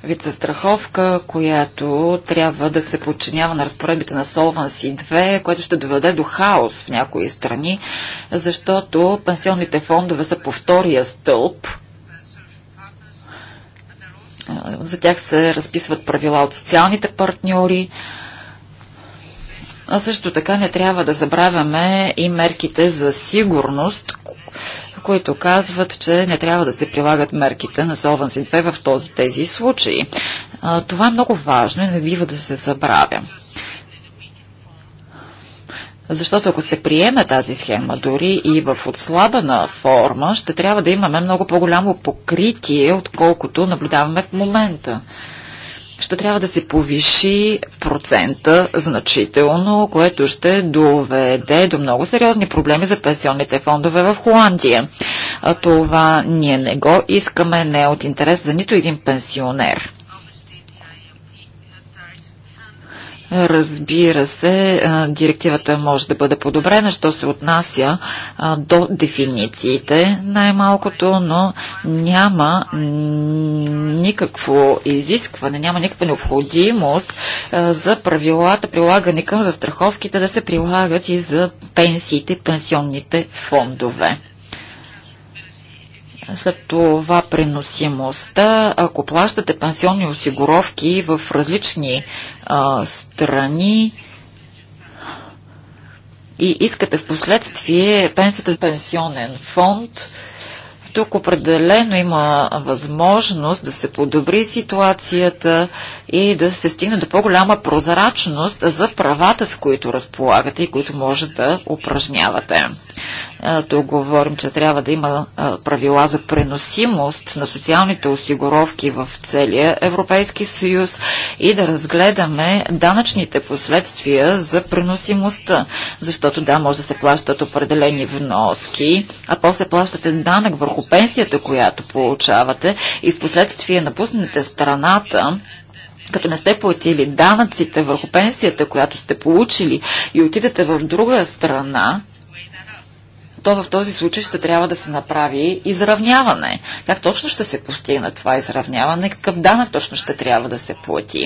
Вид застраховка, която трябва да се подчинява на разпоредбите на Solvency 2, което ще доведе до хаос в някои страни, защото пенсионните фондове са по втория стълб за тях се разписват правила от социалните партньори, а също така не трябва да забравяме и мерките за сигурност, които казват, че не трябва да се прилагат мерките на Solvency 2 в този, тези случаи. А, това е много важно и не бива да се забравя. Защото ако се приеме тази схема, дори и в отслабена форма, ще трябва да имаме много по-голямо покритие, отколкото наблюдаваме в момента ще трябва да се повиши процента значително, което ще доведе до много сериозни проблеми за пенсионните фондове в Холандия. А това ние не го искаме, не е от интерес за нито един пенсионер. Разбира се, директивата може да бъде подобрена, що се отнася до дефинициите най-малкото, но няма никакво изискване, няма никаква необходимост за правилата, прилагани към застраховките да се прилагат и за пенсиите, пенсионните фондове. След това преносимостта, ако плащате пенсионни осигуровки в различни а, страни, и искате в последствие пенсията пенсионен фонд, тук определено има възможност да се подобри ситуацията и да се стигне до по-голяма прозрачност за правата, с които разполагате и които може да упражнявате. Тук говорим, че трябва да има правила за преносимост на социалните осигуровки в целия Европейски съюз и да разгледаме данъчните последствия за преносимостта, защото да, може да се плащат определени вноски, а после плащате данък върху върху пенсията, която получавате и в последствие напуснете страната, като не сте платили данъците върху пенсията, която сте получили и отидете в друга страна, то в този случай ще трябва да се направи изравняване. Как точно ще се постигне това изравняване? Какъв данък точно ще трябва да се плати?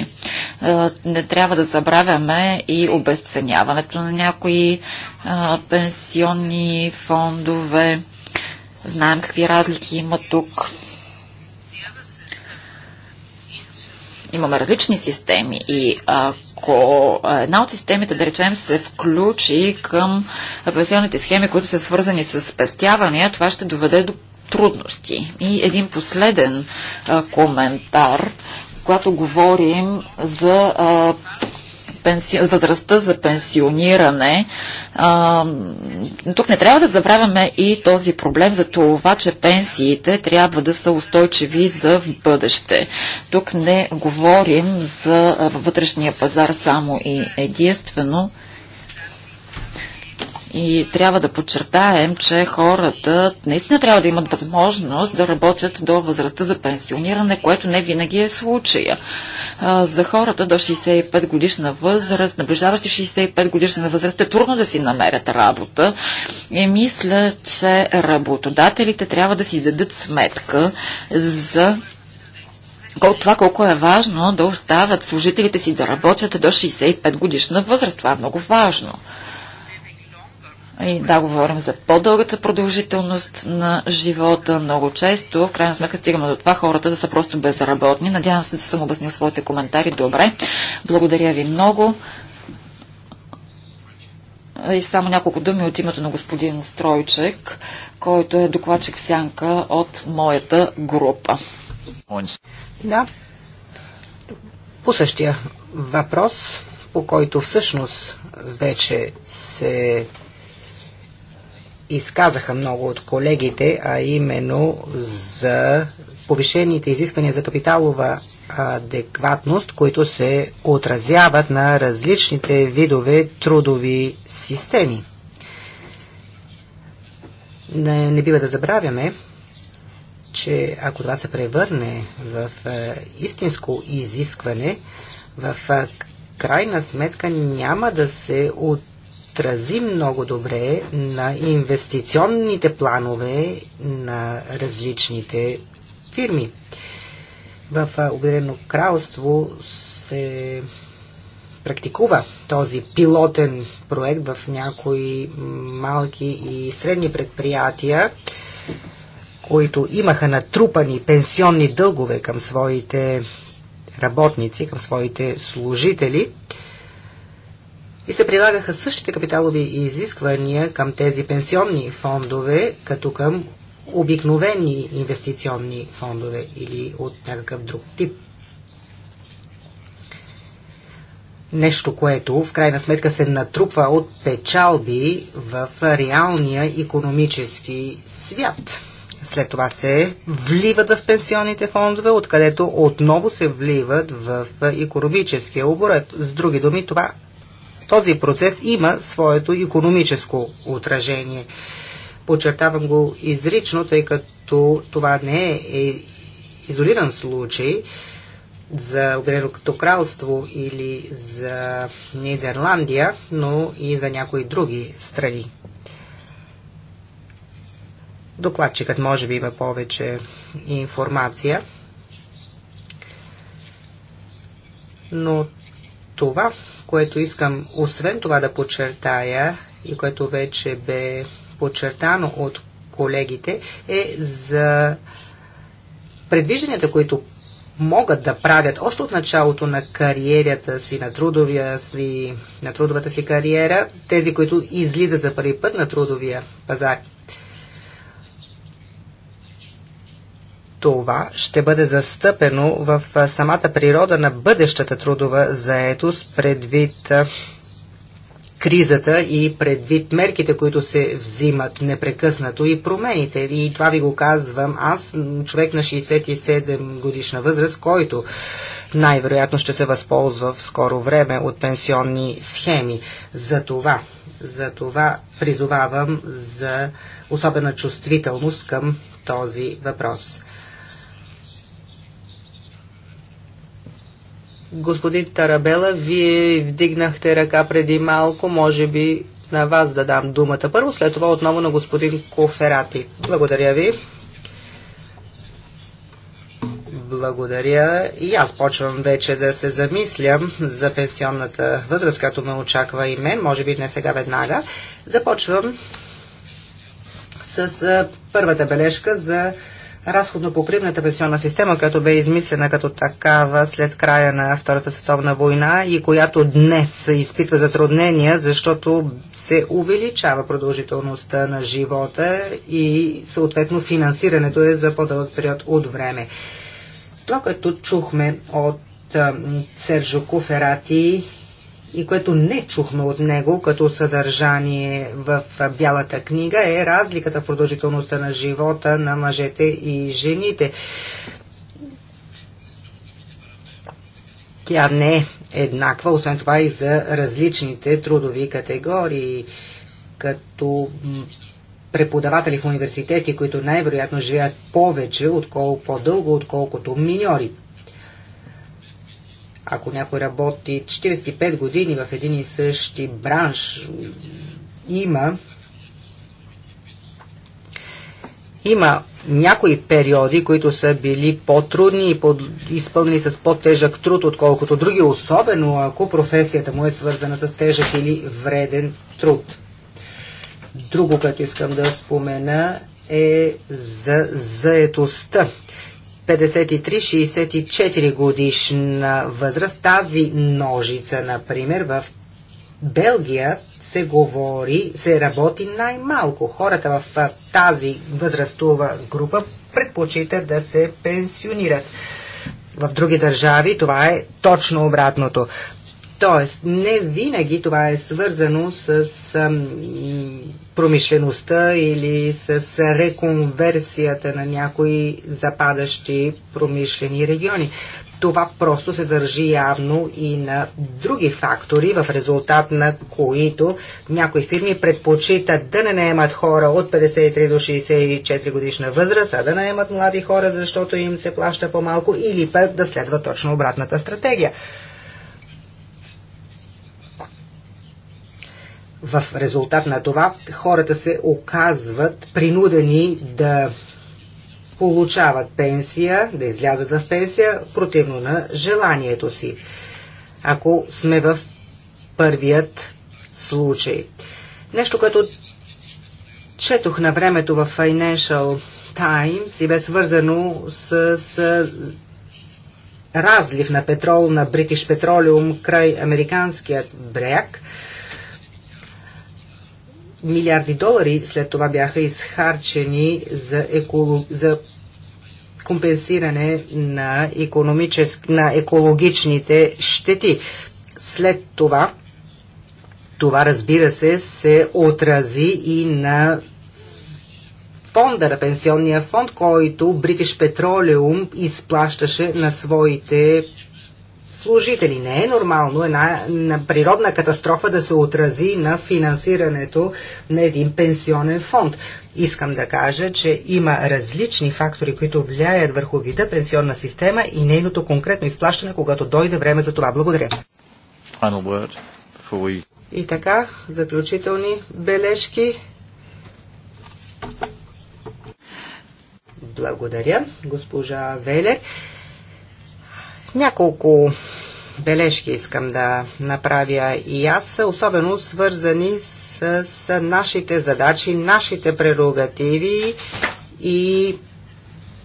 Е, не трябва да забравяме и обесценяването на някои е, пенсионни фондове Знаем какви разлики има тук. Имаме различни системи и ако една от системите, да речем, се включи към пенсионните схеми, които са свързани с спестявания, това ще доведе до трудности. И един последен а, коментар, когато говорим за а, пенси... възрастта за пенсиониране. А, тук не трябва да забравяме и този проблем за това, че пенсиите трябва да са устойчиви за в бъдеще. Тук не говорим за вътрешния пазар само и единствено. И трябва да подчертаем, че хората наистина трябва да имат възможност да работят до възрастта за пенсиониране, което не винаги е случая. За хората до 65 годишна възраст, наближаващи 65 годишна възраст, е трудно да си намерят работа. И мисля, че работодателите трябва да си дадат сметка за това колко е важно да оставят служителите си да работят до 65 годишна възраст. Това е много важно. И да, говорим за по-дългата продължителност на живота. Много често, в крайна сметка, стигаме до това хората да са просто безработни. Надявам се, че съм обяснил своите коментари. Добре. Благодаря ви много. И само няколко думи от името на господин Стройчек, който е докладчик в сянка от моята група. Да. По същия въпрос, по който всъщност вече се изказаха много от колегите, а именно за повишените изисквания за капиталова адекватност, които се отразяват на различните видове трудови системи. Не, не бива да забравяме, че ако това се превърне в е, истинско изискване, в е, крайна сметка няма да се от отрази много добре на инвестиционните планове на различните фирми. В Обедено кралство се практикува този пилотен проект в някои малки и средни предприятия, които имаха натрупани пенсионни дългове към своите работници, към своите служители – и се прилагаха същите капиталови изисквания към тези пенсионни фондове, като към обикновени инвестиционни фондове или от някакъв друг тип. Нещо, което в крайна сметка се натрупва от печалби в реалния економически свят. След това се вливат в пенсионните фондове, откъдето отново се вливат в економическия оборот. С други думи, това този процес има своето економическо отражение. Подчертавам го изрично, тъй като това не е изолиран случай за Обединеното кралство или за Нидерландия, но и за някои други страни. Докладчикът може би има повече информация, но това което искам освен това да подчертая и което вече бе подчертано от колегите, е за предвижданията, които могат да правят още от началото на кариерата си, на, трудовия си, на трудовата си кариера, тези, които излизат за първи път на трудовия пазар. това ще бъде застъпено в самата природа на бъдещата трудова заетост предвид кризата и предвид мерките, които се взимат непрекъснато и промените. И това ви го казвам аз, човек на 67 годишна възраст, който най-вероятно ще се възползва в скоро време от пенсионни схеми. За това, за това призовавам за особена чувствителност към този въпрос. Господин Тарабела, вие вдигнахте ръка преди малко, може би на вас да дам думата първо, след това отново на господин Коферати. Благодаря ви. Благодаря. И аз почвам вече да се замислям за пенсионната възраст, която ме очаква и мен, може би не сега веднага. Започвам с първата бележка за разходно-покривната пенсионна система, която бе измислена като такава след края на Втората световна война и която днес изпитва затруднения, защото се увеличава продължителността на живота и съответно финансирането е за по-дълъг период от време. Това, което чухме от Сержо Куферати и което не чухме от него като съдържание в Бялата книга е разликата в продължителността на живота на мъжете и жените. Тя не е еднаква, освен това и за различните трудови категории, като преподаватели в университети, които най-вероятно живеят повече, отколко по-дълго, отколкото миньори ако някой работи 45 години в един и същи бранш, има има някои периоди, които са били по-трудни и изпълнени с по-тежък труд, отколкото други, особено ако професията му е свързана с тежък или вреден труд. Друго, което искам да спомена е за заетостта. 53-64 годишна възраст. Тази ножица, например, в Белгия се говори, се работи най-малко. Хората в тази възрастова група предпочитат да се пенсионират. В други държави това е точно обратното. Тоест, не винаги това е свързано с промишлеността или с реконверсията на някои западащи промишлени региони. Това просто се държи явно и на други фактори, в резултат на които някои фирми предпочитат да не наемат хора от 53 до 64 годишна възраст, а да наемат млади хора, защото им се плаща по-малко или пък да следва точно обратната стратегия. В резултат на това хората се оказват принудени да получават пенсия, да излязат в пенсия, противно на желанието си, ако сме в първият случай. Нещо, което четох на времето в Financial Times и бе свързано с, с разлив на петрол на British Petroleum край американският бряг – милиарди долари след това бяха изхарчени за, еколог... за компенсиране на, економическ... на екологичните щети. След това, това разбира се, се отрази и на фонда, на пенсионния фонд, който British Petroleum изплащаше на своите служители. Не е нормално една природна катастрофа да се отрази на финансирането на един пенсионен фонд. Искам да кажа, че има различни фактори, които влияят върху вида пенсионна система и нейното конкретно изплащане, когато дойде време за това. Благодаря. И така, заключителни бележки. Благодаря, госпожа Велер. Няколко бележки искам да направя и аз, особено свързани с, с нашите задачи, нашите прерогативи и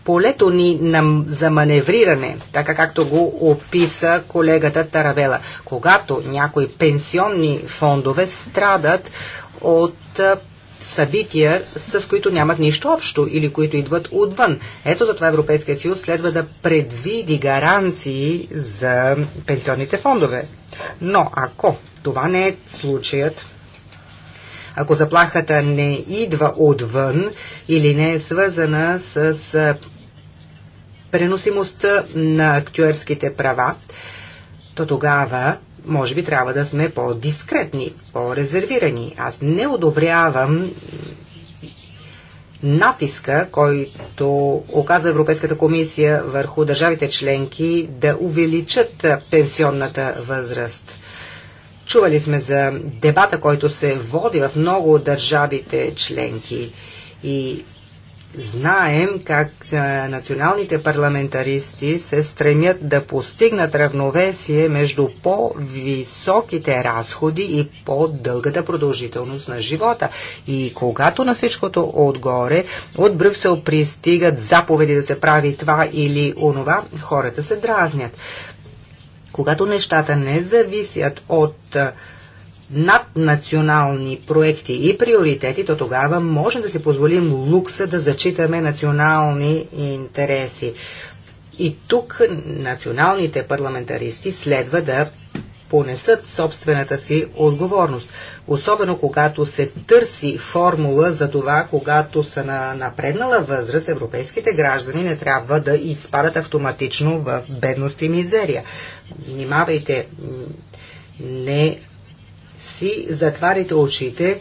полето ни на, за маневриране, така както го описа колегата Таравела. Когато някои пенсионни фондове страдат от събития, с които нямат нищо общо или които идват отвън. Ето за това Европейския съюз следва да предвиди гаранции за пенсионните фондове. Но ако това не е случаят, ако заплахата не идва отвън или не е свързана с преносимостта на актюерските права, то тогава може би трябва да сме по-дискретни, по-резервирани. Аз не одобрявам натиска, който оказа Европейската комисия върху държавите членки да увеличат пенсионната възраст. Чували сме за дебата, който се води в много държавите членки. И Знаем как а, националните парламентаристи се стремят да постигнат равновесие между по-високите разходи и по-дългата продължителност на живота. И когато на всичкото отгоре от Брюксел пристигат заповеди да се прави това или онова, хората се дразнят. Когато нещата не зависят от а, наднационални проекти и приоритети, то тогава може да си позволим лукса да зачитаме национални интереси. И тук националните парламентаристи следва да понесат собствената си отговорност. Особено когато се търси формула за това, когато са на напреднала възраст, европейските граждани не трябва да изпадат автоматично в бедност и мизерия. Внимавайте, не си затварите очите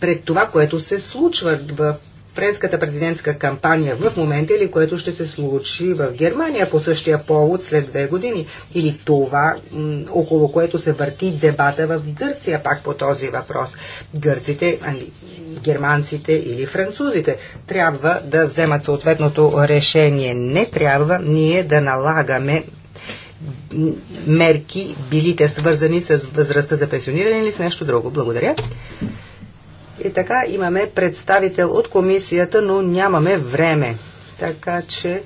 пред това, което се случва в френската президентска кампания в момента или което ще се случи в Германия по същия повод след две години или това, около което се върти дебата в Гърция пак по този въпрос. Гърците, али, германците или французите трябва да вземат съответното решение. Не трябва ние да налагаме мерки, били те свързани с възрастта за пенсиониране или с нещо друго. Благодаря. И така, имаме представител от комисията, но нямаме време. Така че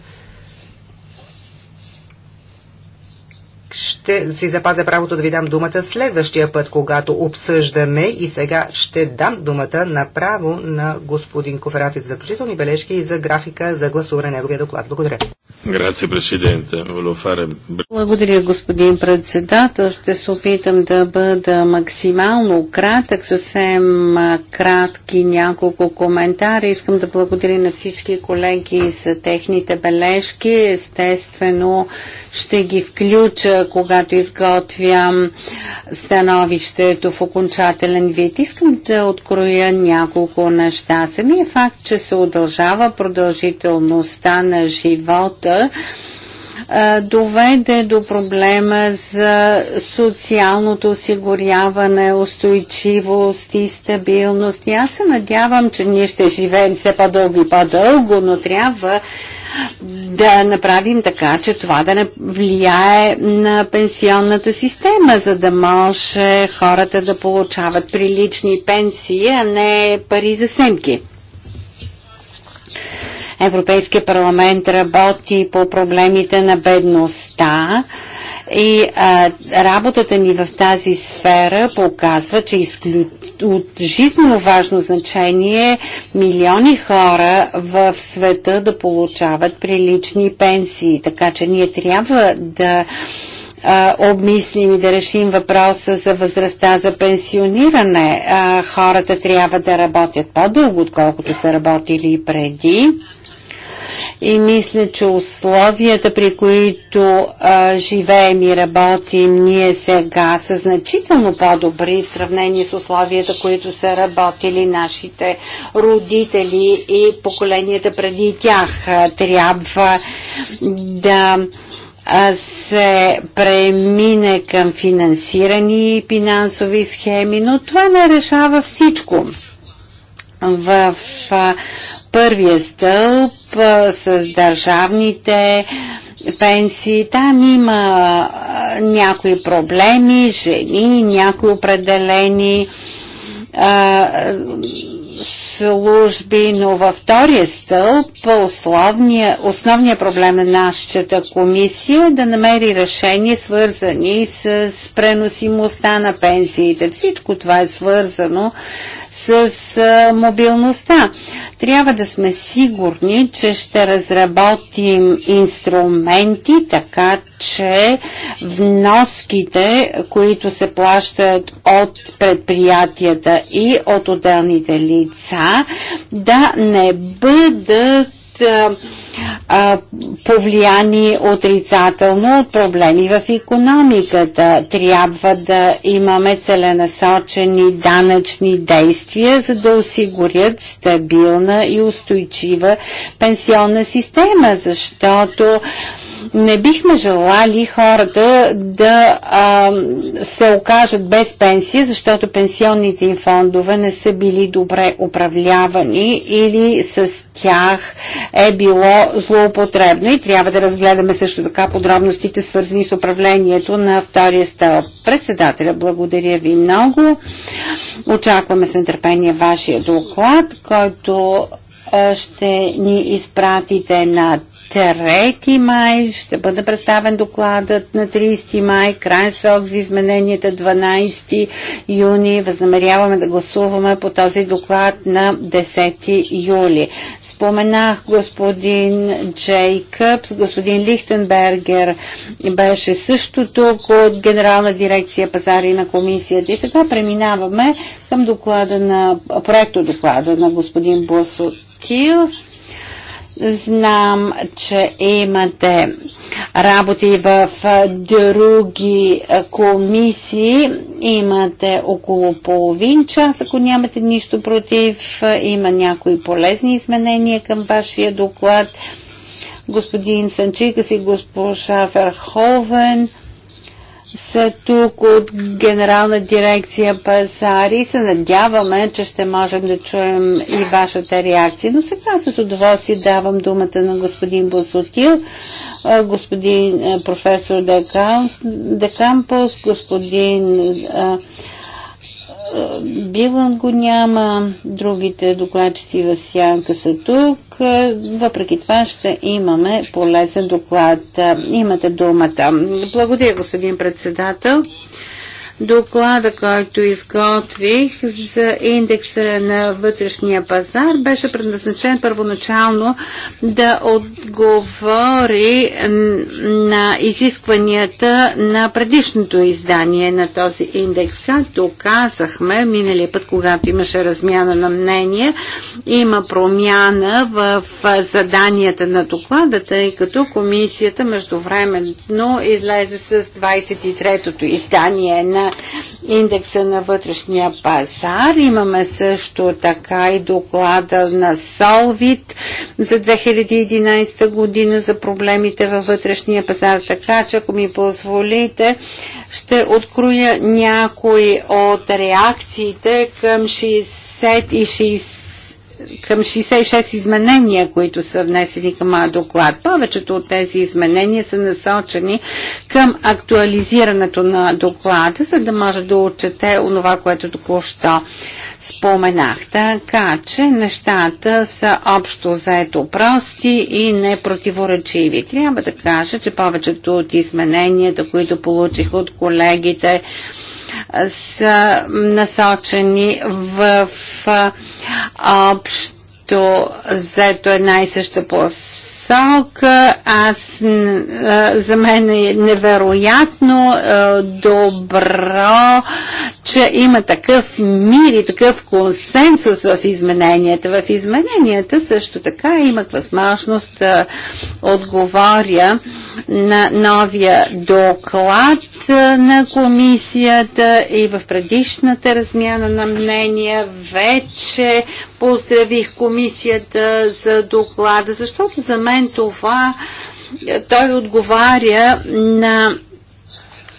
ще си запазя правото да ви дам думата следващия път, когато обсъждаме и сега ще дам думата направо на господин Коферати за заключителни бележки и за графика за гласуване на неговия доклад. Благодаря. Благодаря, господин председател. Ще се опитам да бъда максимално кратък, съвсем кратки няколко коментари. Искам да благодаря на всички колеги за техните бележки. Естествено, ще ги включа, когато изготвям становището в окончателен вид. Искам да откроя няколко неща. Самия факт, че се удължава продължителността на живот работа доведе до проблема за социалното осигуряване, устойчивост и стабилност. И аз се надявам, че ние ще живеем все по-дълго и по-дълго, но трябва да направим така, че това да не влияе на пенсионната система, за да може хората да получават прилични пенсии, а не пари за семки. Европейския парламент работи по проблемите на бедността. И а, работата ни в тази сфера показва, че изклю... от жизненно важно значение милиони хора в света да получават прилични пенсии. Така че ние трябва да а, обмислим и да решим въпроса за възрастта за пенсиониране. А, хората трябва да работят по-дълго, отколкото са работили преди и мисля, че условията, при които а, живеем и работим ние сега, са значително по-добри в сравнение с условията, които са работили нашите родители и поколенията преди тях. Трябва да се премине към финансирани финансови схеми, но това не решава всичко в първия стълб с държавните пенсии. Там има някои проблеми, жени, някои определени служби, но във втория стълб основния, основния проблем на нашата комисия е да намери решения, свързани с преносимостта на пенсиите. Всичко това е свързано с мобилността. Трябва да сме сигурни, че ще разработим инструменти, така че вноските, които се плащат от предприятията и от отделните лица, да не бъдат а, повлияни отрицателно от проблеми в економиката. Трябва да имаме целенасочени данъчни действия, за да осигурят стабилна и устойчива пенсионна система, защото не бихме желали хората да а, се окажат без пенсия, защото пенсионните им фондове не са били добре управлявани или с тях е било злоупотребно. И трябва да разгледаме също така подробностите, свързани с управлението на втория стълб. Председателя, благодаря ви много. Очакваме с нетърпение вашия доклад, който ще ни изпратите на 3 май ще бъде представен докладът на 30 май, крайен срок за измененията 12 юни. Възнамеряваме да гласуваме по този доклад на 10 юли. Споменах господин Джейкъбс, господин Лихтенбергер беше също тук от Генерална дирекция пазари на комисията. И сега преминаваме към доклада на проекто доклада на господин Босотил Знам, че имате работи в други комисии. Имате около половин час, ако нямате нищо против. Има някои полезни изменения към вашия доклад. Господин Санчикас и госпожа Ферховен са тук от Генерална дирекция Пазари. Се надяваме, че ще можем да чуем и вашата реакция. Но сега с удоволствие давам думата на господин Босотил, господин професор Декампус, господин Билан го няма, другите докладчици в сянка са тук. Е, въпреки това ще имаме полезен доклад. Имате думата. Благодаря, господин председател доклада, който изготвих за индекса на вътрешния пазар, беше предназначен първоначално да отговори на изискванията на предишното издание на този индекс. Както казахме миналия път, когато имаше размяна на мнение, има промяна в заданията на доклада, тъй като комисията междувременно излезе с 23-тото издание на индекса на вътрешния пазар. Имаме също така и доклада на Солвит за 2011 година за проблемите във вътрешния пазар. Така че, ако ми позволите, ще откроя някои от реакциите към 60 и 60 към 66 изменения, които са внесени към моя доклад. Повечето от тези изменения са насочени към актуализирането на доклада, за да може да отчете онова, което току-що споменах. Така че нещата са общо заето прости и непротиворечиви. Трябва да кажа, че повечето от измененията, които получих от колегите, са насочени в общо взето една и съща посока посока. Аз за мен е невероятно добро, че има такъв мир и такъв консенсус в измененията. В измененията също така имах възможност да отговоря на новия доклад на комисията и в предишната размяна на мнения вече поздравих комисията за доклада, защото за мен освен това, той отговаря на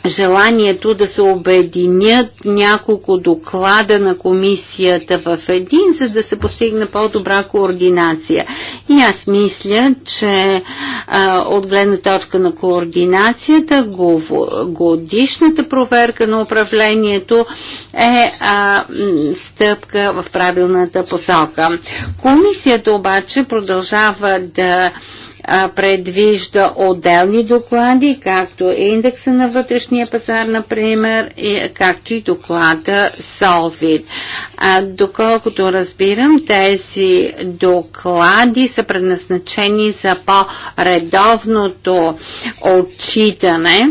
желанието да се обединят няколко доклада на комисията в един, за да се постигне по-добра координация. И аз мисля, че а, от гледна точка на координацията, годишната проверка на управлението е а, стъпка в правилната посока. Комисията обаче продължава да предвижда отделни доклади, както индекса на вътрешния пазар, например, както и доклада Solvit. А, доколкото разбирам, тези доклади са предназначени за по-редовното отчитане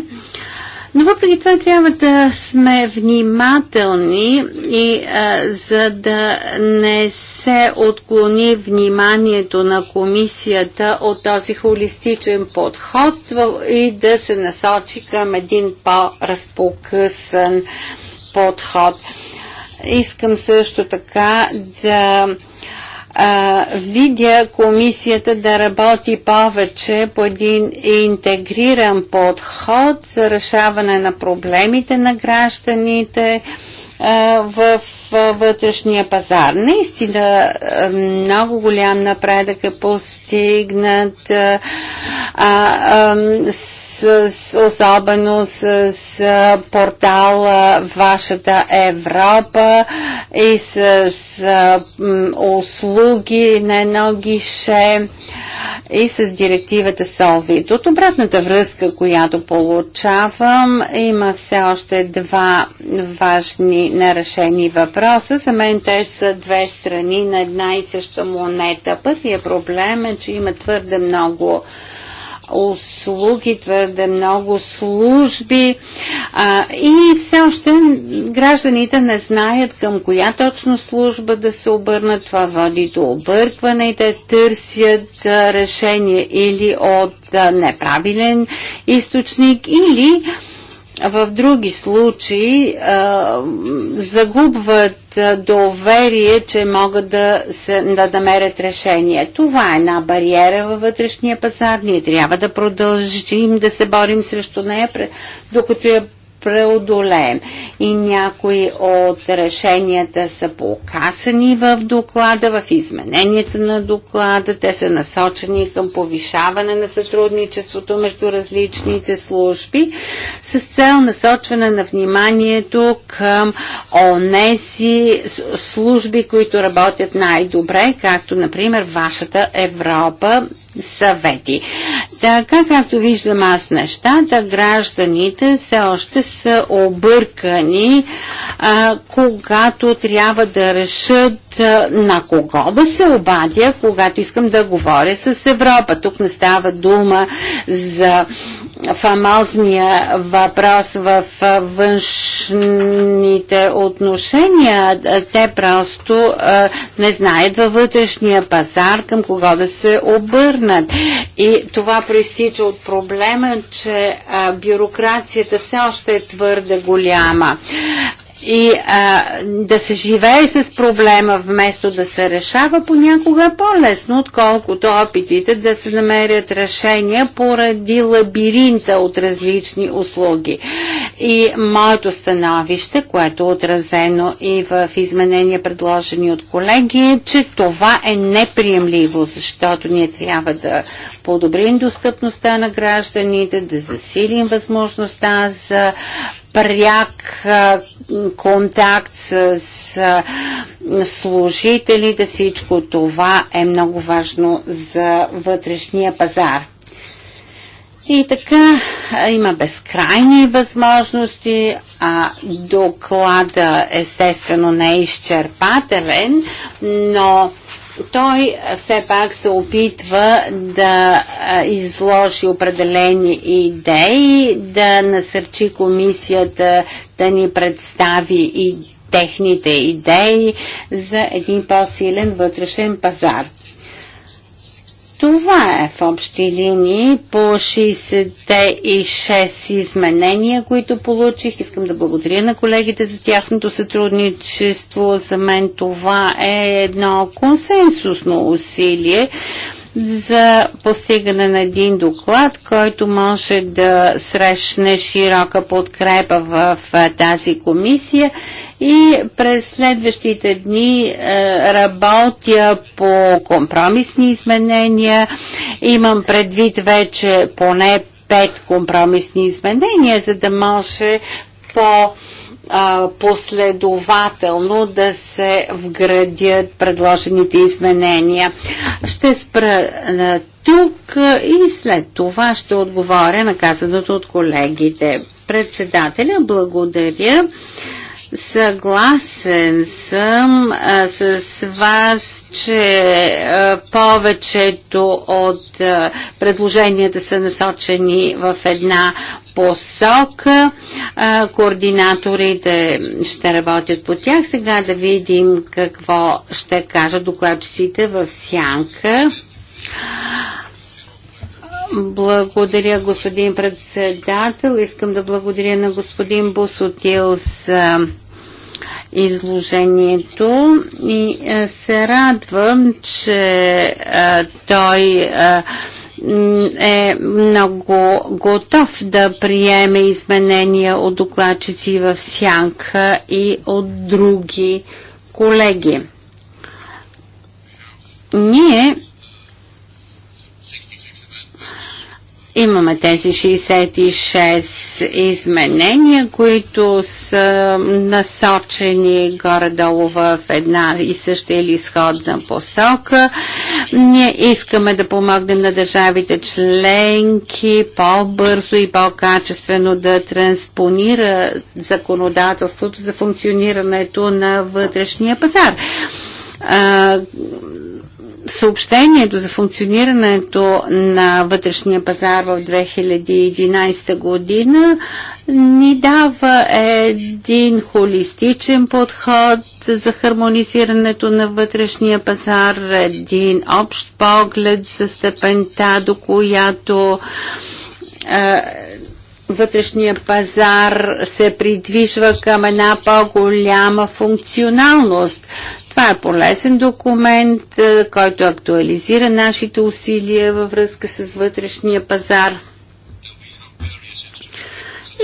но въпреки това трябва да сме внимателни и а, за да не се отклони вниманието на комисията от този холистичен подход и да се насочи към един по-разпокъсан подход. Искам също така да а, видя комисията да работи повече по един интегриран подход за решаване на проблемите на гражданите, а, в вътрешния пазар. Наистина много голям напредък е постигнат, а, а, с, с, особено с, с портала Вашата Европа и с, с услуги на едно гише и с директивата Solvit. От обратната връзка, която получавам, има все още два важни три нарешени въпроса. За мен те са две страни на една и съща монета. Първият проблем е, че има твърде много услуги, твърде много служби а, и все още гражданите не знаят към коя точно служба да се обърнат. Това води до объркване и те търсят а, решение или от а, неправилен източник или а, в други случаи а, загубват доверие, че могат да, се, да намерят решение. Това е една бариера във вътрешния пазар. Ние трябва да продължим да се борим срещу нея, докато я преодолеем. И някои от решенията са показани в доклада, в измененията на доклада. Те са насочени към повишаване на сътрудничеството между различните служби с цел насочване на вниманието към онеси служби, които работят най-добре, както например вашата Европа съвети. Така както виждам аз нещата, гражданите все още са объркани, а, когато трябва да решат а, на кого да се обадя, когато искам да говоря с Европа. Тук не става дума за фамозния въпрос в външните отношения. Те просто не знаят във вътрешния пазар към кого да се обърнат. И това проистича от проблема, че бюрокрацията все още е твърде голяма и а, да се живее с проблема вместо да се решава понякога е по-лесно, отколкото опитите да се намерят решения поради лабиринта от различни услуги. И моето становище, което е отразено и в изменения предложени от колеги, е, че това е неприемливо, защото ние трябва да подобрим достъпността на гражданите, да засилим възможността за пряк контакт с, служителите. Всичко това е много важно за вътрешния пазар. И така има безкрайни възможности, а доклада естествено не е изчерпателен, но той все пак се опитва да изложи определени идеи, да насърчи комисията да ни представи и техните идеи за един по-силен вътрешен пазар. Това е в общи линии по 66 изменения, които получих. Искам да благодаря на колегите за тяхното сътрудничество. За мен това е едно консенсусно усилие за постигане на един доклад, който може да срещне широка подкрепа в тази комисия и през следващите дни работя по компромисни изменения. Имам предвид вече поне пет компромисни изменения, за да може по а, последователно да се вградят предложените изменения. Ще спра а, тук а, и след това ще отговоря на казаното от колегите. Председателя, благодаря. Съгласен съм а, с вас, че а, повечето от а, предложенията са насочени в една посока. А, координаторите ще работят по тях. Сега да видим какво ще кажат докладчиците в сянка. Благодаря, господин председател. Искам да благодаря на господин Босотил за изложението и е, се радвам, че е, той е, е много готов да приеме изменения от докладчици в Сянка и от други колеги. Ние Имаме тези 66 изменения, които са насочени горе-долу в една и съща или изходна посока. Ние искаме да помогнем на държавите членки по-бързо и по-качествено да транспонира законодателството за функционирането на вътрешния пазар съобщението за функционирането на вътрешния пазар в 2011 година ни дава един холистичен подход за хармонизирането на вътрешния пазар, един общ поглед за степента, до която вътрешния пазар се придвижва към една по-голяма функционалност. Това е полезен документ, е, който актуализира нашите усилия във връзка с вътрешния пазар.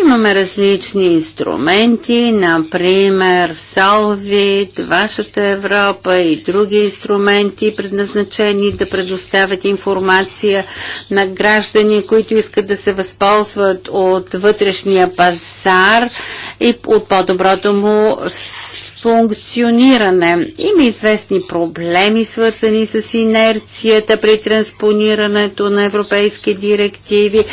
Имаме различни инструменти, например Solvit, Вашата Европа и други инструменти, предназначени да предоставят информация на граждани, които искат да се възползват от вътрешния пазар и от по-доброто му функциониране. Има известни проблеми, свързани с инерцията при транспонирането на европейски директиви,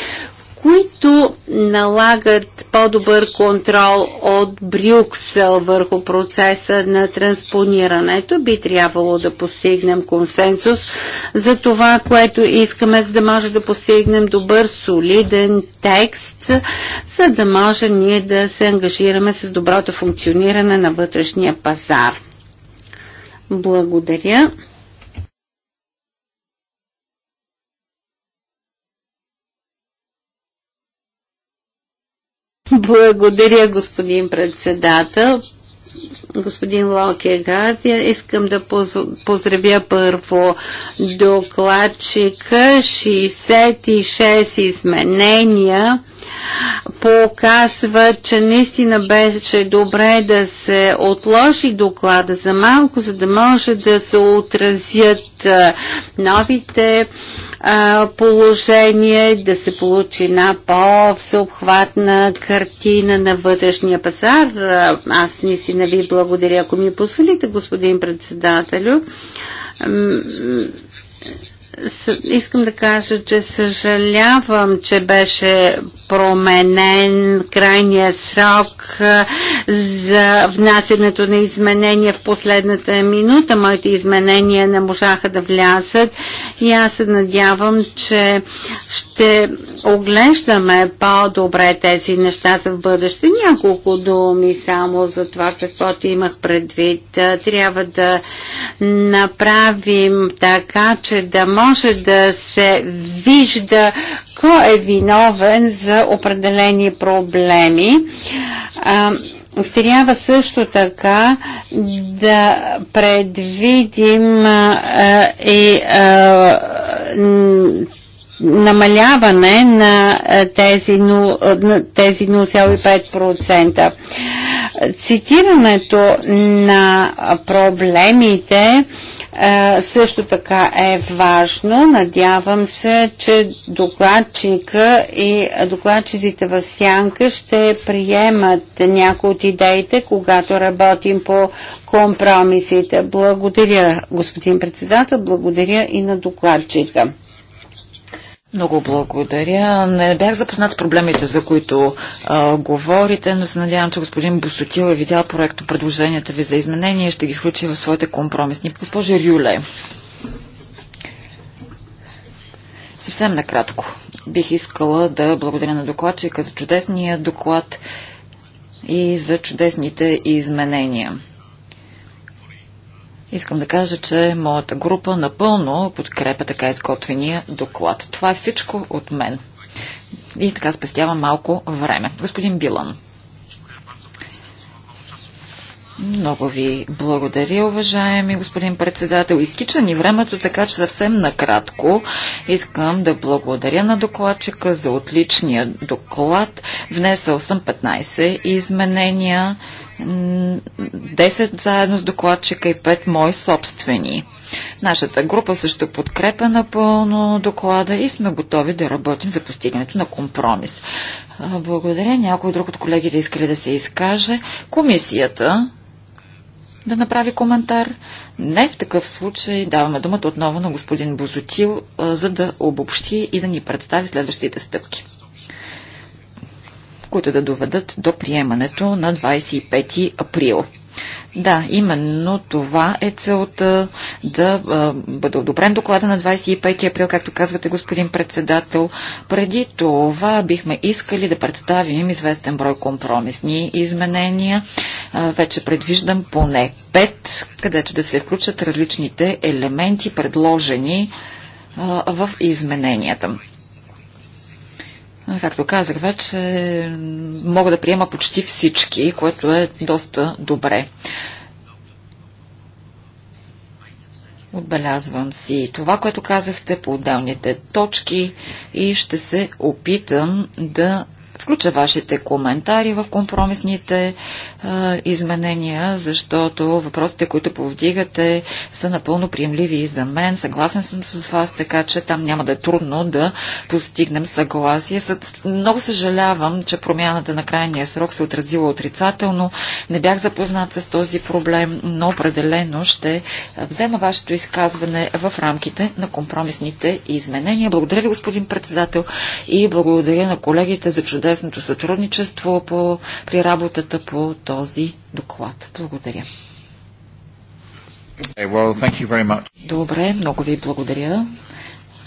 които налагат по-добър контрол от Брюксел върху процеса на транспонирането. Би трябвало да постигнем консенсус за това, което искаме, за да може да постигнем добър, солиден текст, за да може ние да се ангажираме с доброто функциониране на вътрешния пазар. Благодаря. Благодаря, господин председател. Господин Локегард, искам да поздравя първо докладчика 66 изменения показва, че наистина беше добре да се отложи доклада за малко, за да може да се отразят новите а, положение, да се получи една по-всеобхватна картина на вътрешния пазар. Аз наистина ви благодаря, ако ми позволите, господин председателю искам да кажа, че съжалявам, че беше променен крайния срок за внасянето на изменения в последната минута. Моите изменения не можаха да влязат и аз се надявам, че ще оглеждаме по-добре тези неща за в бъдеще. Няколко думи само за това, каквото имах предвид. Трябва да направим така, че да може може да се вижда кой е виновен за определени проблеми. А, трябва също така да предвидим и е, намаляване на тези, на тези 0,5%. Цитирането на проблемите е, също така е важно. Надявам се, че докладчика и докладчиците в Сянка ще приемат някои от идеите, когато работим по компромисите. Благодаря, господин председател, благодаря и на докладчика. Много благодаря. Не бях запознат с проблемите, за които а, говорите, но се надявам, че господин Босотил е видял проекто предложенията ви за изменение и ще ги включи в своите компромисни. Госпожа Рюле, съвсем накратко бих искала да благодаря на докладчика за чудесния доклад и за чудесните изменения. Искам да кажа, че моята група напълно подкрепя така изготвения доклад. Това е всичко от мен. И така спестявам малко време. Господин Билан. Много ви благодаря, уважаеми господин председател. Изтича ни времето, така че съвсем накратко искам да благодаря на докладчика за отличния доклад. Внесъл съм 15 изменения. 10 заедно с докладчика и 5 мои собствени. Нашата група също подкрепа напълно доклада и сме готови да работим за постигането на компромис. Благодаря. Някой друг от колегите иска да се изкаже. Комисията да направи коментар. Не в такъв случай даваме думата отново на господин Бозотил, за да обобщи и да ни представи следващите стъпки които да доведат до приемането на 25 април. Да, именно това е целта да бъде одобрен доклада на 25 април, както казвате, господин председател. Преди това бихме искали да представим известен брой компромисни изменения. вече предвиждам поне 5, където да се включат различните елементи, предложени в измененията. Както казах вече, мога да приема почти всички, което е доста добре. Отбелязвам си това, което казахте по отделните точки и ще се опитам да включа вашите коментари в компромисните а, изменения, защото въпросите, които повдигате, са напълно приемливи и за мен. Съгласен съм с вас, така че там няма да е трудно да постигнем съгласие. Много съжалявам, че промяната на крайния срок се отразила отрицателно. Не бях запознат с този проблем, но определено ще взема вашето изказване в рамките на компромисните изменения. Благодаря ви, господин председател, и благодаря на колегите за чудесното сътрудничество по, при работата по този този доклад. Благодаря. Okay, well, thank you very much. Добре, много ви благодаря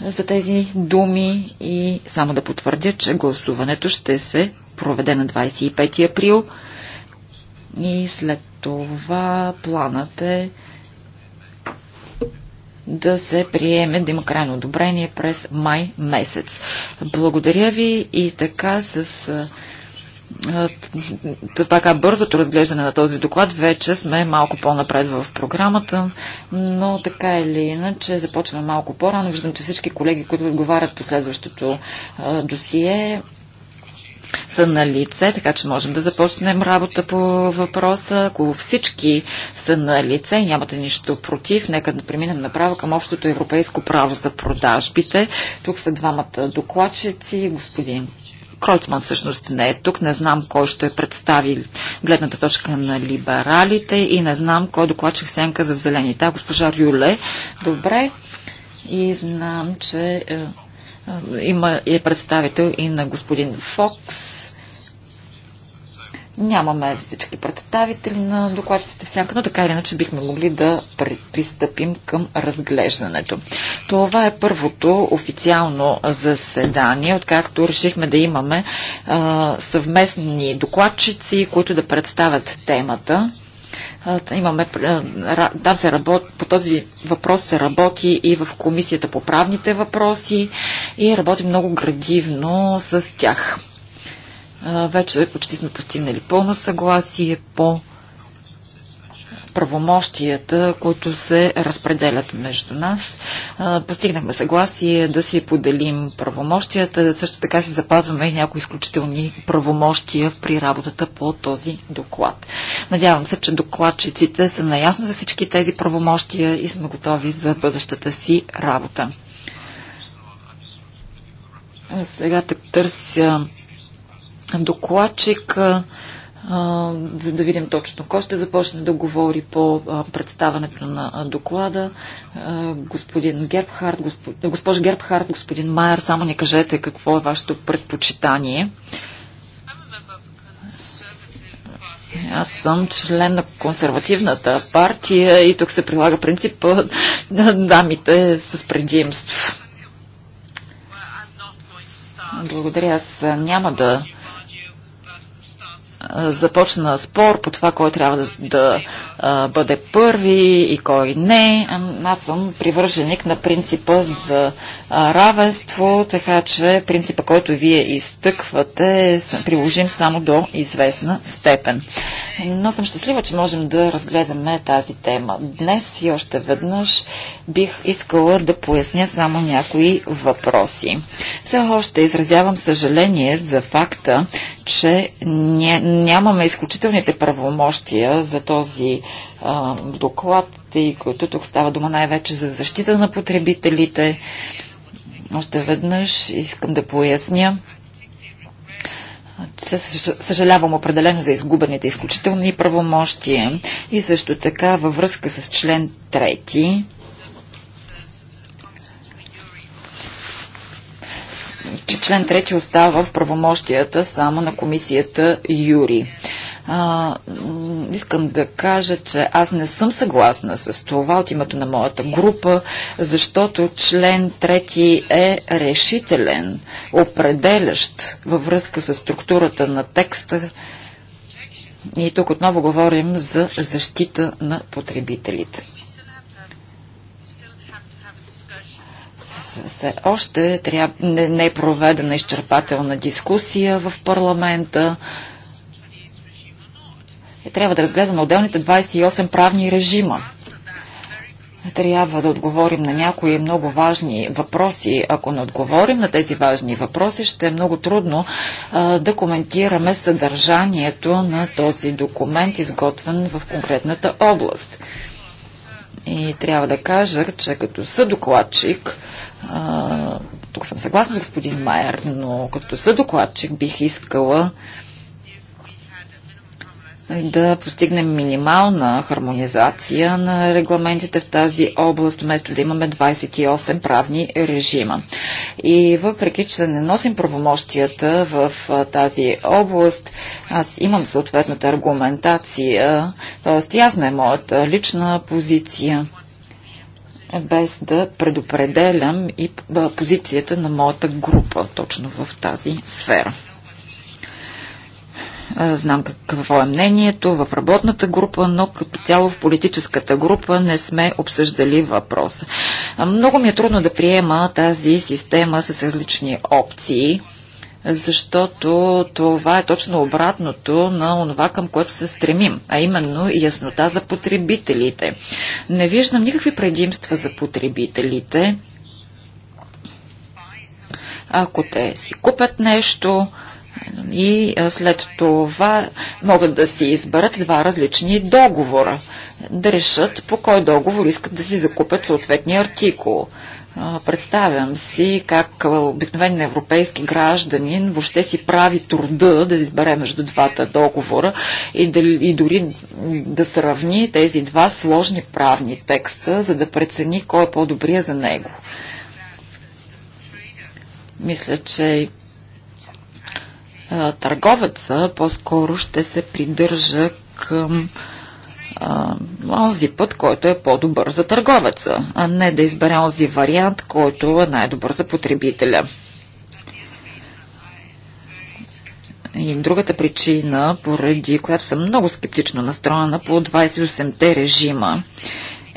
за тези думи и само да потвърдя, че гласуването ще се проведе на 25 април и след това планът е да се приеме, да има крайно одобрение през май месец. Благодаря ви и така с така бързото разглеждане на този доклад вече сме малко по-напред в програмата, но така или иначе започваме малко по-рано. Виждам, че всички колеги, които отговарят по следващото досие, са на лице, така че можем да започнем работа по въпроса. Ако всички са на лице и нямате нищо против, нека да преминем направо към общото европейско право за продажбите. Тук са двамата докладчици, господин Кройцман всъщност не е тук. Не знам кой ще представи гледната точка на либералите и не знам кой докладчик Сенка за зелените. А госпожа Рюле, добре. И знам, че е, е, има е представител и на господин Фокс. Нямаме всички представители на докладчиците в сянка, но така или иначе бихме могли да пристъпим към разглеждането. Това е първото официално заседание, откакто решихме да имаме а, съвместни докладчици, които да представят темата имаме, да, се работ, по този въпрос се работи и в Комисията по правните въпроси и работи много градивно с тях. Вече почти сме постигнали пълно съгласие по правомощията, които се разпределят между нас. Постигнахме съгласие да си поделим правомощията, също така си запазваме и някои изключителни правомощия при работата по този доклад. Надявам се, че докладчиците са наясно за всички тези правомощия и сме готови за бъдещата си работа. Сега те търся докладчик, за да видим точно кой ще започне да говори по представането на доклада. Господин Гербхард, госпо, госпожа Гербхард, господин Майер, само ни кажете какво е вашето предпочитание. Аз съм член на консервативната партия и тук се прилага принцип на дамите с предимство. Благодаря. Аз няма да започна спор по това, кой трябва да, да бъде първи и кой не. Аз съм привърженик на принципа за равенство, така че принципа, който вие изтъквате, е приложим само до известна степен. Но съм щастлива, че можем да разгледаме тази тема днес и още веднъж бих искала да поясня само някои въпроси. Все още изразявам съжаление за факта, че нямаме изключителните правомощия за този Доклад и който тук става дума най-вече за защита на потребителите. Още веднъж искам да поясня, че съжалявам определено за изгубените изключителни правомощия и също така във връзка с член 3 че член 3 остава в правомощията само на комисията Юри. А, искам да кажа, че аз не съм съгласна с това от името на моята група, защото член 3 е решителен, определящ във връзка с структурата на текста. И тук отново говорим за защита на потребителите. Все още трябва, не, не е проведена изчерпателна дискусия в парламента. Трябва да разгледаме отделните 28 правни режима трябва да отговорим на някои много важни въпроси. Ако не отговорим на тези важни въпроси, ще е много трудно а, да коментираме съдържанието на този документ, изготвен в конкретната област. И трябва да кажа, че като съдокладчик тук съм съгласна с господин Майер, но като съдокладчик бих искала да постигнем минимална хармонизация на регламентите в тази област, вместо да имаме 28 правни режима. И въпреки, че не носим правомощията в тази област, аз имам съответната аргументация, т.е. ясна е моята лична позиция без да предопределям и позицията на моята група точно в тази сфера. Знам какво е мнението в работната група, но като цяло в политическата група не сме обсъждали въпроса. Много ми е трудно да приема тази система с различни опции защото това е точно обратното на това, към което се стремим, а именно яснота за потребителите. Не виждам никакви предимства за потребителите, ако те си купят нещо, и след това могат да си изберат два различни договора, да решат по кой договор искат да си закупят съответния артикул. Представям си как обикновен европейски гражданин въобще си прави труда да избере между двата договора и, да, и дори да сравни тези два сложни правни текста, за да прецени кой е по-добрия за него. Мисля, че търговеца по-скоро ще се придържа към онзи път, който е по-добър за търговеца, а не да избере онзи вариант, който е най-добър за потребителя. И другата причина, поради която съм много скептично настроена по 28-те режима,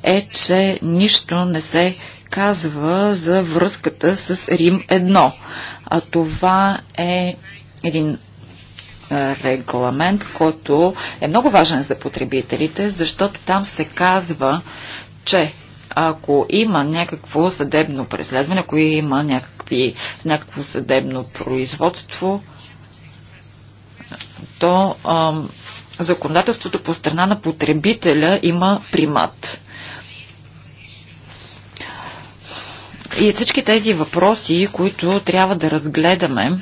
е, че нищо не се казва за връзката с Рим 1. А това е един регламент, който е много важен за потребителите, защото там се казва, че ако има някакво съдебно преследване, ако има някакви, някакво съдебно производство, то ам, законодателството по страна на потребителя има примат. И всички тези въпроси, които трябва да разгледаме,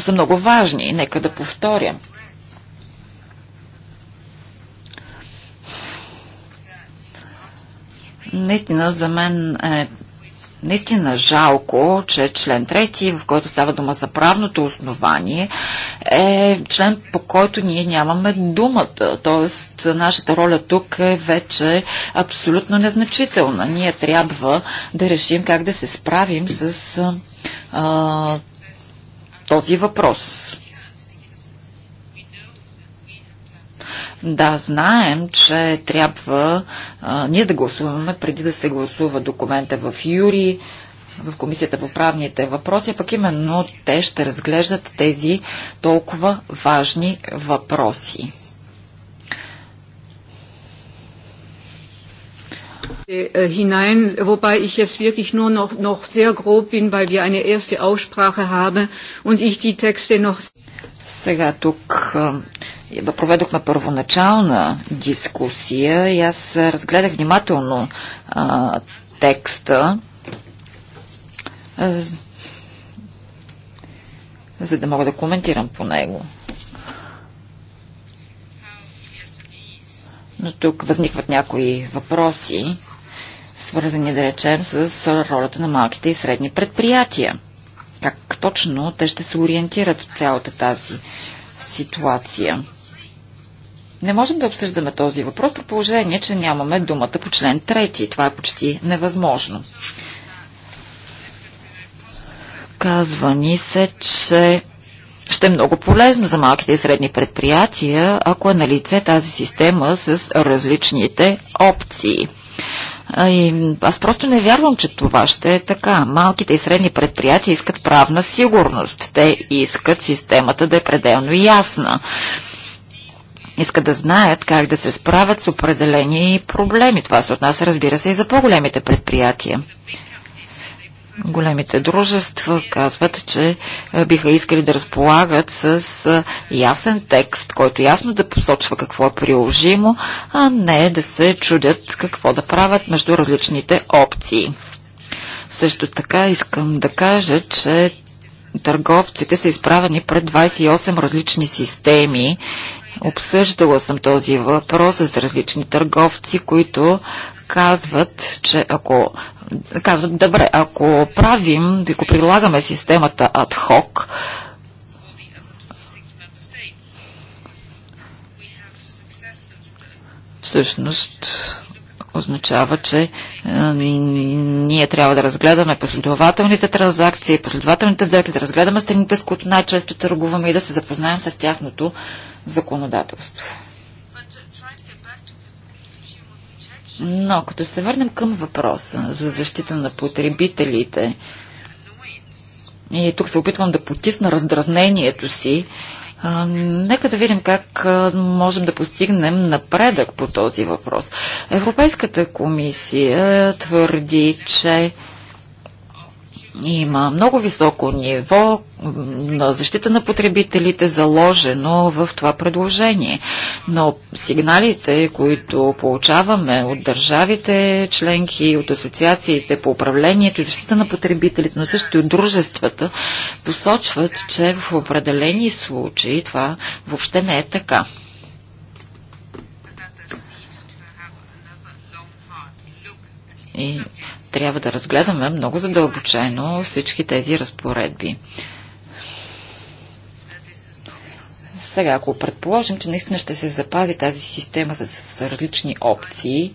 са много важни. Нека да повторя. Наистина за мен е наистина жалко, че член 3, в който става дума за правното основание, е член, по който ние нямаме думата. Тоест, нашата роля тук е вече абсолютно незначителна. Ние трябва да решим как да се справим с а, този въпрос. Да, знаем, че трябва а, ние да гласуваме преди да се гласува документа в Юри, в Комисията по правните въпроси, пък именно те ще разглеждат тези толкова важни въпроси. hinein, wobei ich jetzt wirklich nur noch, noch sehr grob bin, weil wir eine erste Aussprache haben und ich die Texte noch... Сега тук проведохме първоначална дискусия и аз разгледах внимателно а, текста, а, за да мога да коментирам по него. Но тук възникват някои въпроси, свързани, да речем, с ролята на малките и средни предприятия. Как точно те ще се ориентират в цялата тази ситуация? Не можем да обсъждаме този въпрос при положение, че нямаме думата по член 3. Това е почти невъзможно. Казва ни се, че ще е много полезно за малките и средни предприятия, ако е на лице тази система с различните опции. И аз просто не вярвам, че това ще е така. Малките и средни предприятия искат правна сигурност. Те искат системата да е пределно ясна. Искат да знаят как да се справят с определени проблеми. Това се отнася, разбира се, и за по-големите предприятия. Големите дружества казват, че е, биха искали да разполагат с е, ясен текст, който ясно да посочва какво е приложимо, а не да се чудят какво да правят между различните опции. Също така искам да кажа, че търговците са изправени пред 28 различни системи. Обсъждала съм този въпрос с различни търговци, които казват, че ако казват, добре, ако правим, ако прилагаме системата адхок, всъщност означава, че е, ние трябва да разгледаме последователните транзакции, последователните сделки, да разгледаме страните, с които най-често търгуваме и да се запознаем с тяхното законодателство. Но като се върнем към въпроса за защита на потребителите, и тук се опитвам да потисна раздразнението си, нека да видим как можем да постигнем напредък по този въпрос. Европейската комисия твърди, че има много високо ниво на защита на потребителите заложено в това предложение. Но сигналите, които получаваме от държавите, членки, от асоциациите по управлението и защита на потребителите, но също и от дружествата, посочват, че в определени случаи това въобще не е така. И трябва да разгледаме много задълбочено всички тези разпоредби. Сега, ако предположим, че наистина ще се запази тази система с, с различни опции,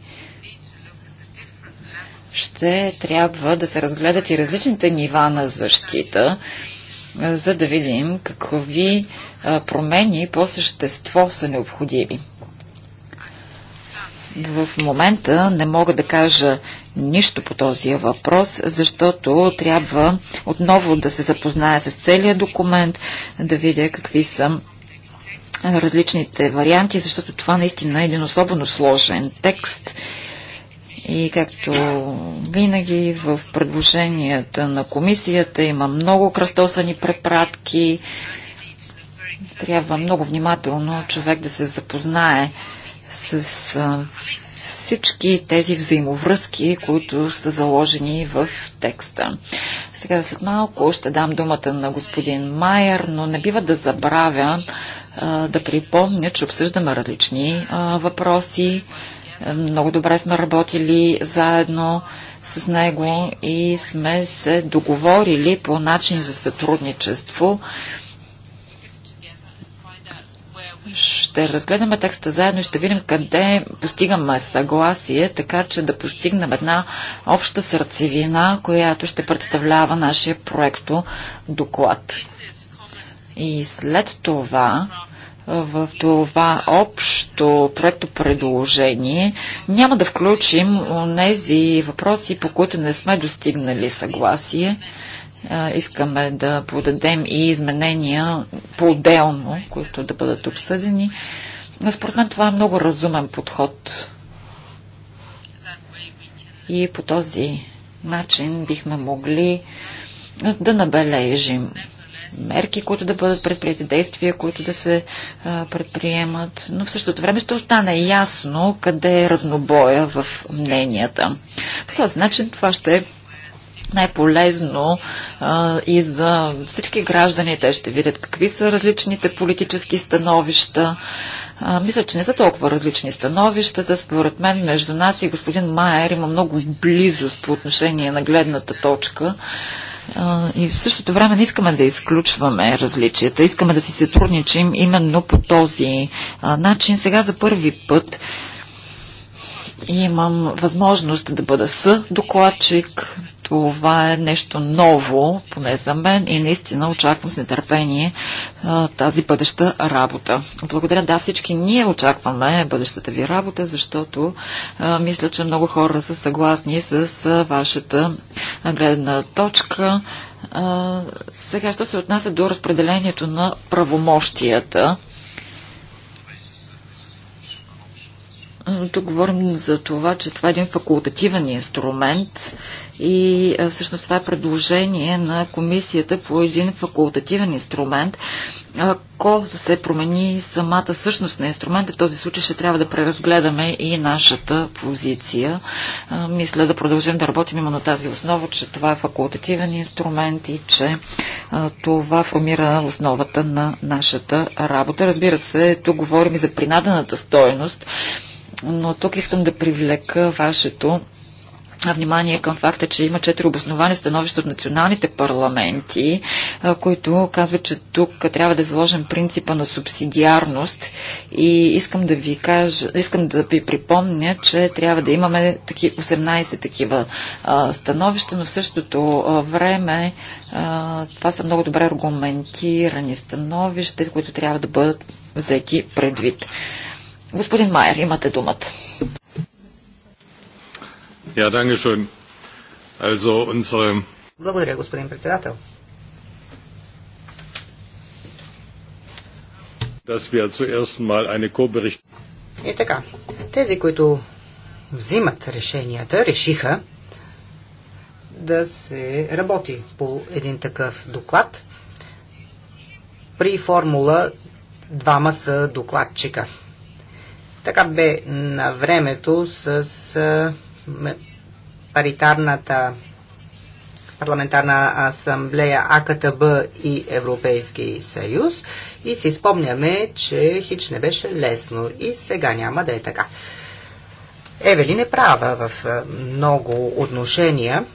ще трябва да се разгледат и различните нива на защита, за да видим какви промени по същество са необходими. В момента не мога да кажа нищо по този въпрос, защото трябва отново да се запозная с целият документ, да видя какви са различните варианти, защото това наистина е един особено сложен текст. И както винаги в предложенията на комисията има много кръстосани препратки. Трябва много внимателно човек да се запознае с всички тези взаимовръзки, които са заложени в текста. Сега след малко ще дам думата на господин Майер, но не бива да забравя да припомня, че обсъждаме различни въпроси. Много добре сме работили заедно с него и сме се договорили по начин за сътрудничество, ще разгледаме текста заедно и ще видим къде постигаме съгласие, така че да постигнем една обща сърцевина, която ще представлява нашия проекто доклад. И след това в това общо проекто предложение няма да включим тези въпроси, по които не сме достигнали съгласие искаме да подадем и изменения по-отделно, които да бъдат обсъдени. Според мен това е много разумен подход. И по този начин бихме могли да набележим мерки, които да бъдат предприяти, действия, които да се а, предприемат, но в същото време ще остане ясно къде е разнобоя в мненията. По този начин това ще е най-полезно и за всички граждани. Те ще видят какви са различните политически становища. А, мисля, че не са толкова различни становищата. Според мен между нас и господин Майер има много близост по отношение на гледната точка. и в същото време не искаме да изключваме различията. Искаме да си сътрудничим именно по този начин. Сега за първи път имам възможност да бъда с докладчик. Това е нещо ново, поне за мен, и наистина очаквам с нетърпение тази бъдеща работа. Благодаря, да, всички ние очакваме бъдещата ви работа, защото а, мисля, че много хора са съгласни с а, вашата гледна точка. А, сега, що се отнася до разпределението на правомощията, Тук говорим за това, че това е един факултативен инструмент и всъщност това е предложение на комисията по един факултативен инструмент. Ако се промени самата същност на инструмента, в този случай ще трябва да преразгледаме и нашата позиция. Мисля да продължим да работим именно на тази основа, че това е факултативен инструмент и че това формира основата на нашата работа. Разбира се, тук говорим и за принадената стоеност, но тук искам да привлека вашето внимание към факта, че има четири обосновани становища от националните парламенти, които казват, че тук трябва да заложим принципа на субсидиарност и искам да ви кажа, искам да ви припомня, че трябва да имаме 18 такива становища, но в същото време това са много добре аргументирани становища, които трябва да бъдат взети предвид. Господин Майер, имате думата. Ja, danke schön. Also unsere... Благодаря, господин председател. Dass wir zuerst mal eine Co-Bericht... И така, тези, които взимат решенията, решиха да се работи по един такъв доклад при формула двама са докладчика. Така бе на времето с паритарната парламентарна асамблея АКТБ и Европейски съюз и си спомняме, че хич не беше лесно и сега няма да е така. Евелин е права в много отношения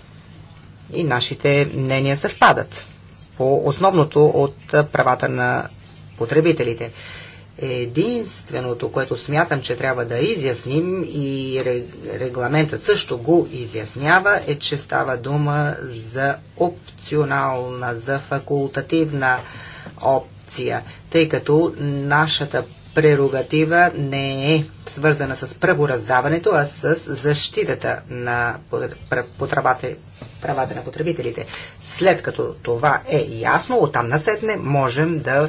и нашите мнения съвпадат по основното от правата на потребителите. Единственото, което смятам, че трябва да изясним и регламентът също го изяснява, е, че става дума за опционална, за факултативна опция, тъй като нашата прерогатива не е свързана с правораздаването, а с защитата на потребате, правата на потребителите. След като това е ясно, оттам насетне можем да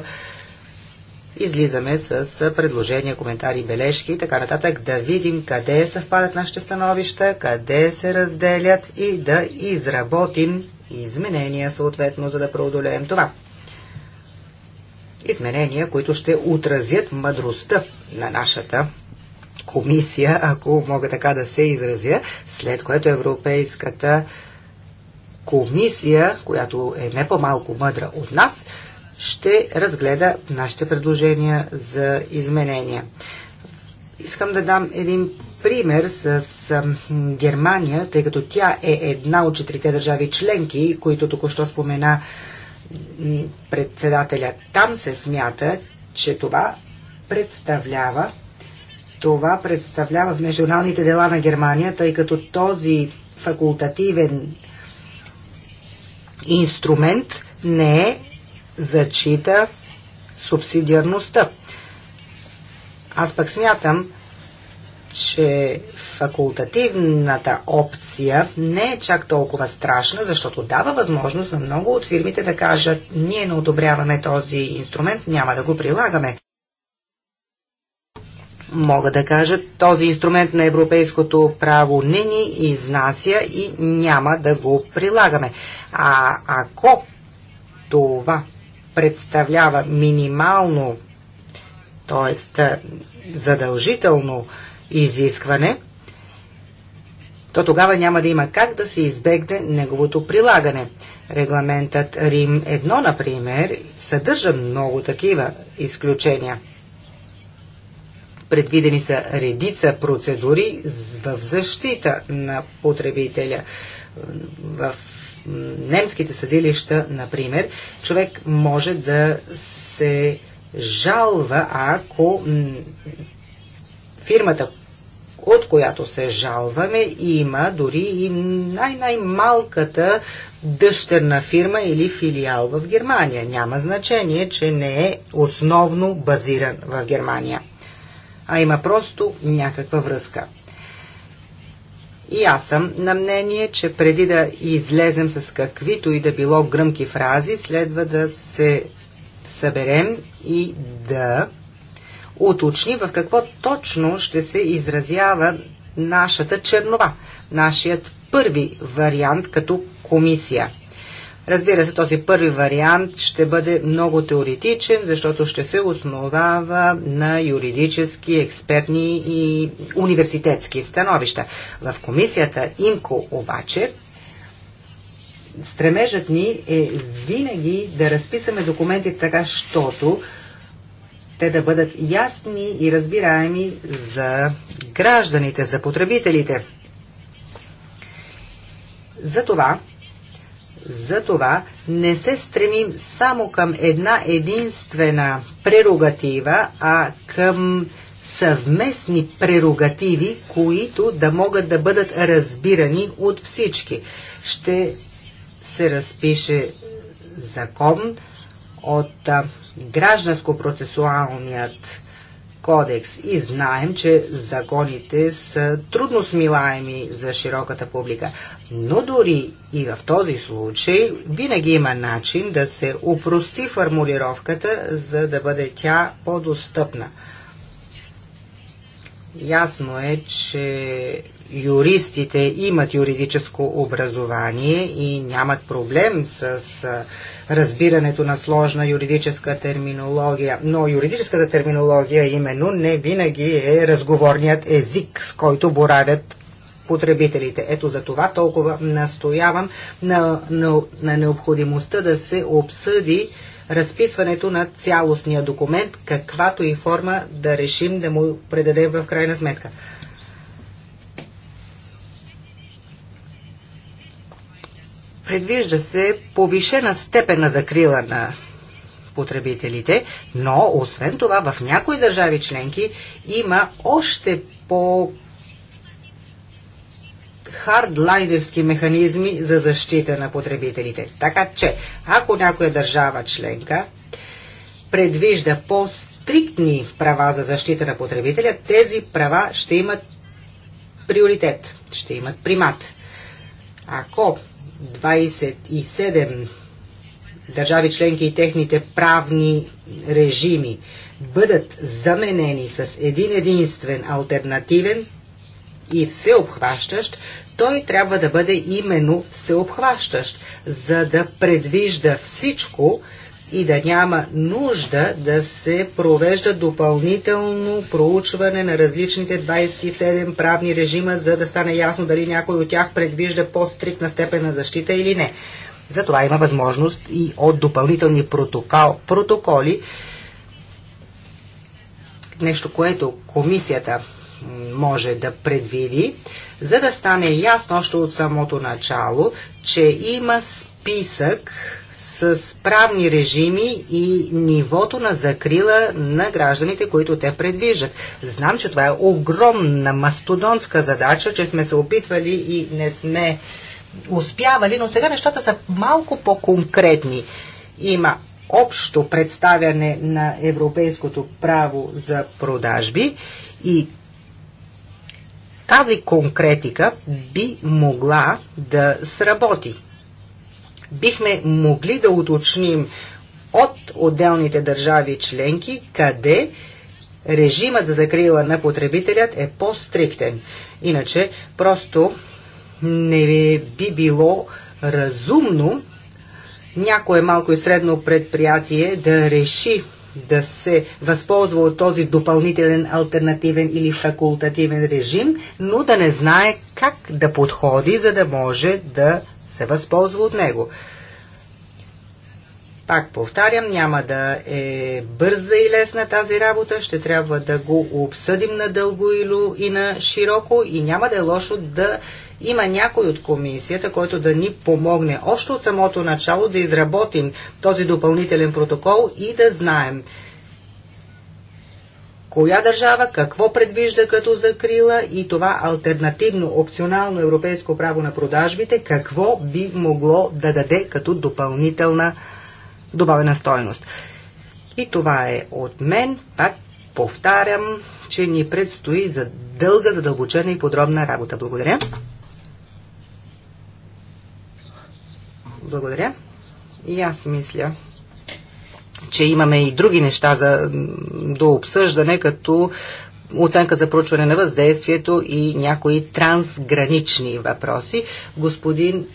излизаме с предложения, коментари, бележки и така нататък, да видим къде съвпадат нашите становища, къде се разделят и да изработим изменения съответно, за да преодолеем това. Изменения, които ще отразят мъдростта на нашата комисия, ако мога така да се изразя, след което Европейската комисия, която е не по-малко мъдра от нас, ще разгледа нашите предложения за изменения. Искам да дам един пример с Германия, тъй като тя е една от четирите държави членки, които току-що спомена председателя. Там се смята, че това представлява това представлява в международните дела на Германия, тъй като този факултативен инструмент не е зачита субсидиарността. Аз пък смятам, че факултативната опция не е чак толкова страшна, защото дава възможност на много от фирмите да кажат ние не одобряваме този инструмент, няма да го прилагаме. Мога да кажат този инструмент на европейското право не ни изнася и няма да го прилагаме. А ако това представлява минимално, т.е. задължително изискване, то тогава няма да има как да се избегне неговото прилагане. Регламентът Рим 1, например, съдържа много такива изключения. Предвидени са редица процедури в защита на потребителя в немските съдилища, например, човек може да се жалва, ако фирмата, от която се жалваме, има дори и най-най-малката дъщерна фирма или филиал в Германия. Няма значение, че не е основно базиран в Германия, а има просто някаква връзка. И аз съм на мнение, че преди да излезем с каквито и да било гръмки фрази, следва да се съберем и да уточни в какво точно ще се изразява нашата чернова, нашият първи вариант като комисия – Разбира се, този първи вариант ще бъде много теоретичен, защото ще се основава на юридически, експертни и университетски становища. В комисията ИМКО обаче стремежът ни е винаги да разписаме документите така, щото те да бъдат ясни и разбираеми за гражданите, за потребителите. Затова затова не се стремим само към една единствена прерогатива, а към съвместни прерогативи, които да могат да бъдат разбирани от всички. Ще се разпише закон от гражданско-процесуалният кодекс и знаем, че законите са трудно смилаеми за широката публика. Но дори и в този случай винаги има начин да се упрости формулировката, за да бъде тя по-достъпна. Ясно е, че юристите имат юридическо образование и нямат проблем с разбирането на сложна юридическа терминология. Но юридическата терминология именно не винаги е разговорният език, с който боравят потребителите. Ето за това толкова настоявам на, на, на необходимостта да се обсъди разписването на цялостния документ, каквато и форма да решим да му предадем в крайна сметка. Предвижда се повишена степен на закрила на потребителите, но освен това в някои държави членки има още по хардлайнерски механизми за защита на потребителите. Така че, ако някоя държава членка предвижда по-стриктни права за защита на потребителя, тези права ще имат приоритет, ще имат примат. Ако 27 държави членки и техните правни режими бъдат заменени с един единствен альтернативен и всеобхващащ, той трябва да бъде именно всеобхващащ, за да предвижда всичко, и да няма нужда да се провежда допълнително проучване на различните 27 правни режима, за да стане ясно дали някой от тях предвижда по-стрикна степен на защита или не. Затова има възможност и от допълнителни протокол, протоколи, нещо, което комисията може да предвиди, за да стане ясно още от самото начало, че има списък с правни режими и нивото на закрила на гражданите, които те предвижат. Знам, че това е огромна мастодонска задача, че сме се опитвали и не сме успявали, но сега нещата са малко по-конкретни. Има общо представяне на европейското право за продажби и тази конкретика би могла да сработи бихме могли да уточним от отделните държави членки къде режима за закрила на потребителят е по-стриктен. Иначе просто не би било разумно някое малко и средно предприятие да реши да се възползва от този допълнителен альтернативен или факултативен режим, но да не знае как да подходи, за да може да се възползва от него. Пак повтарям, няма да е бърза и лесна тази работа, ще трябва да го обсъдим надълго и на широко и няма да е лошо да има някой от комисията, който да ни помогне още от самото начало да изработим този допълнителен протокол и да знаем – коя държава какво предвижда като закрила и това альтернативно опционално европейско право на продажбите какво би могло да даде като допълнителна добавена стойност. И това е от мен. Пак повтарям, че ни предстои за дълга, задълбочена и подробна работа. Благодаря. Благодаря. И аз мисля, че имаме и други неща за, до обсъждане, като оценка за проучване на въздействието и някои трансгранични въпроси. Господин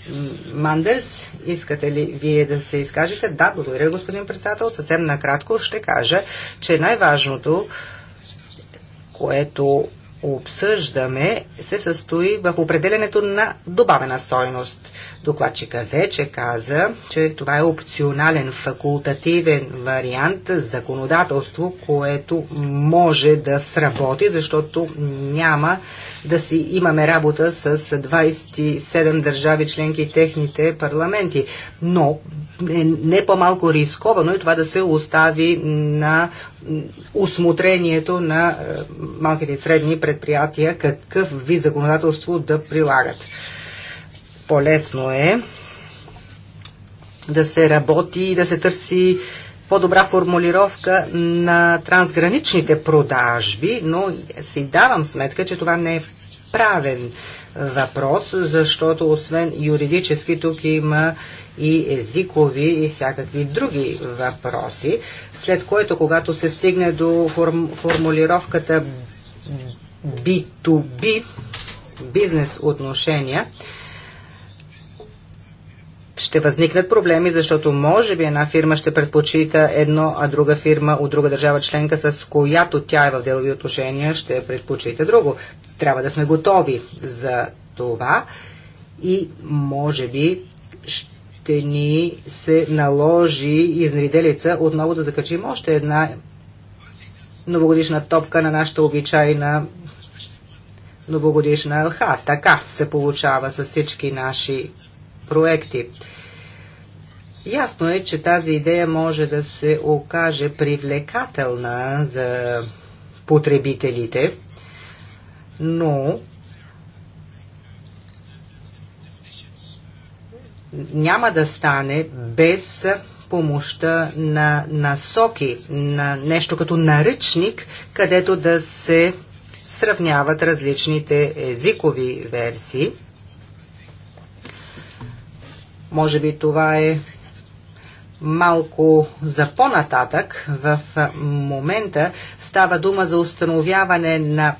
Мандерс, искате ли вие да се изкажете? Да, благодаря, господин председател. Съвсем накратко ще кажа, че най-важното, което обсъждаме се състои в определенето на добавена стойност. Докладчика вече каза, че това е опционален факултативен вариант законодателство, което може да сработи, защото няма да си имаме работа с 27 държави членки и техните парламенти. Но е не по-малко рисковано и е това да се остави на усмотрението на е, малките и средни предприятия какъв вид законодателство да прилагат. По-лесно е да се работи и да се търси по-добра формулировка на трансграничните продажби, но си давам сметка, че това не е правен въпрос, защото освен юридически тук има и езикови и всякакви други въпроси, след което когато се стигне до форм, формулировката B2B, бизнес отношения, ще възникнат проблеми, защото може би една фирма ще предпочита едно, а друга фирма от друга държава членка, с която тя е в делови отношения, ще предпочита друго. Трябва да сме готови за това и може би ще ни се наложи изнеделица отново да закачим още една новогодишна топка на нашата обичайна новогодишна лха. Така се получава с всички наши проекти. Ясно е, че тази идея може да се окаже привлекателна за потребителите, но няма да стане без помощта на насоки, на нещо като наръчник, където да се сравняват различните езикови версии – може би това е малко за по-нататък. В момента става дума за установяване на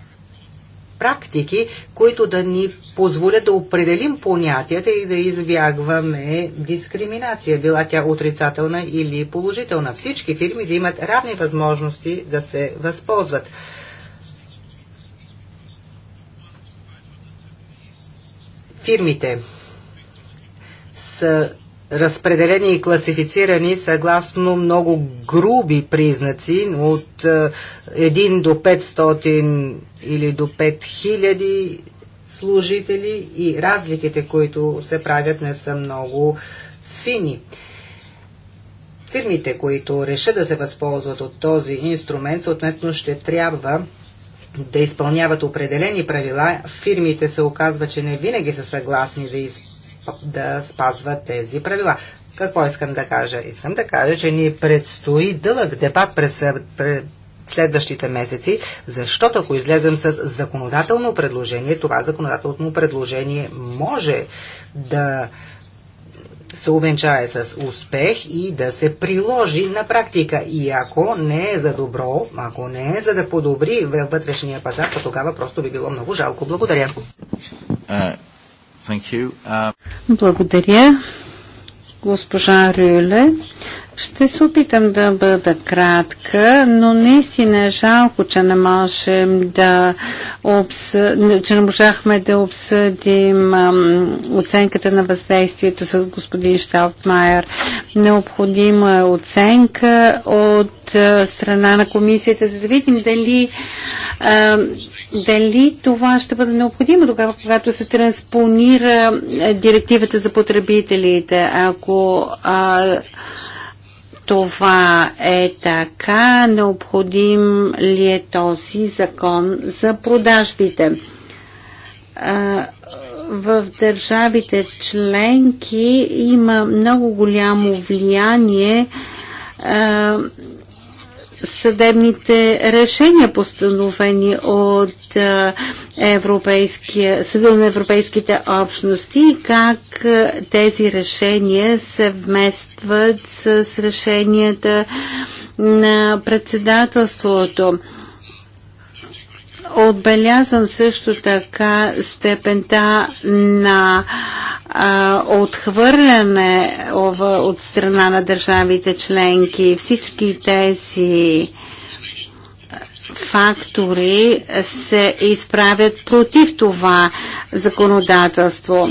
практики, които да ни позволят да определим понятията и да избягваме дискриминация, била тя отрицателна или положителна. Всички фирми да имат равни възможности да се възползват. Фирмите, са разпределени и класифицирани съгласно много груби признаци от 1 е, до 500 или до 5000 служители и разликите, които се правят, не са много фини. Фирмите, които решат да се възползват от този инструмент, съответно ще трябва да изпълняват определени правила. Фирмите се оказва, че не винаги са съгласни да изпълняват да спазва тези правила. Какво искам да кажа? Искам да кажа, че ни предстои дълъг дебат през, през следващите месеци, защото ако излезем с законодателно предложение, това законодателно предложение може да се увенчае с успех и да се приложи на практика. И ако не е за добро, ако не е за да подобри вътрешния пазар, то тогава просто би било много жалко. Благодаря. Uh, Благодаря. Госпожа Рюле, ще се опитам да бъда кратка, но наистина е жалко, че не можем да обсъ... че не можахме да обсъдим ам, оценката на въздействието с господин Шталтмайер. Необходима е оценка от а, страна на комисията, за да видим дали, а, дали това ще бъде необходимо тогава, когато се транспонира директивата за потребителите. Ако а, това е така, необходим ли е този закон за продажбите? в държавите членки има много голямо влияние съдебните решения, постановени от Съда на Европейските общности и как тези решения се вместват с решенията на председателството. Отбелязвам също така степента на а, отхвърляне от страна на държавите членки. Всички тези фактори се изправят против това законодателство.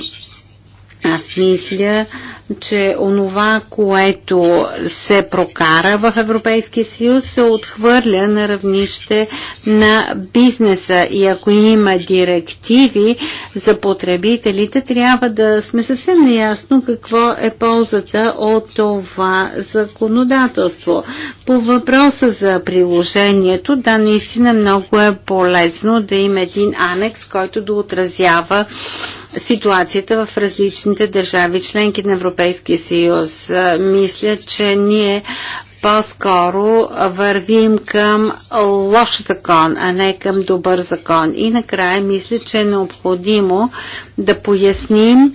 Аз мисля, че онова, което се прокара в Европейския съюз, се отхвърля на равнище на бизнеса. И ако има директиви за потребителите, трябва да сме съвсем наясно какво е ползата от това законодателство. По въпроса за приложението, да, наистина много е полезно да има един анекс, който да отразява ситуацията в различните държави, членки на Европейския съюз. Мисля, че ние по-скоро вървим към лош закон, а не към добър закон. И накрая мисля, че е необходимо да поясним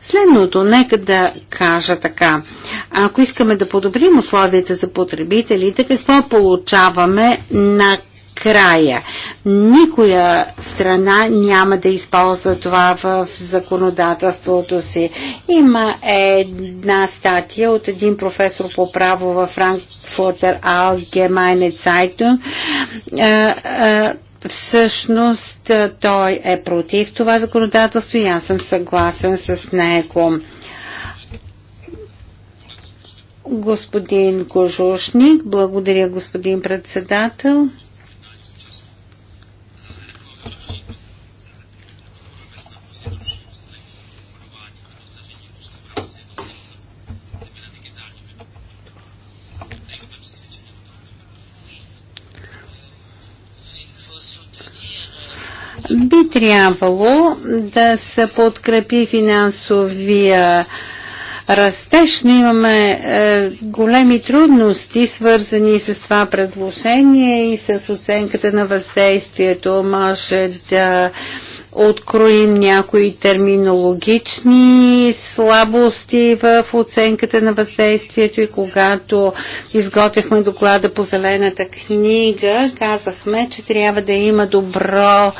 Следното, нека да кажа така. Ако искаме да подобрим условията за потребителите, какво получаваме на края. Никоя страна няма да използва това в законодателството си. Има една статия от един професор по право във Франкфуртер Алгемайне Цайтун. всъщност той е против това законодателство и аз съм съгласен с него. Господин Кожушник, благодаря господин председател. Би трябвало да се подкрепи финансовия растеж, но имаме е, големи трудности, свързани с това предложение и с оценката на въздействието. Може да откроим някои терминологични слабости в оценката на въздействието и когато изготвихме доклада по зелената книга, казахме, че трябва да има добро,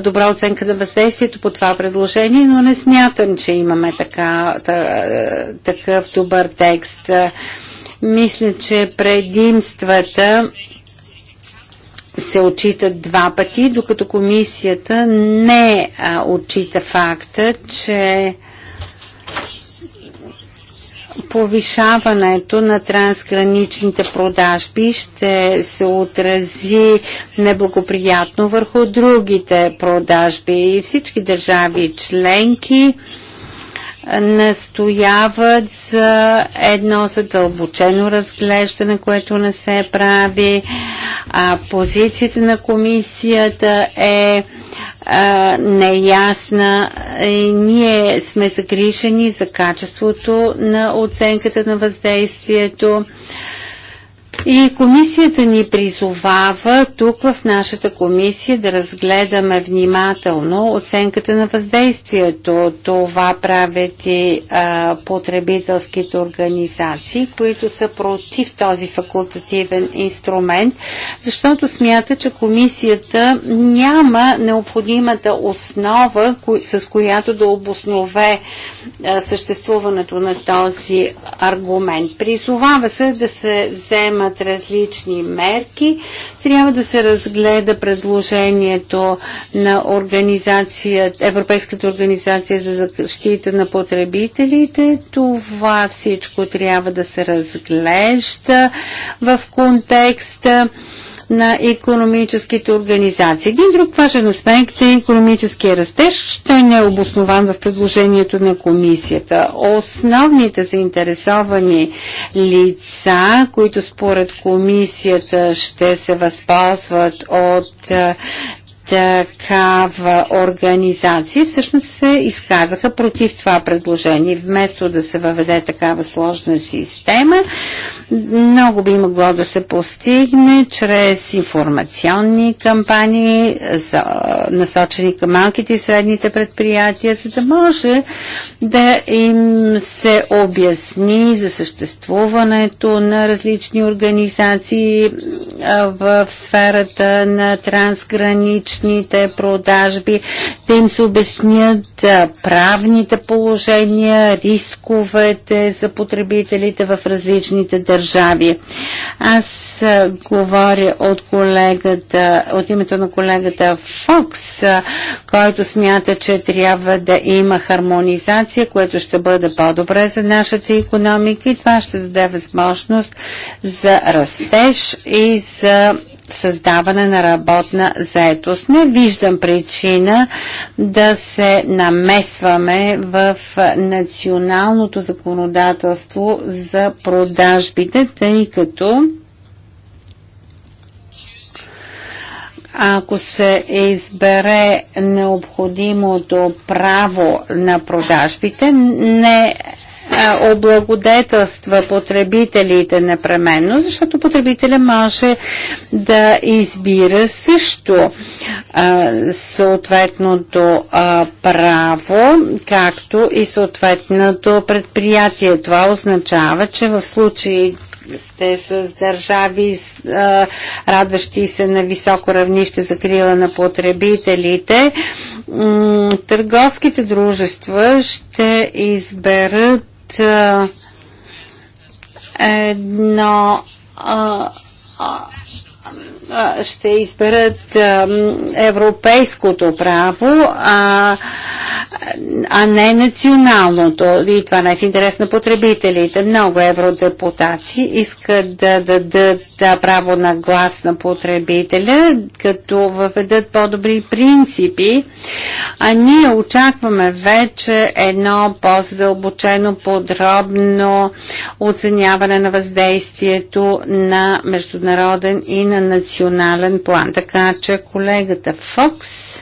добра оценка на въздействието по това предложение, но не смятам, че имаме така, такъв добър текст. Мисля, че предимствата се отчита два пъти, докато комисията не а, отчита факта, че повишаването на трансграничните продажби ще се отрази неблагоприятно върху другите продажби и всички държави членки настояват за едно задълбочено разглеждане, което не се прави. А, позицията на комисията е а, неясна. И ние сме загрижени за качеството на оценката на въздействието. А, и комисията ни призовава тук в нашата комисия да разгледаме внимателно оценката на въздействието. Това правят и а, потребителските организации, които са против този факултативен инструмент, защото смята, че комисията няма необходимата основа, кои, с която да обоснове съществуването на този аргумент. Призовава се да се вземат различни мерки. Трябва да се разгледа предложението на организация, Европейската организация за защита на потребителите. Това всичко трябва да се разглежда в контекста на економическите организации. Един друг важен аспект е економическия растеж. ще не е обоснован в предложението на комисията. Основните заинтересовани лица, които според комисията ще се възползват от е, такава организация всъщност се изказаха против това предложение. Вместо да се въведе такава сложна система, много би могло да се постигне чрез информационни кампании, насочени към малките и средните предприятия, за да може да им се обясни за съществуването на различни организации в сферата на трансгранични вътрешните продажби, да им се обяснят правните положения, рисковете за потребителите в различните държави. Аз говоря от колегата, от името на колегата Фокс, който смята, че трябва да има хармонизация, което ще бъде по-добре за нашата економика и това ще даде възможност за растеж и за създаване на работна заетост. Не виждам причина да се намесваме в националното законодателство за продажбите, тъй като ако се избере необходимото право на продажбите, не е. Е, облагодетелства потребителите непременно, защото потребителя може да избира също а, е, съответното а, е, право, както и съответното предприятие. Това означава, че в случаите те с държави, а, радващи се на високо равнище за крила на потребителите, търговските дружества ще изберат едно ще изберат европейското право, а, а не националното. И това не е в интерес на потребителите. Много евродепутати искат да дадат право на глас на потребителя, като въведат по-добри принципи. А ние очакваме вече едно по-задълбочено, подробно оценяване на въздействието на международен и на национален план. Така че колегата Фокс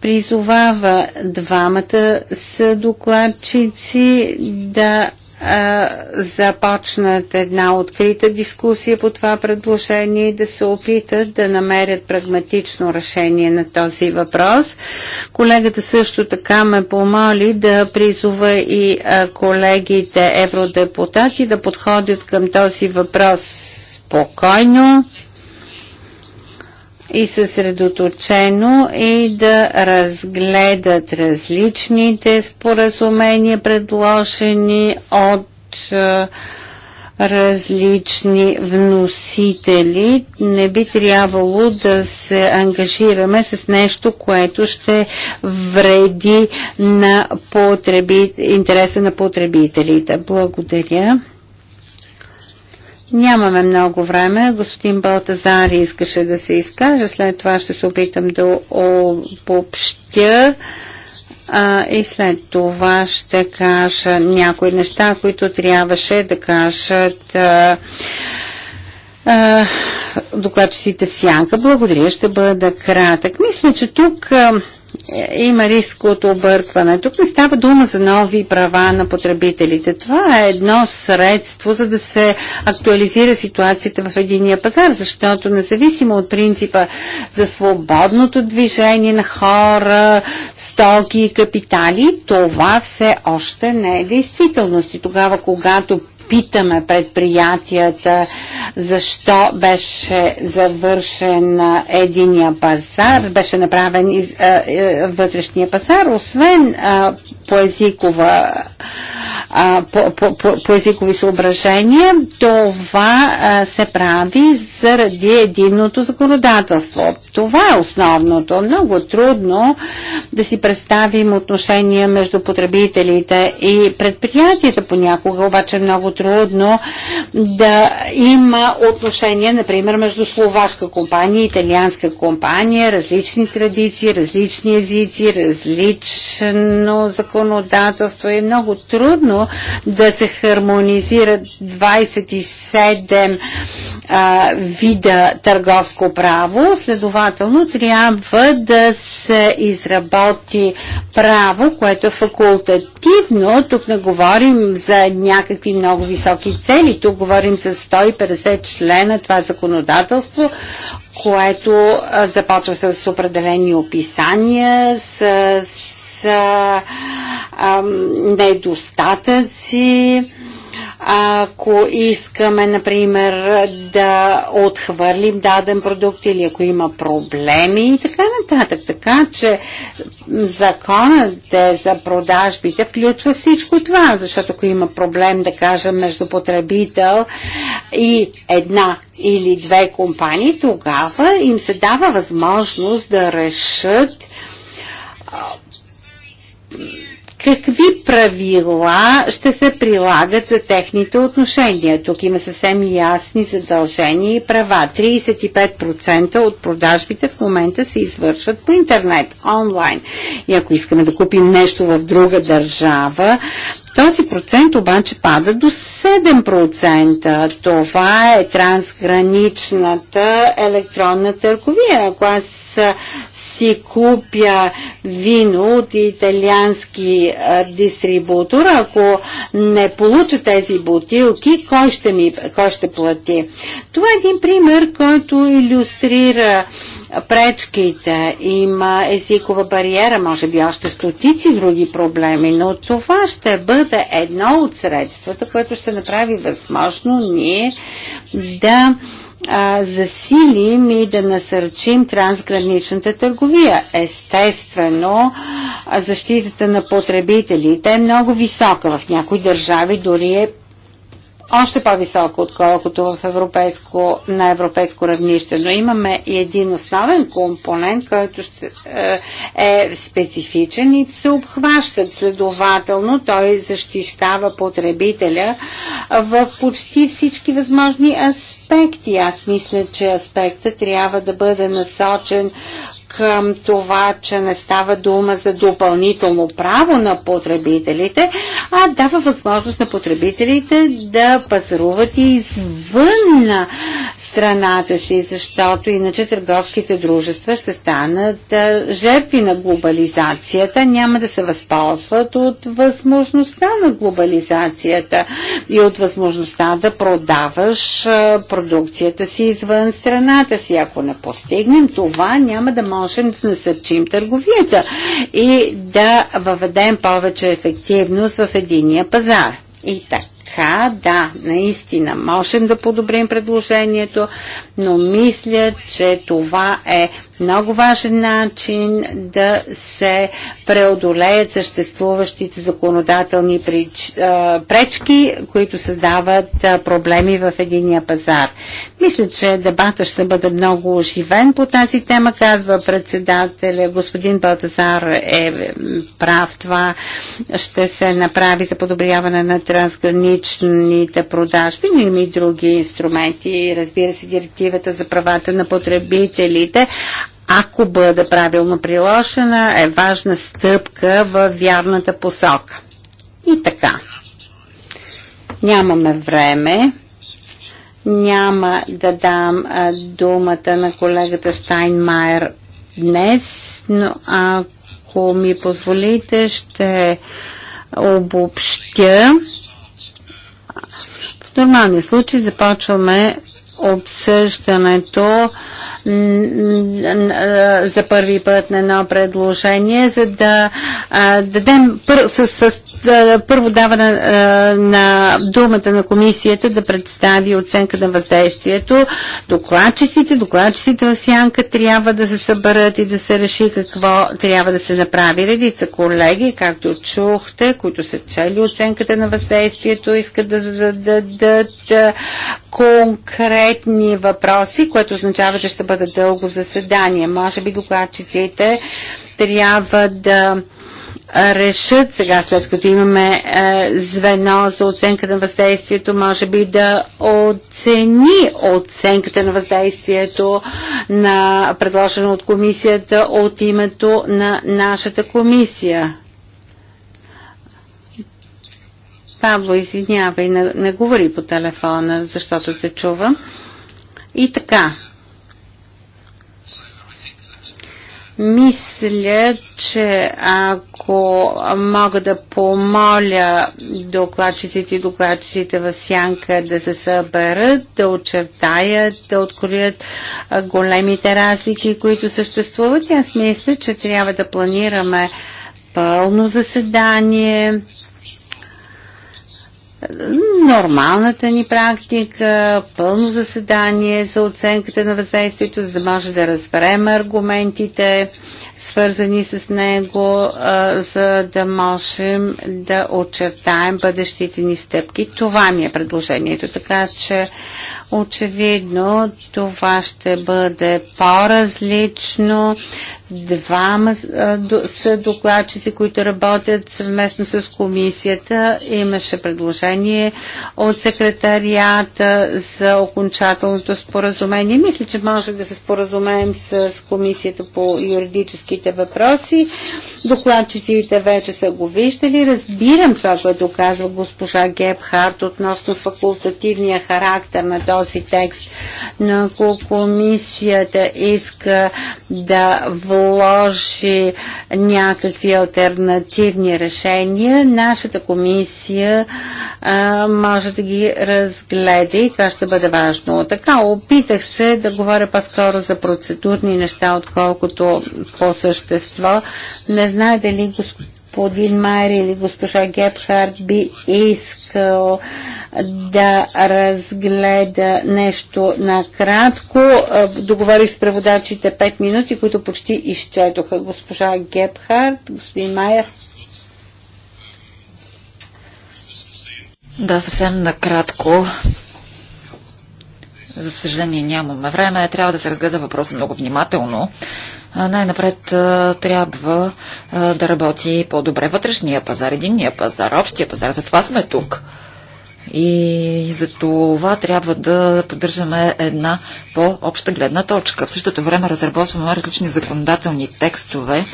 призовава двамата съдокладчици да а, започнат една открита дискусия по това предложение и да се опитат да намерят прагматично решение на този въпрос. Колегата също така ме помоли да призова и а, колегите евродепутати да подходят към този въпрос спокойно и съсредоточено и да разгледат различните споразумения, предложени от е, различни вносители. Не би трябвало да се ангажираме с нещо, което ще вреди на потреби... интереса на потребителите. Благодаря. Нямаме много време. Господин Балтазари искаше да се изкаже. След това ще се опитам да обобщя. А, и след това ще кажа някои неща, които трябваше да кажат а, а, докладчиците в сянка. Благодаря, ще бъда кратък. Мисля, че тук а, има риск от объркване. Тук не става дума за нови права на потребителите. Това е едно средство, за да се актуализира ситуацията в единия пазар, защото независимо от принципа за свободното движение на хора, стоки и капитали, това все още не е действителност. И тогава, когато питаме предприятията защо беше завършен единия пазар, беше направен из, а, а, е, вътрешния пазар, освен а, по, езикова, а, по, по, по, по езикови съображения, това а, се прави заради единното законодателство. Това е основното. Много трудно да си представим отношения между потребителите и предприятията понякога, обаче е много трудно да има отношения, например, между словашка компания, италианска компания, различни традиции, различни езици, различно законодателство. Е много трудно да се хармонизират 27 а, вида търговско право. Следователно, следователно трябва да се изработи право, което е факултативно. Тук не говорим за някакви много високи цели. Тук говорим за 150 члена това е законодателство, което започва с определени описания, с, с а, недостатъци ако искаме, например, да отхвърлим даден продукт или ако има проблеми и така нататък. Така че законът е за продажбите включва всичко това, защото ако има проблем, да кажем, между потребител и една или две компании, тогава им се дава възможност да решат какви правила ще се прилагат за техните отношения. Тук има съвсем ясни задължения и права. 35% от продажбите в момента се извършват по интернет, онлайн. И ако искаме да купим нещо в друга държава, този процент обаче пада до 7%. Това е трансграничната електронна търговия. Ако аз си купя вино от италиански дистрибутор, ако не получа тези бутилки, кой ще, ми, кой ще плати? Това е един пример, който иллюстрира пречките, има езикова бариера, може би още стотици други проблеми, но това ще бъде едно от средствата, което ще направи възможно ние да а, засилим и да насърчим трансграничната търговия. Естествено, защитата на потребителите е много висока. В някои държави дори е още по-високо, отколкото в европейско, на европейско равнище. Но имаме и един основен компонент, който ще, е, е специфичен и се обхваща. Следователно, той защищава потребителя в почти всички възможни аспекти аспекти. Аз мисля, че аспекта трябва да бъде насочен към това, че не става дума за допълнително право на потребителите, а дава възможност на потребителите да пазаруват и извън на страната си, защото иначе търговските дружества ще станат жертви на глобализацията, няма да се възползват от възможността на глобализацията и от възможността да продаваш продукцията си извън страната си. Ако не постигнем това, няма да можем да насърчим търговията и да въведем повече ефективност в единия пазар. И така, да, наистина можем да подобрим предложението, но мисля, че това е много важен начин да се преодолеят съществуващите законодателни пречки, които създават проблеми в единия пазар. Мисля, че дебата ще бъде много оживен по тази тема, казва председателя. Господин Балтазар е прав. Това ще се направи за подобряване на трансграничните продажби, но има и други инструменти. Разбира се, директивата за правата на потребителите ако бъде правилно приложена, е важна стъпка в вярната посока. И така. Нямаме време. Няма да дам думата на колегата Штайнмайер днес, но ако ми позволите, ще обобщя. В нормални случаи започваме обсъждането за първи път на едно предложение, за да дадем пър, с, с първо даване на думата на комисията да представи оценка на въздействието. Докладчиците, докладчиците в сянка трябва да се съберат и да се реши какво трябва да се направи. Редица колеги, както чухте, които са чели оценката на въздействието, искат да зададат конкретни въпроси, което означава, че ще бъдат твърде дълго заседание. Може би докладчиците трябва да решат сега, след като имаме е, звено за оценка на въздействието, може би да оцени оценката на въздействието на предложено от комисията от името на нашата комисия. Пабло, извинявай, не, не говори по телефона, защото те чувам. И така, Мисля, че ако мога да помоля докладчиците и докладчиците в сянка да се съберат, да очертаят, да откроят големите разлики, които съществуват, аз мисля, че трябва да планираме пълно заседание, нормалната ни практика, пълно заседание за оценката на въздействието, за да може да разберем аргументите, свързани с него, за да можем да очертаем бъдещите ни стъпки. Това ми е предложението. Така че Очевидно това ще бъде по-различно. Двама са докладчици, които работят съвместно с комисията. Имаше предложение от секретарията за окончателното споразумение. Мисля, че може да се споразумеем с комисията по юридическите въпроси. Докладчиците вече са го виждали. Разбирам това, което казва госпожа Гебхарт относно факултативния характер на този този текст. Но ако комисията иска да вложи някакви альтернативни решения, нашата комисия а, може да ги разгледа и това ще бъде важно. Така, опитах се да говоря по-скоро за процедурни неща, отколкото по същество. Не знае дали господин господин Майер или госпожа Гепхард би искал да разгледа нещо накратко. Е, договорих с преводачите 5 минути, които почти изчетоха. Госпожа Гепхард, господин Майер. Да, съвсем накратко. За съжаление нямаме време. Трябва да се разгледа въпроса много внимателно най-напред трябва да работи по-добре вътрешния пазар, единния пазар, общия пазар. Затова сме тук. И за това трябва да поддържаме една по-обща гледна точка. В същото време разработваме различни законодателни текстове,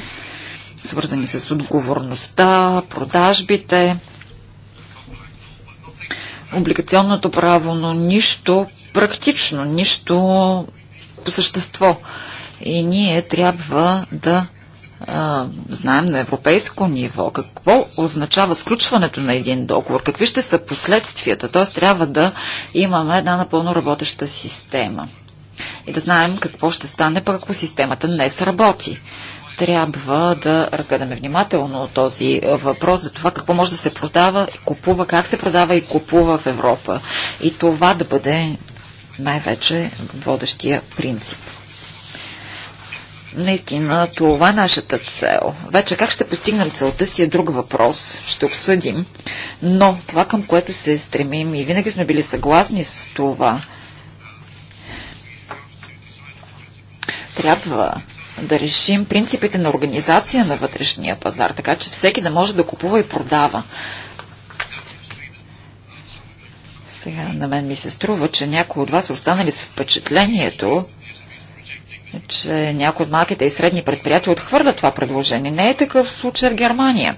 свързани с отговорността, продажбите, облигационното право, но нищо практично, нищо по същество и ние трябва да а, знаем на европейско ниво какво означава сключването на един договор, какви ще са последствията. Т.е. трябва да имаме една напълно работеща система и да знаем какво ще стане, пък ако системата не сработи трябва да разгледаме внимателно този въпрос за това какво може да се продава и купува, как се продава и купува в Европа. И това да бъде най-вече водещия принцип. Наистина, това е нашата цел. Вече как ще постигнем целта си е друг въпрос. Ще обсъдим. Но това, към което се стремим и винаги сме били съгласни с това, трябва да решим принципите на организация на вътрешния пазар, така че всеки да може да купува и продава. Сега на мен ми се струва, че някои от вас са останали с впечатлението, че някои от малките и средни предприятия отхвърлят това предложение. Не е такъв случай в Германия.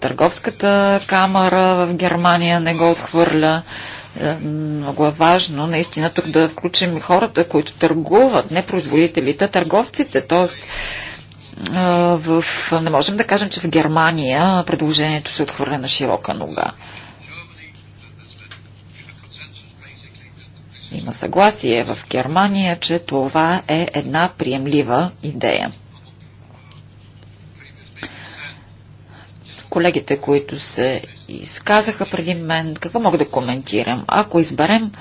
Търговската камера в Германия не го отхвърля. Е, много е важно наистина тук да включим хората, които търгуват, не производителите, а търговците. Тоест, е, в... не можем да кажем, че в Германия предложението се отхвърля на широка нога. Има съгласие в Германия, че това е една приемлива идея. Колегите, които се изказаха преди мен, какво мога да коментирам? Ако изберем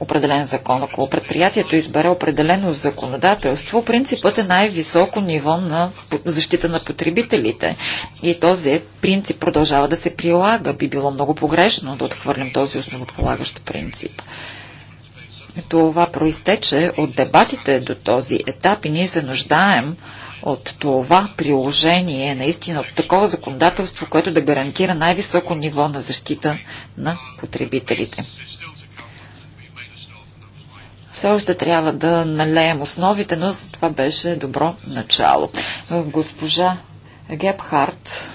определен закон. Ако предприятието избере определено законодателство, принципът е най-високо ниво на защита на потребителите. И този принцип продължава да се прилага. Би било много погрешно да отхвърлим този основополагащ принцип. Това проистече от дебатите до този етап и ние се нуждаем от това приложение, наистина от такова законодателство, което да гарантира най-високо ниво на защита на потребителите. Все още трябва да налеем основите, но за това беше добро начало. Госпожа Гепхарт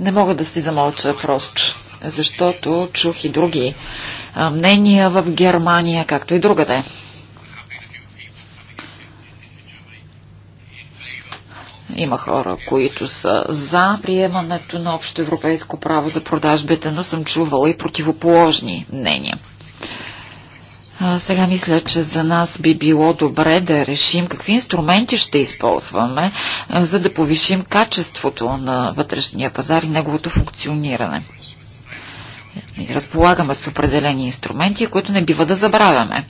Не мога да си замълча просто, защото чух и други мнения в Германия, както и другаде. Има хора, които са за приемането на общо европейско право за продажбите, но съм чувала и противоположни мнения. А, сега мисля, че за нас би било добре да решим какви инструменти ще използваме, за да повишим качеството на вътрешния пазар и неговото функциониране. Разполагаме с определени инструменти, които не бива да забравяме.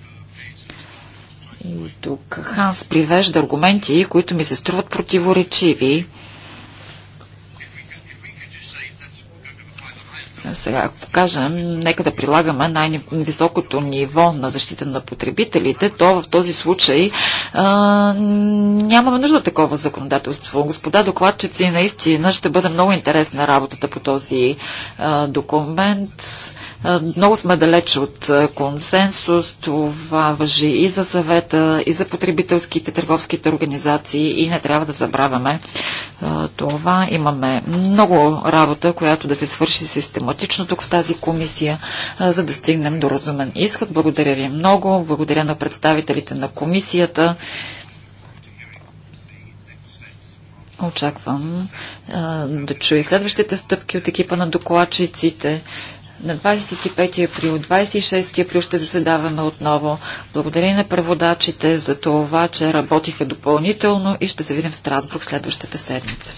И тук Ханс привежда аргументи, които ми се струват противоречиви. Сега, ако покажем, нека да прилагаме най-високото ниво на защита на потребителите, то в този случай а, нямаме нужда от такова законодателство. Господа докладчици, наистина ще бъде много интересна работата по този а, документ. Е, много сме далеч от е, консенсус. Това въжи и за съвета, и за потребителските, търговските организации и не трябва да забравяме е, това. Имаме много работа, която да се свърши систематично тук в тази комисия, за да стигнем до разумен изход. Благодаря ви много. Благодаря на представителите на комисията. Очаквам а, да чуя следващите стъпки от екипа на докладчиците на 25 април, 26 април ще заседаваме отново. Благодаря на преводачите за това, че работиха допълнително и ще се видим в Страсбург следващата седмица.